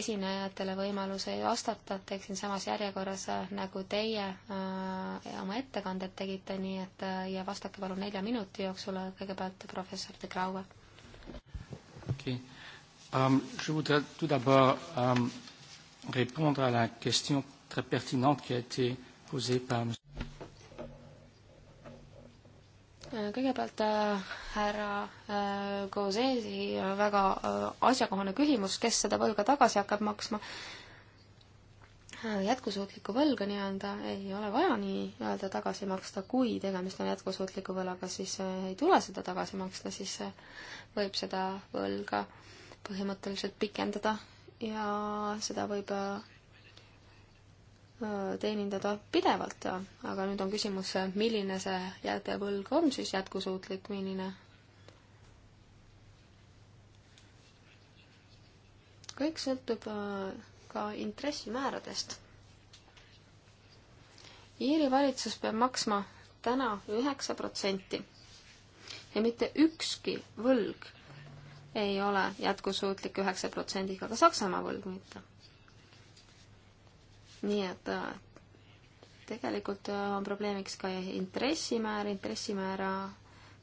esinejatele võimaluse vastata, teeksin samas järjekorras, äh, nagu teie äh, oma ettekanded tegite, nii et äh, ja vastake palun nelja minuti jooksul, kõigepealt professor De Graue Okay. Um, je voudrais tout d'abord um, répondre à la question très pertinente qui a été posée par M. Euh, kõigepealt äh, härra äh, Gozesi äh, väga asjakohane küsimus, kes seda võlga tagasi hakkab maksma jätkusuutlikku võlga nii-öelda ei ole vaja nii-öelda tagasi maksta, kui tegemist on jätkusuutliku võlaga, siis äh, ei tule seda tagasi maksta, siis äh, võib seda võlga põhimõtteliselt pikendada ja seda võib äh, teenindada pidevalt, aga nüüd on küsimus, milline see jäätevõlg on siis jätkusuutlik, milline kõik sõltub ka intressimääradest. Iiri valitsus peab maksma täna üheksa protsenti ja mitte ükski võlg ei ole jätkusuutlik üheksa protsendiga, ka Saksamaa võlg mitte. nii et äh, tegelikult äh, on probleemiks ka intressimäär, intressimäära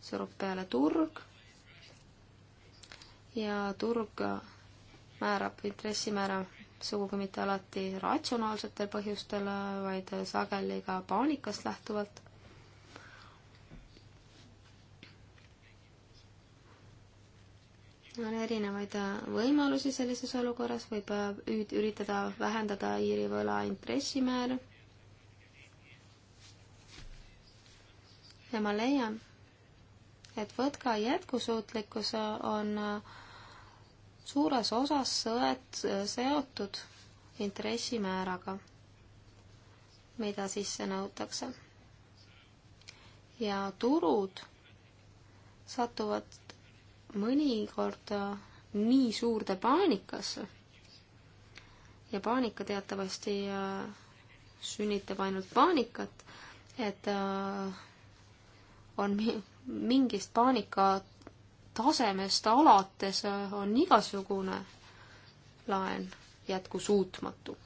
surub peale turg ja turg äh, määrab intressimäära sugugi mitte alati ratsionaalsetel põhjustel, vaid sageli ka paanikast lähtuvalt. on erinevaid võimalusi sellises olukorras, võib äh, üritada vähendada Iiri võla intressimäära. ja ma leian, et võtka jätkusuutlikkus on äh, suures osas sõed seotud intressimääraga, mida sisse nõutakse. ja turud satuvad mõnikord nii suurde paanikasse ja paanika teatavasti äh, sünnitab ainult paanikat, et äh, on mingist paanika tasemest alates äh, on igasugune laen jätkusuutmatu.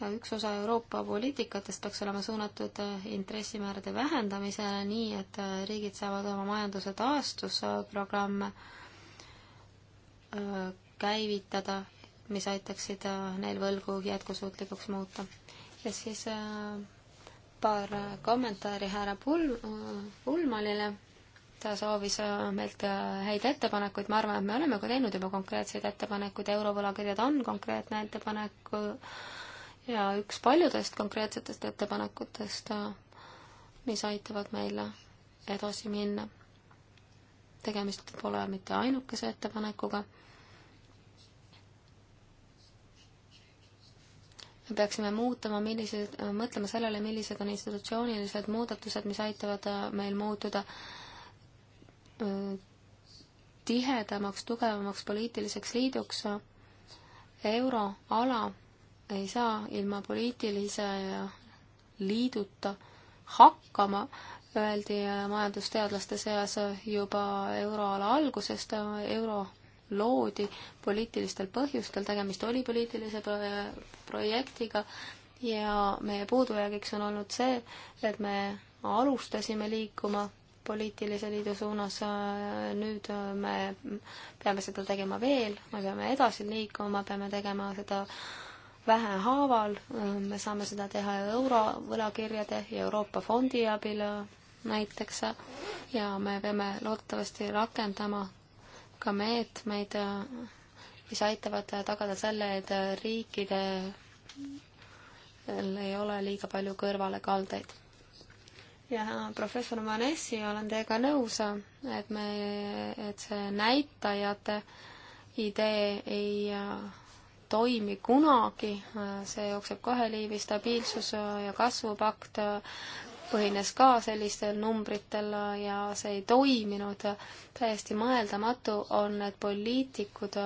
ja üks osa Euroopa poliitikatest peaks olema suunatud äh, intressimäärade vähendamisele, nii et äh, riigid saavad oma majanduse taastusprogramme käivitada, mis aitaksid neil võlgu jätkusuutlikuks muuta. ja siis paar kommentaari härra Pul-, Pulmanile ta soovis äh, meilt äh, häid ettepanekuid, ma arvan, et me oleme ka teinud juba konkreetseid ettepanekuid, eurovõlakirjad on konkreetne ettepanek äh, ja üks paljudest konkreetsetest ettepanekutest, mis aitavad meile edasi minna. tegemist pole mitte ainukese ettepanekuga. me peaksime muutuma, millised, mõtlema sellele, millised on institutsioonilised muudatused, mis aitavad meil muutuda äh, tihedamaks, tugevamaks poliitiliseks liiduks euroala ei saa ilma poliitilise liiduta hakkama, öeldi majandusteadlaste seas juba euroala algusest, euro loodi poliitilistel põhjustel, tegemist oli poliitilise pro projektiga ja meie puudujäägiks on olnud see, et me alustasime liikuma poliitilise liidu suunas, äh, nüüd äh, me peame seda tegema veel, me peame edasi liikuma, peame tegema seda vähehaaval, äh, me saame seda teha euro võlakirjade ja Euroopa fondi abil näiteks ja me peame loodetavasti rakendama ka meetmeid, mis aitavad tagada selle, et riikidel ei ole liiga palju kõrvalekaldeid ja professor Manessi, olen teiega nõus, et me, et see näitajate idee ei äh, toimi kunagi, äh, see jookseb kahe liivi, stabiilsus äh, ja kasvupakt põhines ka sellistel numbritel ja see ei toiminud. täiesti mõeldamatu on, et poliitikud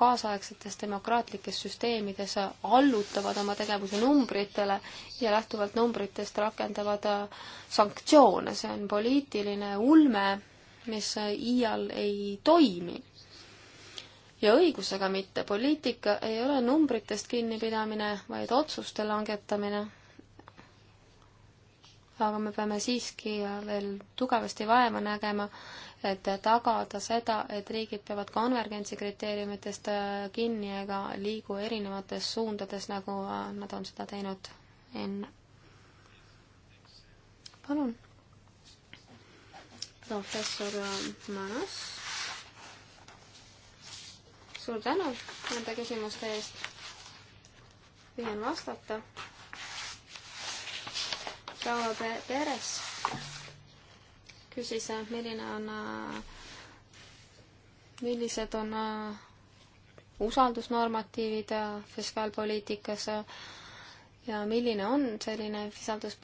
kaasaegsetes demokraatlikes süsteemides allutavad oma tegevuse numbritele ja lähtuvalt numbritest rakendavad sanktsioone. see on poliitiline ulme, mis iial ei toimi ja õigusega mitte. poliitika ei ole numbritest kinnipidamine, vaid otsuste langetamine aga me peame siiski veel tugevasti vaeva nägema, et tagada seda, et riigid peavad konvergentsi kriteeriumitest äh, kinni ega liigu erinevates suundades, nagu äh, nad on seda teinud enne. palun. professor äh, Manas. suur tänu nende küsimuste eest. püüan vastata proua Peres küsis, äh, milline on, äh, millised on äh, usaldusnormatiivid fiskaalpoliitikas ja milline on selline fisaldus,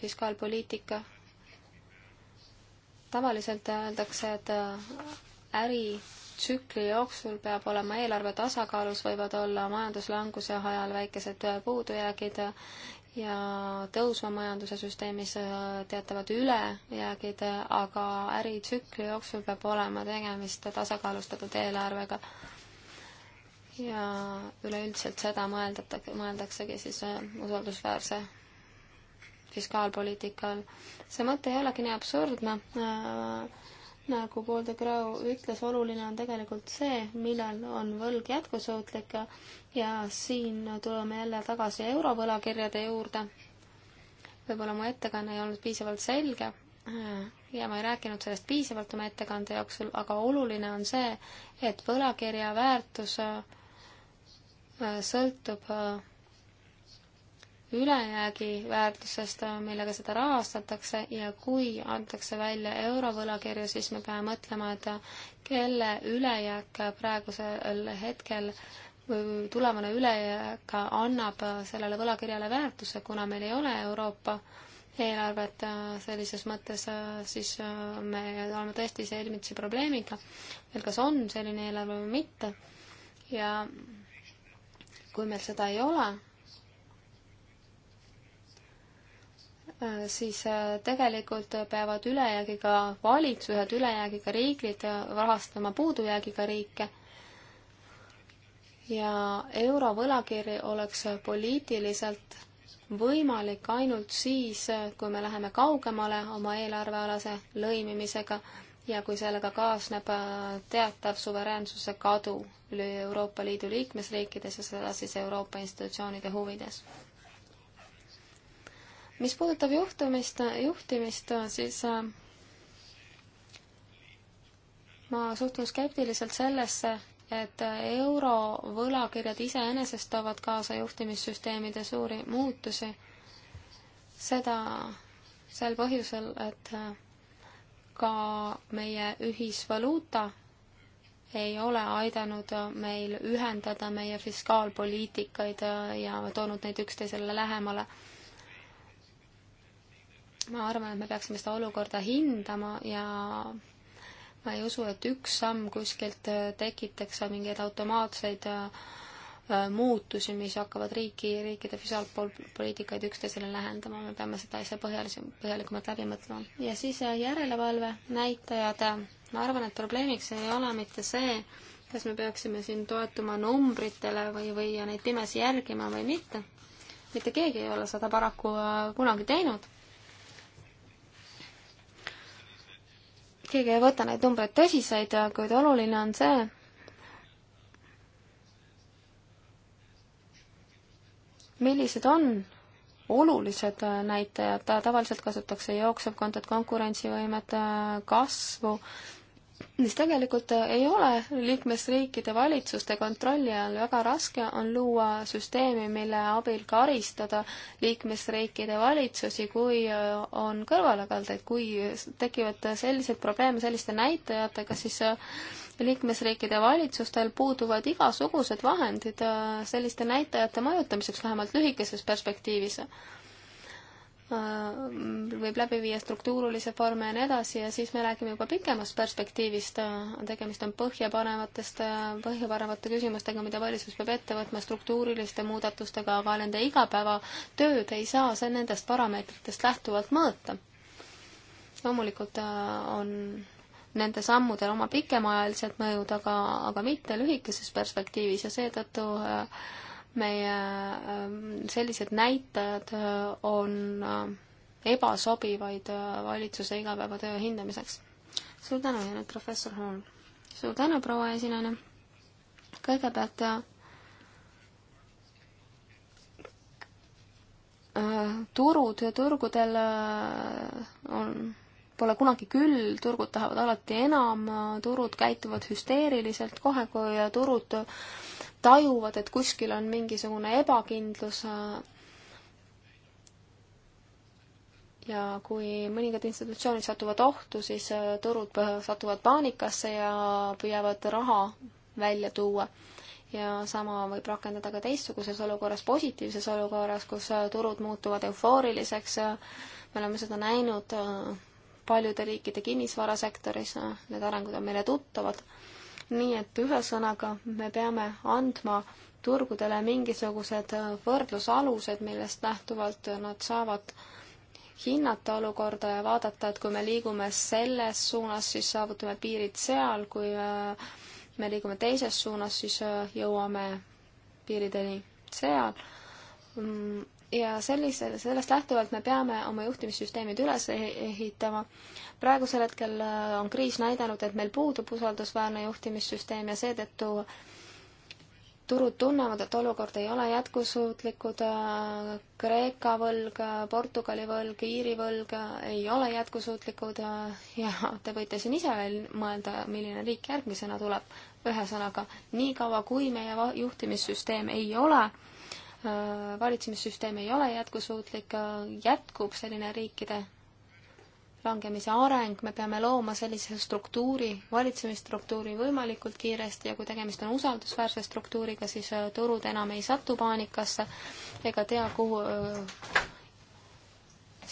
fiskaalpoliitika. tavaliselt öeldakse, et äritsükli jooksul peab olema eelarve tasakaalus, võivad olla majanduslanguse ajal väikesed puudujäägid ja tõusva majanduse süsteemis äh, teatavad ülejäägid, äh, aga äritsükli jooksul peab olema tegemist tasakaalustatud eelarvega. ja üleüldiselt seda mõeldatakse, mõeldaksegi siis äh, usaldusväärse fiskaalpoliitika all. see mõte ei olegi nii absurdne äh,, nagu Paul de Grau ütles, oluline on tegelikult see, millal on võlg jätkusuutlik ja siin tuleme jälle tagasi eurovõlakirjade juurde. võib-olla mu ettekanne ei olnud piisavalt selge äh, ja ma ei rääkinud sellest piisavalt oma ettekande jooksul, aga oluline on see, et võlakirja väärtus äh, sõltub äh, ülejäägi väärtusest, millega seda rahastatakse ja kui antakse välja eurovõlakirju, siis me peame mõtlema, et kelle ülejääk praegusel hetkel või tulevane ülejääk annab sellele võlakirjale väärtuse, kuna meil ei ole Euroopa eelarvet äh, sellises mõttes, äh, siis äh, me oleme tõesti silmitsi probleemiga, et kas on selline eelarve või mitte. ja kui meil seda ei ole, Äh, siis äh, tegelikult peavad ülejäägiga valitsused, ülejäägiga riigid äh, rahastama puudujäägiga riike ja eurovõlakiri oleks poliitiliselt võimalik ainult siis, kui me läheme kaugemale oma eelarvealase lõimimisega ja kui sellega kaasneb teatav suveräänsuse kadu üle Euroopa Liidu liikmesriikides ja seda siis Euroopa institutsioonide huvides mis puudutab juhtumist, juhtimist, siis äh, ma suhtun skeptiliselt sellesse, et euro võlakirjad iseenesest toovad kaasa juhtimissüsteemide suuri muutusi. seda sel põhjusel, et äh, ka meie ühisvaluuta ei ole aidanud meil ühendada meie fiskaalpoliitikaid äh, ja toonud neid üksteisele lähemale ma arvan, et me peaksime seda olukorda hindama ja ma ei usu, et üks samm kuskilt äh, tekitaks mingeid automaatseid äh, äh, muutusi, mis hakkavad riiki, riikide fiskaalpoliitikaid üksteisele lähendama, me peame seda asja põhjalisem, põhjalikumalt läbi mõtlema. ja siis järelevalve näitajad, ma arvan, et probleemiks ei ole mitte see, kas me peaksime siin toetuma numbritele või, või neid pimesi jälgima või mitte. mitte keegi ei ole seda paraku kunagi teinud keegi ei võta neid numbreid tõsiseid, kuid oluline on see, millised on olulised näitajad, tavaliselt kasutatakse jooksevkontot, konkurentsivõimet, kasvu mis tegelikult ei ole liikmesriikide valitsuste kontrolli all, väga raske on luua süsteemi, mille abil karistada liikmesriikide valitsusi, kui äh, on kõrvalekaldeid, kui tekivad selliseid probleeme selliste näitajatega, siis äh, liikmesriikide valitsustel puuduvad igasugused vahendid äh, selliste näitajate mõjutamiseks, vähemalt lühikeses perspektiivis Äh, võib läbi viia struktuurilisi forme ja nii edasi ja siis me räägime juba pikemast perspektiivist, äh, tegemist on põhjapanevatest, äh, põhjapanevate küsimustega, mida valitsus peab ette võtma, struktuuriliste muudatustega, aga nende igapäevatööd ei saa see nendest parameetritest lähtuvalt mõõta. loomulikult on nende sammudel oma pikemaajalised mõjud, aga, aga mitte lühikeses perspektiivis ja seetõttu äh, meie ähm, sellised näitajad äh, on äh, ebasobivaid äh, valitsuse igapäevatöö hindamiseks. suur tänu ja nüüd professor Holm. suur tänu, proua esinejana. kõigepealt turud, turgudel on, pole kunagi küll, turgud tahavad alati enam, turud käituvad hüsteeriliselt, kohe kui turud tajuvad, et kuskil on mingisugune ebakindlus. Äh, ja kui mõningad institutsioonid satuvad ohtu, siis äh, turud satuvad paanikasse ja püüavad raha välja tuua ja sama võib rakendada ka teistsuguses olukorras, positiivses olukorras, kus äh, turud muutuvad eufooriliseks. me oleme seda näinud paljude riikide kinnisvarasektoris, need arengud on meile tuttavad nii et ühesõnaga, me peame andma turgudele mingisugused võrdlusalused, millest lähtuvalt nad saavad hinnata olukorda ja vaadata, et kui me liigume selles suunas, siis saavutame piirid seal, kui äh, me liigume teises suunas, siis äh, jõuame piirideni seal. Mm, ja sellise, sellest lähtuvalt me peame oma juhtimissüsteemid üles e-, ehitama. praegusel hetkel äh, on kriis näidanud, et meil puudub usaldusväärne juhtimissüsteem ja seetõttu turud tunnevad, et olukord ei ole jätkusuutlikud, äh, Kreeka võlg, äh, Portugali võlg, Iiri võlg ei ole jätkusuutlikud ja te võite siin ise veel mõelda, milline riik järgmisena tuleb. ühesõnaga, niikaua kui meie juhtimissüsteem ei ole Äh, valitsemissüsteem ei ole jätkusuutlik, äh, jätkub selline riikide langemise areng, me peame looma sellise struktuuri, valitsemisstruktuuri võimalikult kiiresti ja kui tegemist on usaldusväärse struktuuriga, siis äh, turud enam ei satu paanikasse ega tea, kuhu,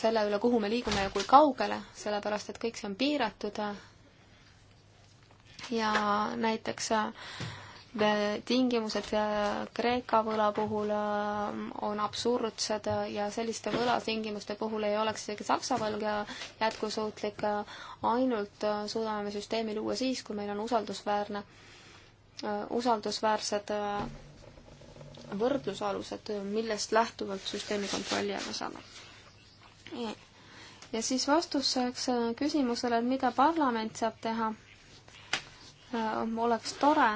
selle üle, kuhu me liigume ja kui kaugele, sellepärast et kõik see on piiratud. ja näiteks tingimused äh, Kreeka võla puhul äh, on absurdsed äh, ja selliste võlatingimuste puhul ei oleks isegi Saksa võlg jätkusuutlik, ainult suudame me süsteemi luua siis, kui meil on usaldusväärne, usaldusväärsed võrdlusalused, millest lähtuvalt süsteemi kontrolli alla saame. ja siis vastuseks küsimusele, et mida parlament saab teha, oleks tore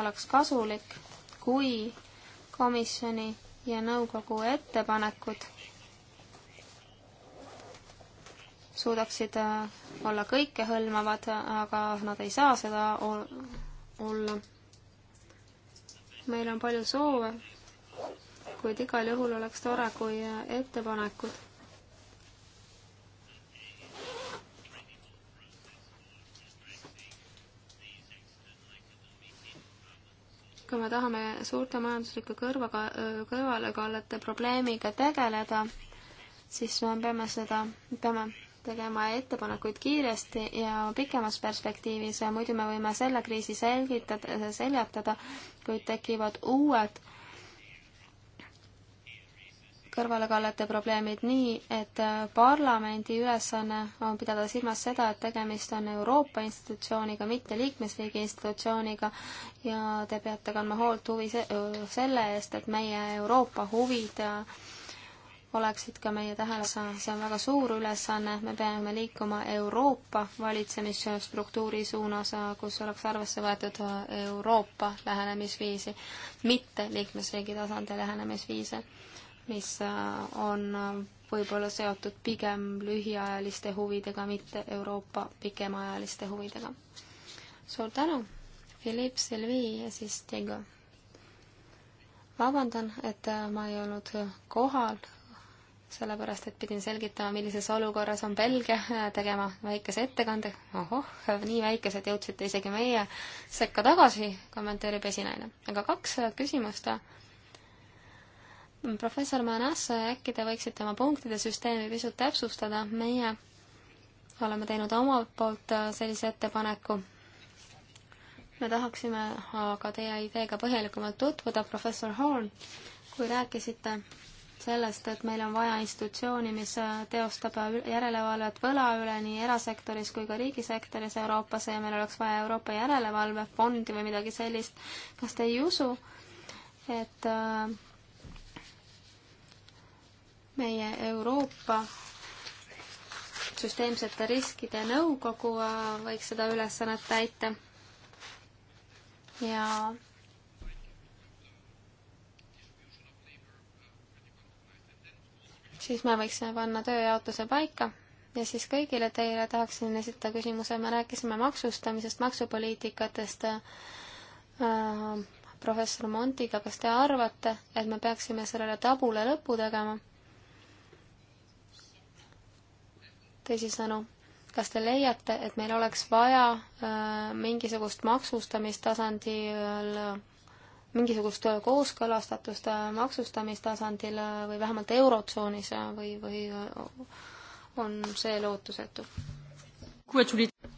oleks kasulik, kui komisjoni ja nõukogu ettepanekud suudaksid äh, olla kõikehõlmavad, aga nad ei saa seda olla. meil on palju soove, kuid igal juhul oleks tore, kui ettepanekud me tahame suurte majanduslike kõrvaga, kõrvalekallete probleemiga tegeleda, siis me peame seda, peame tegema ettepanekuid kiiresti ja pikemas perspektiivis, muidu me võime selle kriisi selgitada, seljatada, kuid tekivad uued kõrvalekallete probleemid nii, et äh, parlamendi ülesanne on pidada silmas seda, et tegemist on Euroopa institutsiooniga, mitte liikmesriigi institutsiooniga ja te peate kandma hoolt huvi se selle eest, et meie Euroopa huvid äh, oleksid ka meie tähelepanu, see on väga suur ülesanne, me peame liikuma Euroopa valitsemisstruktuuri suunas, äh, kus oleks arvesse võetud Euroopa lähenemisviisi, mitte liikmesriigi tasandi lähenemisviise mis äh, on äh, võib-olla seotud pigem lühiajaliste huvidega, mitte Euroopa pikemaajaliste huvidega. suur tänu, Philippe Silvi ja siis Diego. vabandan, et äh, ma ei olnud kohal, sellepärast et pidin selgitama, millises olukorras on Belgia, tegema väikese ettekande. ohoh, nii väikesed jõudsite isegi meie sekka tagasi, kommenteerib esinaine. aga kaks küsimust professor Manasse, äkki te võiksite oma punktide süsteemi pisut täpsustada, meie oleme teinud omalt poolt äh, sellise ettepaneku. me tahaksime aga teie ideega põhjalikumalt tutvuda, professor Horn, kui rääkisite sellest, et meil on vaja institutsiooni, mis äh, teostab järelevalvet võla üle nii erasektoris kui ka riigisektoris Euroopas ja meil oleks vaja Euroopa järelevalvefondi või midagi sellist. kas te ei usu, et äh, meie Euroopa süsteemsete riskide nõukogu äh, võiks seda ülesannet täita ja siis me võiksime panna tööjaotuse paika ja siis kõigile teile tahaksin esitada küsimuse, me rääkisime maksustamisest, maksupoliitikatest äh, professor Montiga, kas te arvate, et me peaksime sellele tabule lõpu tegema? teisisõnu, kas te leiate, et meil oleks vaja äh, mingisugust maksustamistasandil äh, mingisugust kooskõlastatust äh, maksustamistasandil äh, või vähemalt Eurotsoonis või, või on see lootusetu?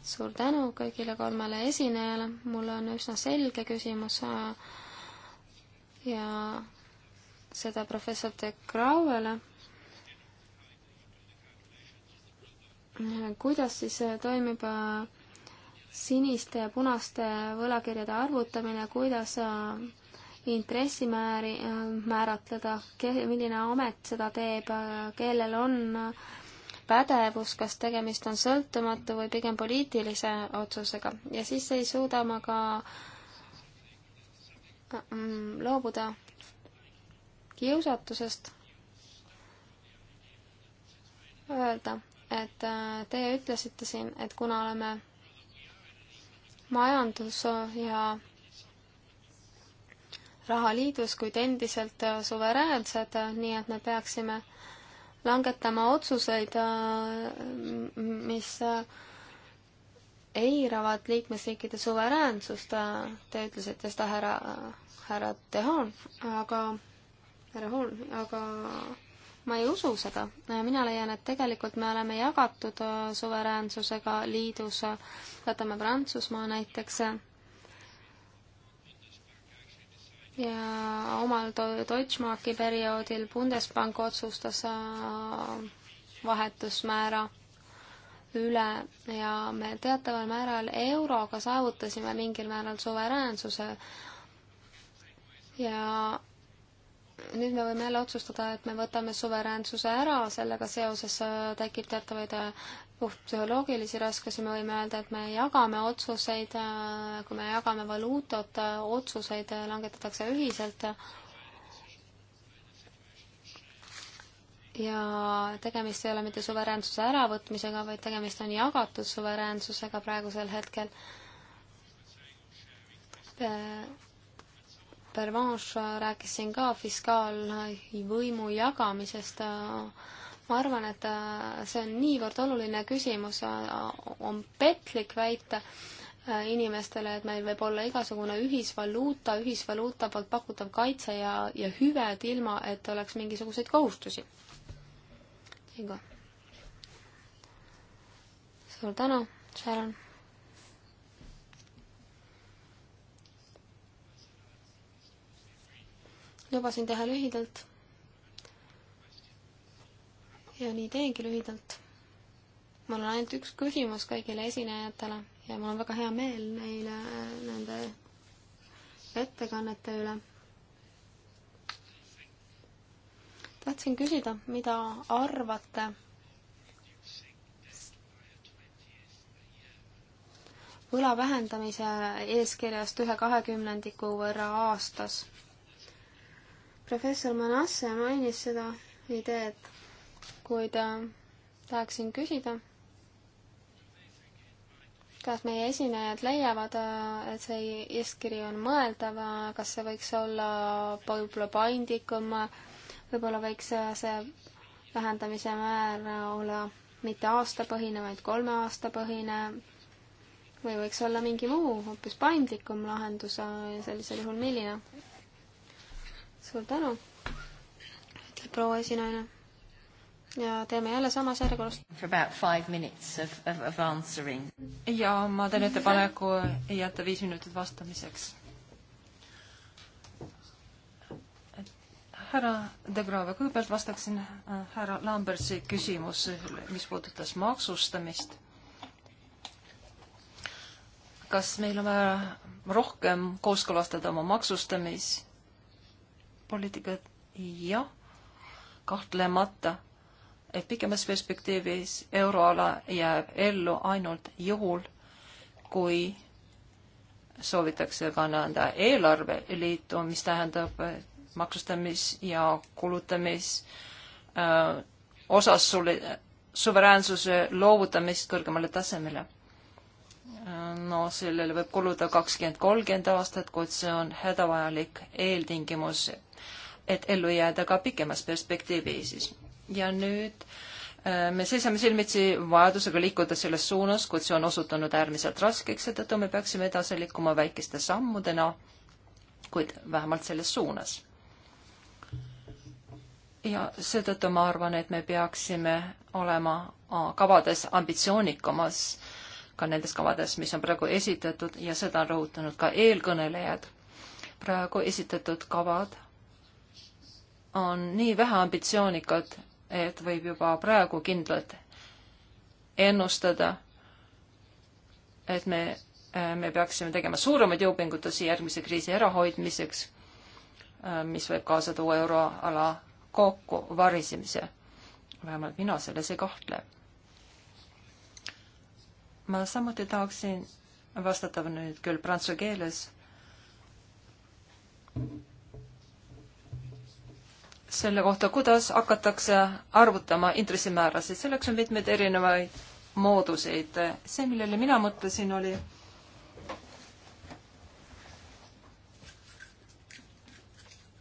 suur tänu kõigile kolmele esinejale, mul on üsna selge küsimus ja seda professor De Grauele kuidas siis äh, toimib äh, siniste ja punaste võlakirjade arvutamine, kuidas äh, intressimääri määratleda, milline amet seda teeb, kellel on pädevus, kas tegemist on sõltumatu või pigem poliitilise otsusega ja siis ei suuda ma ka mm, loobuda kiusatusest öelda, et äh, teie ütlesite siin, et kuna oleme majandus- ja rahaliidus, kuid endiselt äh, suveräänsed, äh, nii et me peaksime langetama otsuseid, mis eiravad liikmesriikide suveräänsust, te ütlesite seda härra, härra Tehon, aga, härra Holm, aga ma ei usu seda. mina leian, et tegelikult me oleme jagatud äh, suveräänsusega liidus, võtame Prantsusmaa näiteks, ja omal Deutschmarki perioodil Bundesbank otsustas äh, vahetusmäära üle ja me teataval määral euroga saavutasime mingil määral suveräänsuse ja nüüd me võime jälle otsustada, et me võtame suveräänsuse ära, sellega seoses äh, tekib teatavaid äh, puht psühholoogilisi raskusi, me võime öelda, et me jagame otsuseid, äh, kui me jagame valuutot, otsuseid langetatakse ühiselt. ja tegemist ei ole mitte suveräänsuse äravõtmisega, vaid tegemist on jagatud suveräänsusega praegusel hetkel Pervanche rääkis siin ka fiskaalvõimu jagamisest. ma arvan, et see on niivõrd oluline küsimus, on petlik väita inimestele, et meil võib olla igasugune ühisvaluuta, ühisvaluuta poolt pakutav kaitse ja, ja hüved, ilma et oleks mingisuguseid kohustusi. Ingo. suur tänu, Sharon lubasin teha lühidalt. ja nii teengi lühidalt. mul on ainult üks küsimus kõigile esinejatele ja mul on väga hea meel neile, nende ettekannete üle. tahtsin küsida, mida arvate võla vähendamise eeskirjast ühe kahekümnendiku võrra aastas professor Manasse mainis seda ideed, kuid äh, tahaksin küsida, kas meie esinejad leiavad, äh, et see eeskiri on mõeldav, äh, kas see võiks olla võib-olla paindlikum, võib-olla võiks see vähendamise määr olla mitte aastapõhine, vaid kolme aasta põhine või võiks olla mingi muu, hoopis paindlikum lahendus ja sellisel juhul milline? suur tänu, ütleb proua esinaine. ja teeme jälle samas järjekorras. ja ma teen ettepaneku jätta viis minutit vastamiseks. härra De Graave, kõigepealt vastaksin äh, härra Lambertsi küsimusele, mis puudutas maksustamist kas meil on vaja rohkem kooskõlastada oma maksustamis- poliitikat jah, kahtlemata, et pikemas perspektiivis euroala jääb ellu ainult juhul, kui soovitakse ka nõnda eelarveliitu, mis tähendab maksustamis- ja kulutamis äh, osas sulle suveräänsuse loovutamist kõrgemale tasemele. no sellele võib kuluda kakskümmend, kolmkümmend aastat, kuid see on hädavajalik eeltingimus et ellu jääda ka pikemas perspektiivis. ja nüüd äh, me seisame silmitsi vajadusega liikuda selles suunas, kuid see on osutunud äärmiselt raskeks, seetõttu me peaksime edasi liikuma väikeste sammudena, kuid vähemalt selles suunas. ja seetõttu ma arvan, et me peaksime olema äh, kavades ambitsioonikamas, ka nendes kavades, mis on praegu esitatud ja seda on rõhutanud ka eelkõnelejad. praegu esitatud kavad on nii väheambitsioonikad, et võib juba praegu kindlalt ennustada, et me, me peaksime tegema suuremaid jõupingutusi järgmise kriisi ärahoidmiseks, mis võib kaasa tuua euroala kokku varisemise. vähemalt mina selles ei kahtle. ma samuti tahaksin vastata nüüd küll prantsuse keeles selle kohta, kuidas hakatakse arvutama intressimäärasid, selleks on mitmeid erinevaid mooduseid. see, millele mina mõtlesin, oli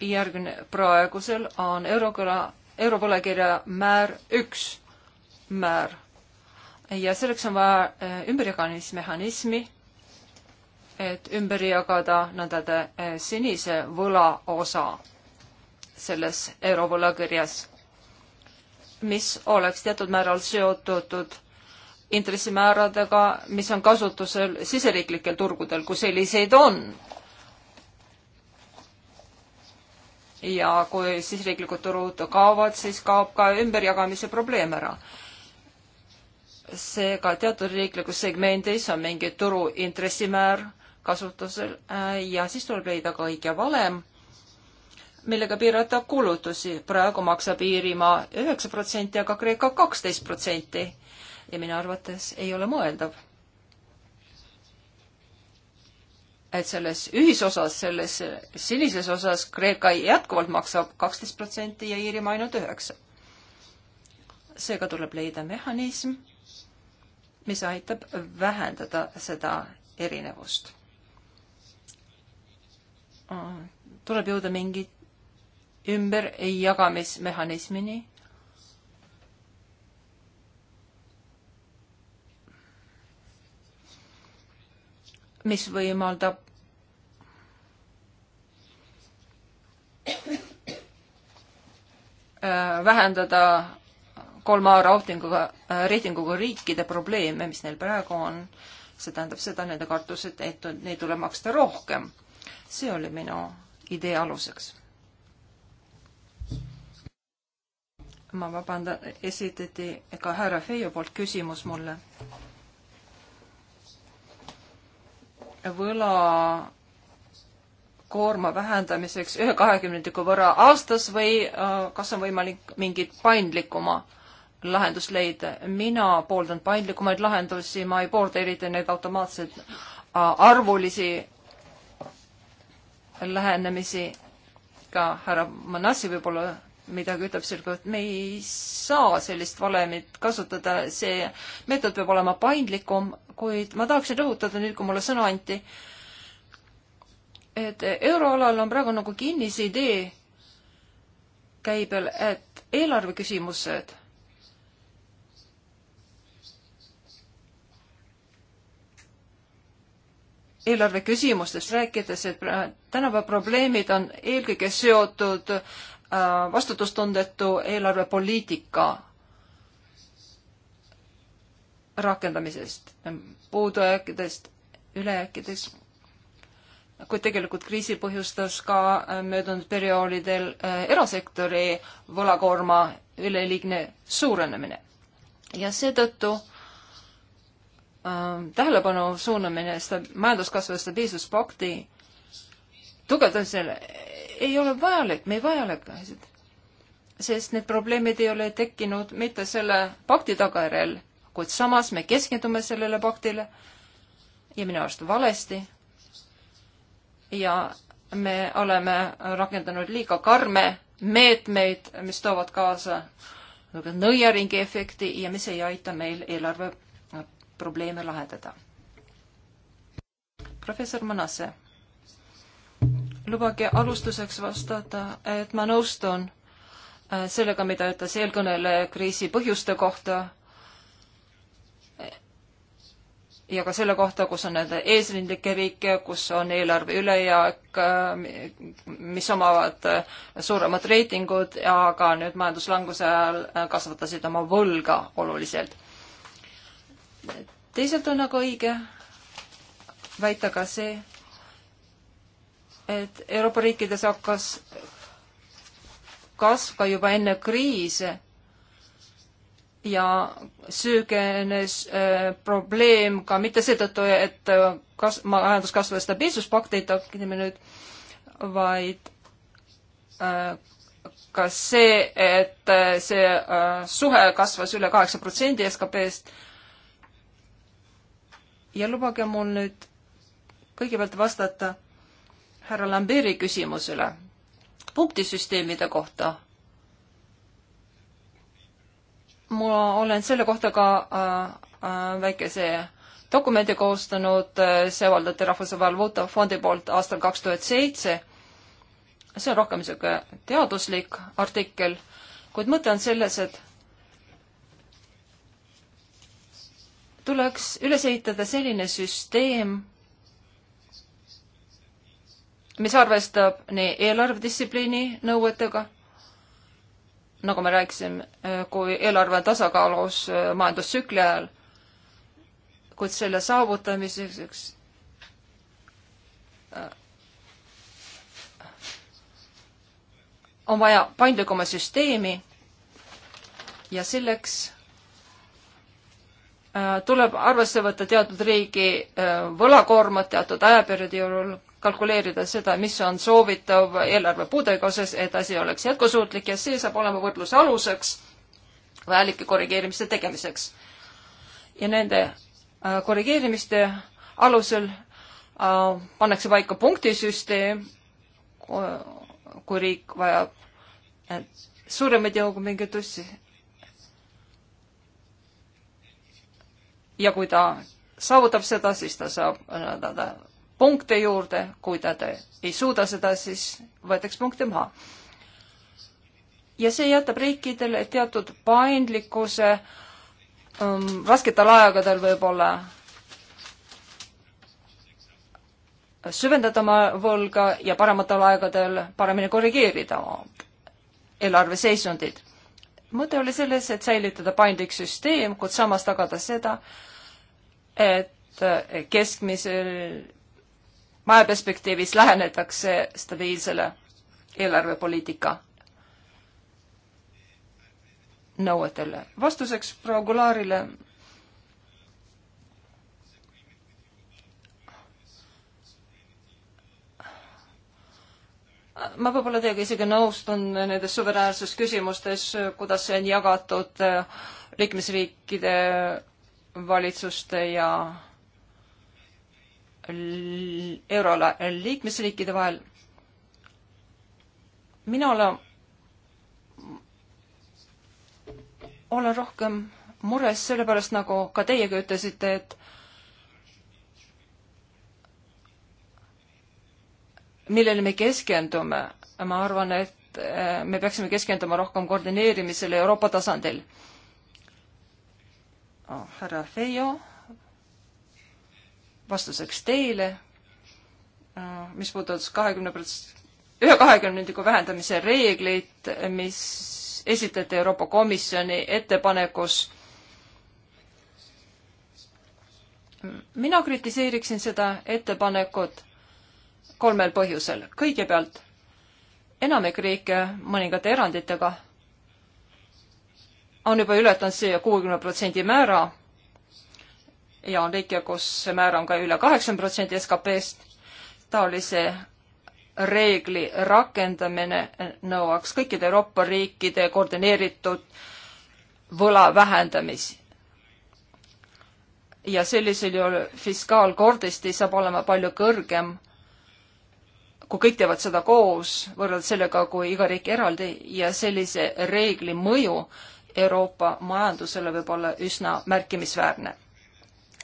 järgmine, praegusel on eurokõla, eurovõlakirja määr üks määr ja selleks on vaja eh, ümberjagamismehhanismi, et ümber jagada nõndade eh, senise võla osa selles eurovõlakirjas, mis oleks teatud määral seotud intressimääradega, mis on kasutusel siseriiklikel turgudel, kui selliseid on. ja kui siseriiklikud turud kaovad, siis kaob ka ümberjagamise probleem ära. seega teatud riiklikus segmendis on mingi turu intressimäär kasutusel äh, ja siis tuleb leida ka õige valem millega piirata kulutusi. praegu maksab Iirimaa üheksa protsenti, aga Kreeka kaksteist protsenti ja minu arvates ei ole mõeldav, et selles ühisosas, selles sinises osas Kreeka jätkuvalt maksab kaksteist protsenti ja Iirimaa ainult üheksa. seega tuleb leida mehhanism, mis aitab vähendada seda erinevust. tuleb jõuda mingi ümberjagamismehhanismini mis võimaldab äh, vähendada kolme A rautinguga, äh, reitinguga riikide probleeme, mis neil praegu on. see tähendab seda, nende kartused, et neid tuleb maksta rohkem. see oli minu idee aluseks ma vabandan, esitati ka härra Feio poolt küsimus mulle. võla koorma vähendamiseks ühe kahekümnendiku võrra aastas või äh, kas on võimalik mingit paindlikuma lahendust leida. mina pooldan paindlikumaid lahendusi, ma ei poolda eriti neid automaatseid äh, arvulisi lähenemisi. ka härra Manassi võib-olla midagi ütleb selle kohta, et me ei saa sellist valemit kasutada, see meetod peab olema paindlikum, kuid ma tahaksin rõhutada nüüd, kui mulle sõna anti, et euroalal on praegu nagu kinnise idee käibel, et eelarve küsimused eelarve küsimustest rääkides, et tänapäeva probleemid on eelkõige seotud äh, Äh, vastutustundetu eelarvepoliitika rakendamisest, puudujääkidest, ülejääkidest, kuid tegelikult kriisi põhjustas ka äh, möödunud perioodidel äh, erasektori võlakoorma üleliigne suurenemine. ja seetõttu äh, tähelepanu suunamine majanduskasvu stabiilsuspakti tugevdamisele ei ole vajalik, me ei vaja läbipääset. sest need probleemid ei ole tekkinud mitte selle pakti tagajärjel, kuid samas me keskendume sellele paktile ja minu arust valesti. ja me oleme rakendanud liiga karme meetmeid, mis toovad kaasa nagu nõiaringi efekti ja mis ei aita meil eelarve probleeme lahendada. professor Manasse lubage alustuseks vastata, et ma nõustun äh, sellega, mida ütles eelkõneleja kriisi põhjuste kohta ja ka selle kohta, kus on nende eesrindlikke riike, kus on eelarve ülejääk, äh, mis omavad äh, suuremad reitingud, aga nüüd majanduslanguse ajal kasvatasid oma võlga oluliselt. teisalt on aga õige väita ka see, et Euroopa riikides hakkas kasv ka juba enne kriise ja söögenes äh, probleem ka mitte seetõttu, et äh, kas-, majanduskasv ja stabiilsuspakt ei takistame nüüd, vaid äh, ka see, et äh, see äh, suhe kasvas üle kaheksa protsendi SKP-st. SKP ja lubage mul nüüd kõigepealt vastata härra Lamberi küsimusele punktisüsteemide kohta. ma olen selle kohta ka äh, äh, väikese dokumendi koostanud, see avaldati Rahvuse Valuutafondi poolt aastal kaks tuhat seitse. see on rohkem niisugune teaduslik artikkel, kuid mõte on selles, et tuleks üles ehitada selline süsteem, mis arvestab nii eelarvedistsipliini nõuetega, nagu me rääkisime, äh, kui eelarve on tasakaalus äh, majandustsükli ajal, kuid selle saavutamiseks äh, on vaja paindlikuma süsteemi ja selleks tuleb arvesse võtta teatud riigi võlakoormat teatud ajaperioodi juhul kalkuleerida seda, mis on soovitav eelarve puudega osas, et asi oleks jätkusuutlik ja see saab olema võrdluse aluseks vajalike korrigeerimiste tegemiseks. ja nende äh, korrigeerimiste alusel äh, pannakse paika punktisüsteem, kui riik vajab äh, suuremaid jõupingutusi. ja kui ta saavutab seda, siis ta saab nii-öelda punkte juurde, kui ta ei suuda seda, siis võetakse punkte maha. ja see jätab riikidele teatud paindlikkuse um, rasketel aegadel võib-olla süvendada oma võlga ja parematel aegadel paremini korrigeerida eelarve seisundit. mõte oli selles, et säilitada paindlik süsteem, kuid samas tagada seda, et keskmisel majaperspektiivis lähenetakse stabiilsele eelarvepoliitika nõuetele. vastuseks proua Gularile ma võib-olla teiega isegi nõustun nendes suveräänses küsimustes, kuidas see on jagatud eh, liikmesriikide valitsuste ja euroala liikmesriikide vahel. mina olen, olen rohkem mures sellepärast, nagu ka teiegi ütlesite, et millele me keskendume, ma arvan, et äh, me peaksime keskenduma rohkem koordineerimisele Euroopa tasandil oh,. härra Feio vastuseks teile, äh, mis puudutas kahekümne prots-, ühe kahekümnendiku vähendamise reegleid, mis esitati Euroopa Komisjoni ettepanekus. mina kritiseeriksin seda ettepanekut kolmel põhjusel. kõigepealt, enamik riike mõningate eranditega on juba ületanud siia kuuekümne protsendi määra ja on riike, kus see määr on ka üle kaheksakümmend protsenti SKP-st. taolise reegli rakendamine nõuaks kõikide Euroopa riikide koordineeritud võla vähendamisi. ja sellisel juhul fiskaalkordisti saab olema palju kõrgem, kui kõik teevad seda koos, võrreldes sellega, kui iga riik eraldi ja sellise reegli mõju Euroopa majandusele võib olla üsna märkimisväärne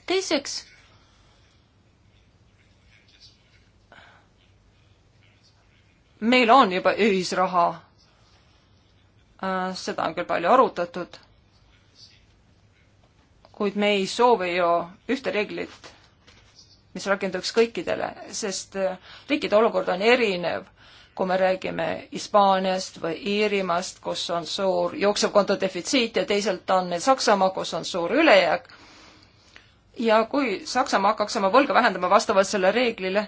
teiseks, meil on juba ühisraha, äh, seda on küll palju arutatud, kuid me ei soovi ju ühte reeglit, mis rakenduks kõikidele, sest äh, riikide olukord on erinev kui me räägime Hispaaniast või Iirimaast, kus on suur jooksevkonto defitsiit ja teisalt on meil Saksamaa, kus on suur ülejääk ja kui Saksamaa hakkaks oma võlga vähendama vastavalt sellele reeglile,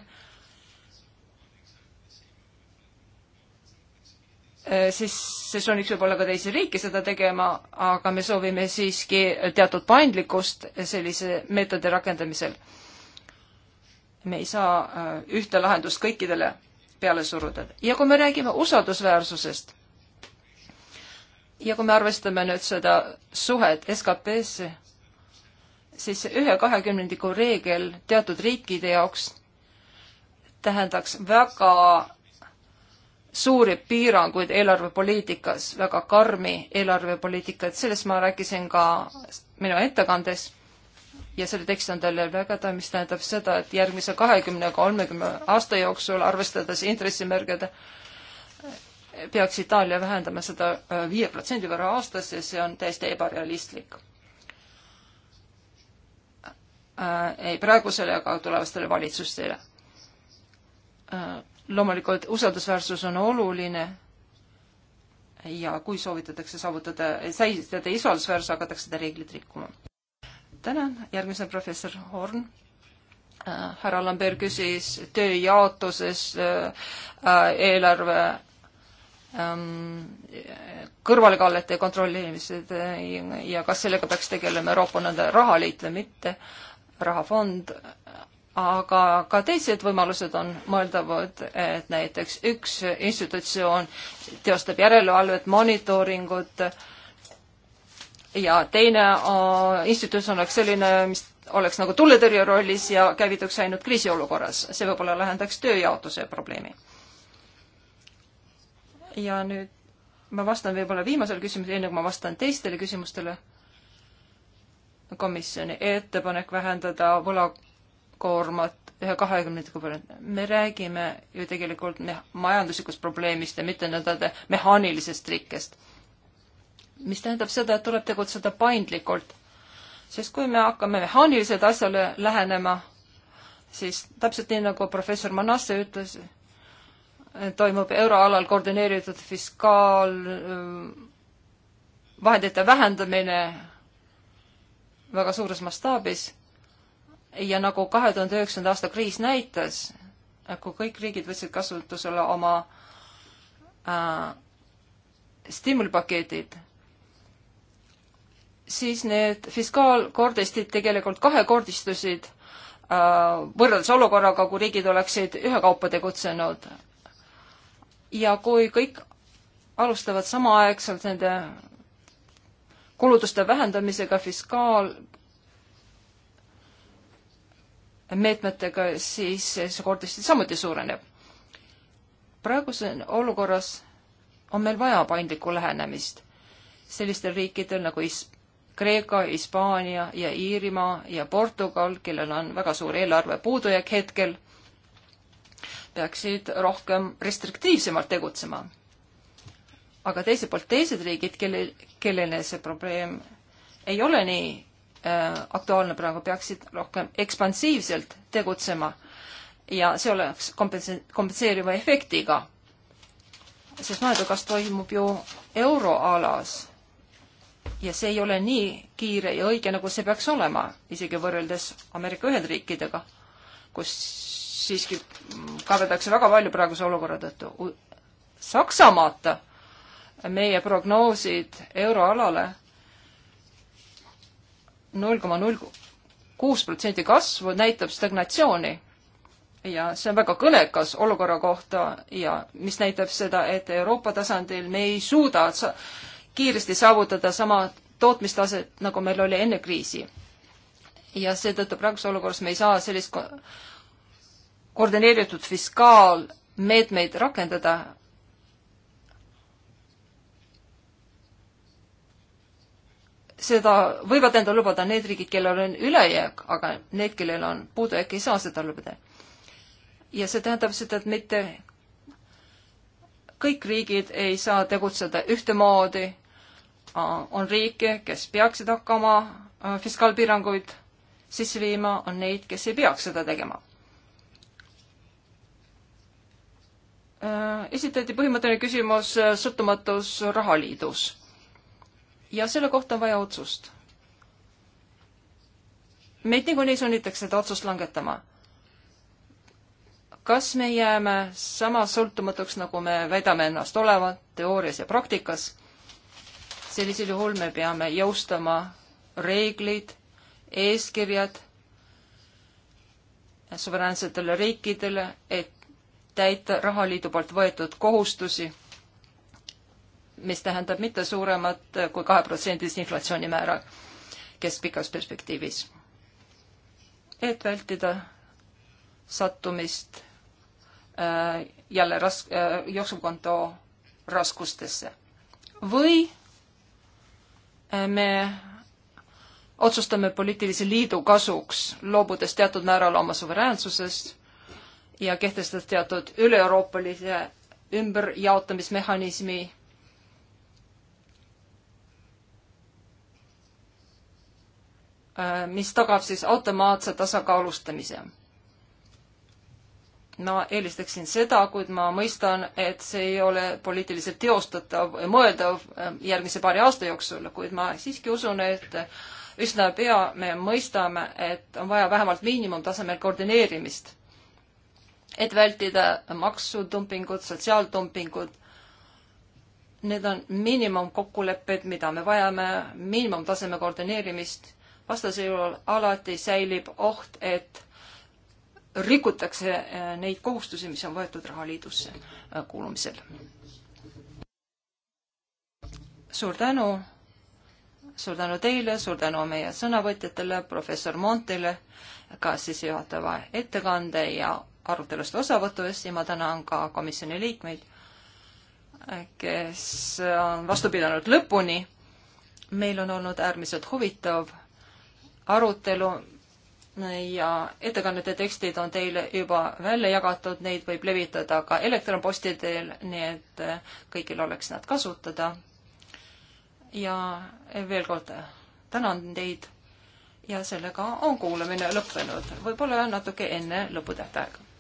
eh, siis see sunniks võib-olla ka teisi riike seda tegema, aga me soovime siiski teatud paindlikkust sellise meetodi rakendamisel. me ei saa eh, ühte lahendust kõikidele peale suruda. ja kui me räägime usaldusväärsusest ja kui me arvestame nüüd seda suhet SKP-sse siis ühe kahekümnendiku reegel teatud riikide jaoks tähendaks väga suuri piiranguid eelarvepoliitikas, väga karmi eelarvepoliitikat, sellest ma rääkisin ka minu ettekandes ja selle tekst on talle vägeda, mis tähendab seda, et järgmise kahekümne, kolmekümne aasta jooksul, arvestades intressimärgide, peaks Itaalia vähendama seda äh, viie protsendi võrra aastas ja see on täiesti ebarealistlik Äh, ei praegusele ega tulevastele valitsustele. Äh, loomulikult usaldusväärsus on oluline ja kui soovitatakse saavutada, säilitada usaldusväärsus, hakatakse seda reeglit rikkuma. tänan, järgmisena professor Horn äh, härra Lambert küsis tööjaotuses eelarve ähm, kõrvalekallete kontrollimised ja kas sellega peaks tegelema Euroopa nõnda rahaliit või mitte rahafond, aga ka teised võimalused on mõeldavad, et näiteks üks institutsioon teostab järelevalvet, monitooringut ja teine institutsioon oleks selline, mis oleks nagu tuletõrje rollis ja käivituks ainult kriisiolukorras. see võib-olla lahendaks tööjaotuse probleemi. ja nüüd ma vastan võib-olla viimasele küsimusele, enne kui ma vastan teistele küsimustele komisjoni ettepanek vähendada võlakoormat ühe kahekümnendiku peale. me räägime ju tegelikult majanduslikust probleemist ja mitte nii-öelda mehaanilisest rikkest. mis tähendab seda, et tuleb tegutseda paindlikult, sest kui me hakkame mehaaniliselt asjale lähenema, siis täpselt nii, nagu professor Manasse ütles, toimub euroalal koordineeritud fiskaalvahendite vähendamine väga suures mastaabis ja nagu kahe tuhande üheksanda aasta kriis näitas, kui kõik riigid võtsid kasutusele oma äh, stiimulipaketid, siis need fiskaalkordistid tegelikult kahekordistusid äh, võrreldes olukorraga, kui riigid oleksid ühekaupa tegutsenud. ja kui kõik alustavad samaaegselt nende kulutuste vähendamisega, fiskaalmeetmetega, siis see kordist samuti suureneb. praeguses olukorras on meil vaja paindlikku lähenemist sellistel riikidel nagu Is-, Kreeka, Hispaania ja Iirimaa ja Portugal, kellel on väga suur eelarve puudujääk hetkel, peaksid rohkem restriktiivsemalt tegutsema aga teiselt poolt teised riigid, kelle, kellele see probleem ei ole nii äh, aktuaalne praegu, peaksid rohkem ekspansiivselt tegutsema ja see oleks kompense-, kompenseeriva efektiga. sest majanduskasv toimub ju euroalas ja see ei ole nii kiire ja õige, nagu see peaks olema, isegi võrreldes Ameerika Ühendriikidega, kus siiski kaeveldakse väga palju praeguse olukorra tõttu. Saksamaata meie prognoosid euroalale null koma null kuus protsenti kasvu näitab stagnatsiooni. ja see on väga kõnekas olukorra kohta ja mis näitab seda, et Euroopa tasandil me ei suuda kiiresti saavutada sama tootmistaset, nagu meil oli enne kriisi. ja seetõttu praeguses olukorras me ei saa sellist ko koordineeritud fiskaalmeetmeid rakendada, seda võivad endale lubada need riigid, kellel on ülejääk, aga need, kellel on puudujääk, ei saa seda lubada. ja see tähendab seda, et mitte kõik riigid ei saa tegutseda ühtemoodi. on riike, kes peaksid hakkama fiskaalpiiranguid sisse viima, on neid, kes ei peaks seda tegema. esitati põhimõtteline küsimus sõltumatus rahaliidus ja selle kohta on vaja otsust. meid niikuinii sunnitakse seda otsust langetama. kas me jääme sama sõltumatuks, nagu me väidame ennast olevat teoorias ja praktikas? sellisel juhul me peame jõustama reeglid, eeskirjad suveräänsetele riikidele, et täita rahaliidu poolt võetud kohustusi mis tähendab mitte suuremat kui kaheprotsendilist inflatsioonimäära keskpikas perspektiivis. et vältida sattumist äh, jälle ras- äh,, jooksukonto raskustesse. või äh, me otsustame poliitilise liidu kasuks, loobudes teatud määral oma suveräänsusest ja kehtestades teatud üle-euroopalise ümberjaotamismehhanismi Äh, mis tagab siis automaatse tasakaalustamise. ma eelistaksin seda, kuid ma mõistan, et see ei ole poliitiliselt teostatav või mõeldav äh, järgmise paari aasta jooksul, kuid ma siiski usun, et üsna pea me mõistame, et on vaja vähemalt miinimumtasemel koordineerimist, et vältida maksudumpingut, sotsiaaldumpingut. Need on miinimumkokkulepped, mida me vajame, miinimumtaseme koordineerimist vastasel juhul alati säilib oht, et rikutakse äh, neid kohustusi, mis on võetud rahaliidusse äh, kuulumisel. suur tänu, suur tänu teile, suur tänu meie sõnavõtjatele, professor Montele, ka sissejuhatava ettekande ja arutelust osavõtu eest ja ma tänan ka komisjoni liikmeid, kes on vastu pidanud lõpuni. meil on olnud äärmiselt huvitav arutelu ja ettekannete tekstid on teile juba välja jagatud, neid võib levitada ka elektronposti teel, nii et äh, kõigil oleks nad kasutada. ja veel kord äh, tänan teid ja sellega on kuulamine lõppenud, võib-olla natuke enne lõputähtaega.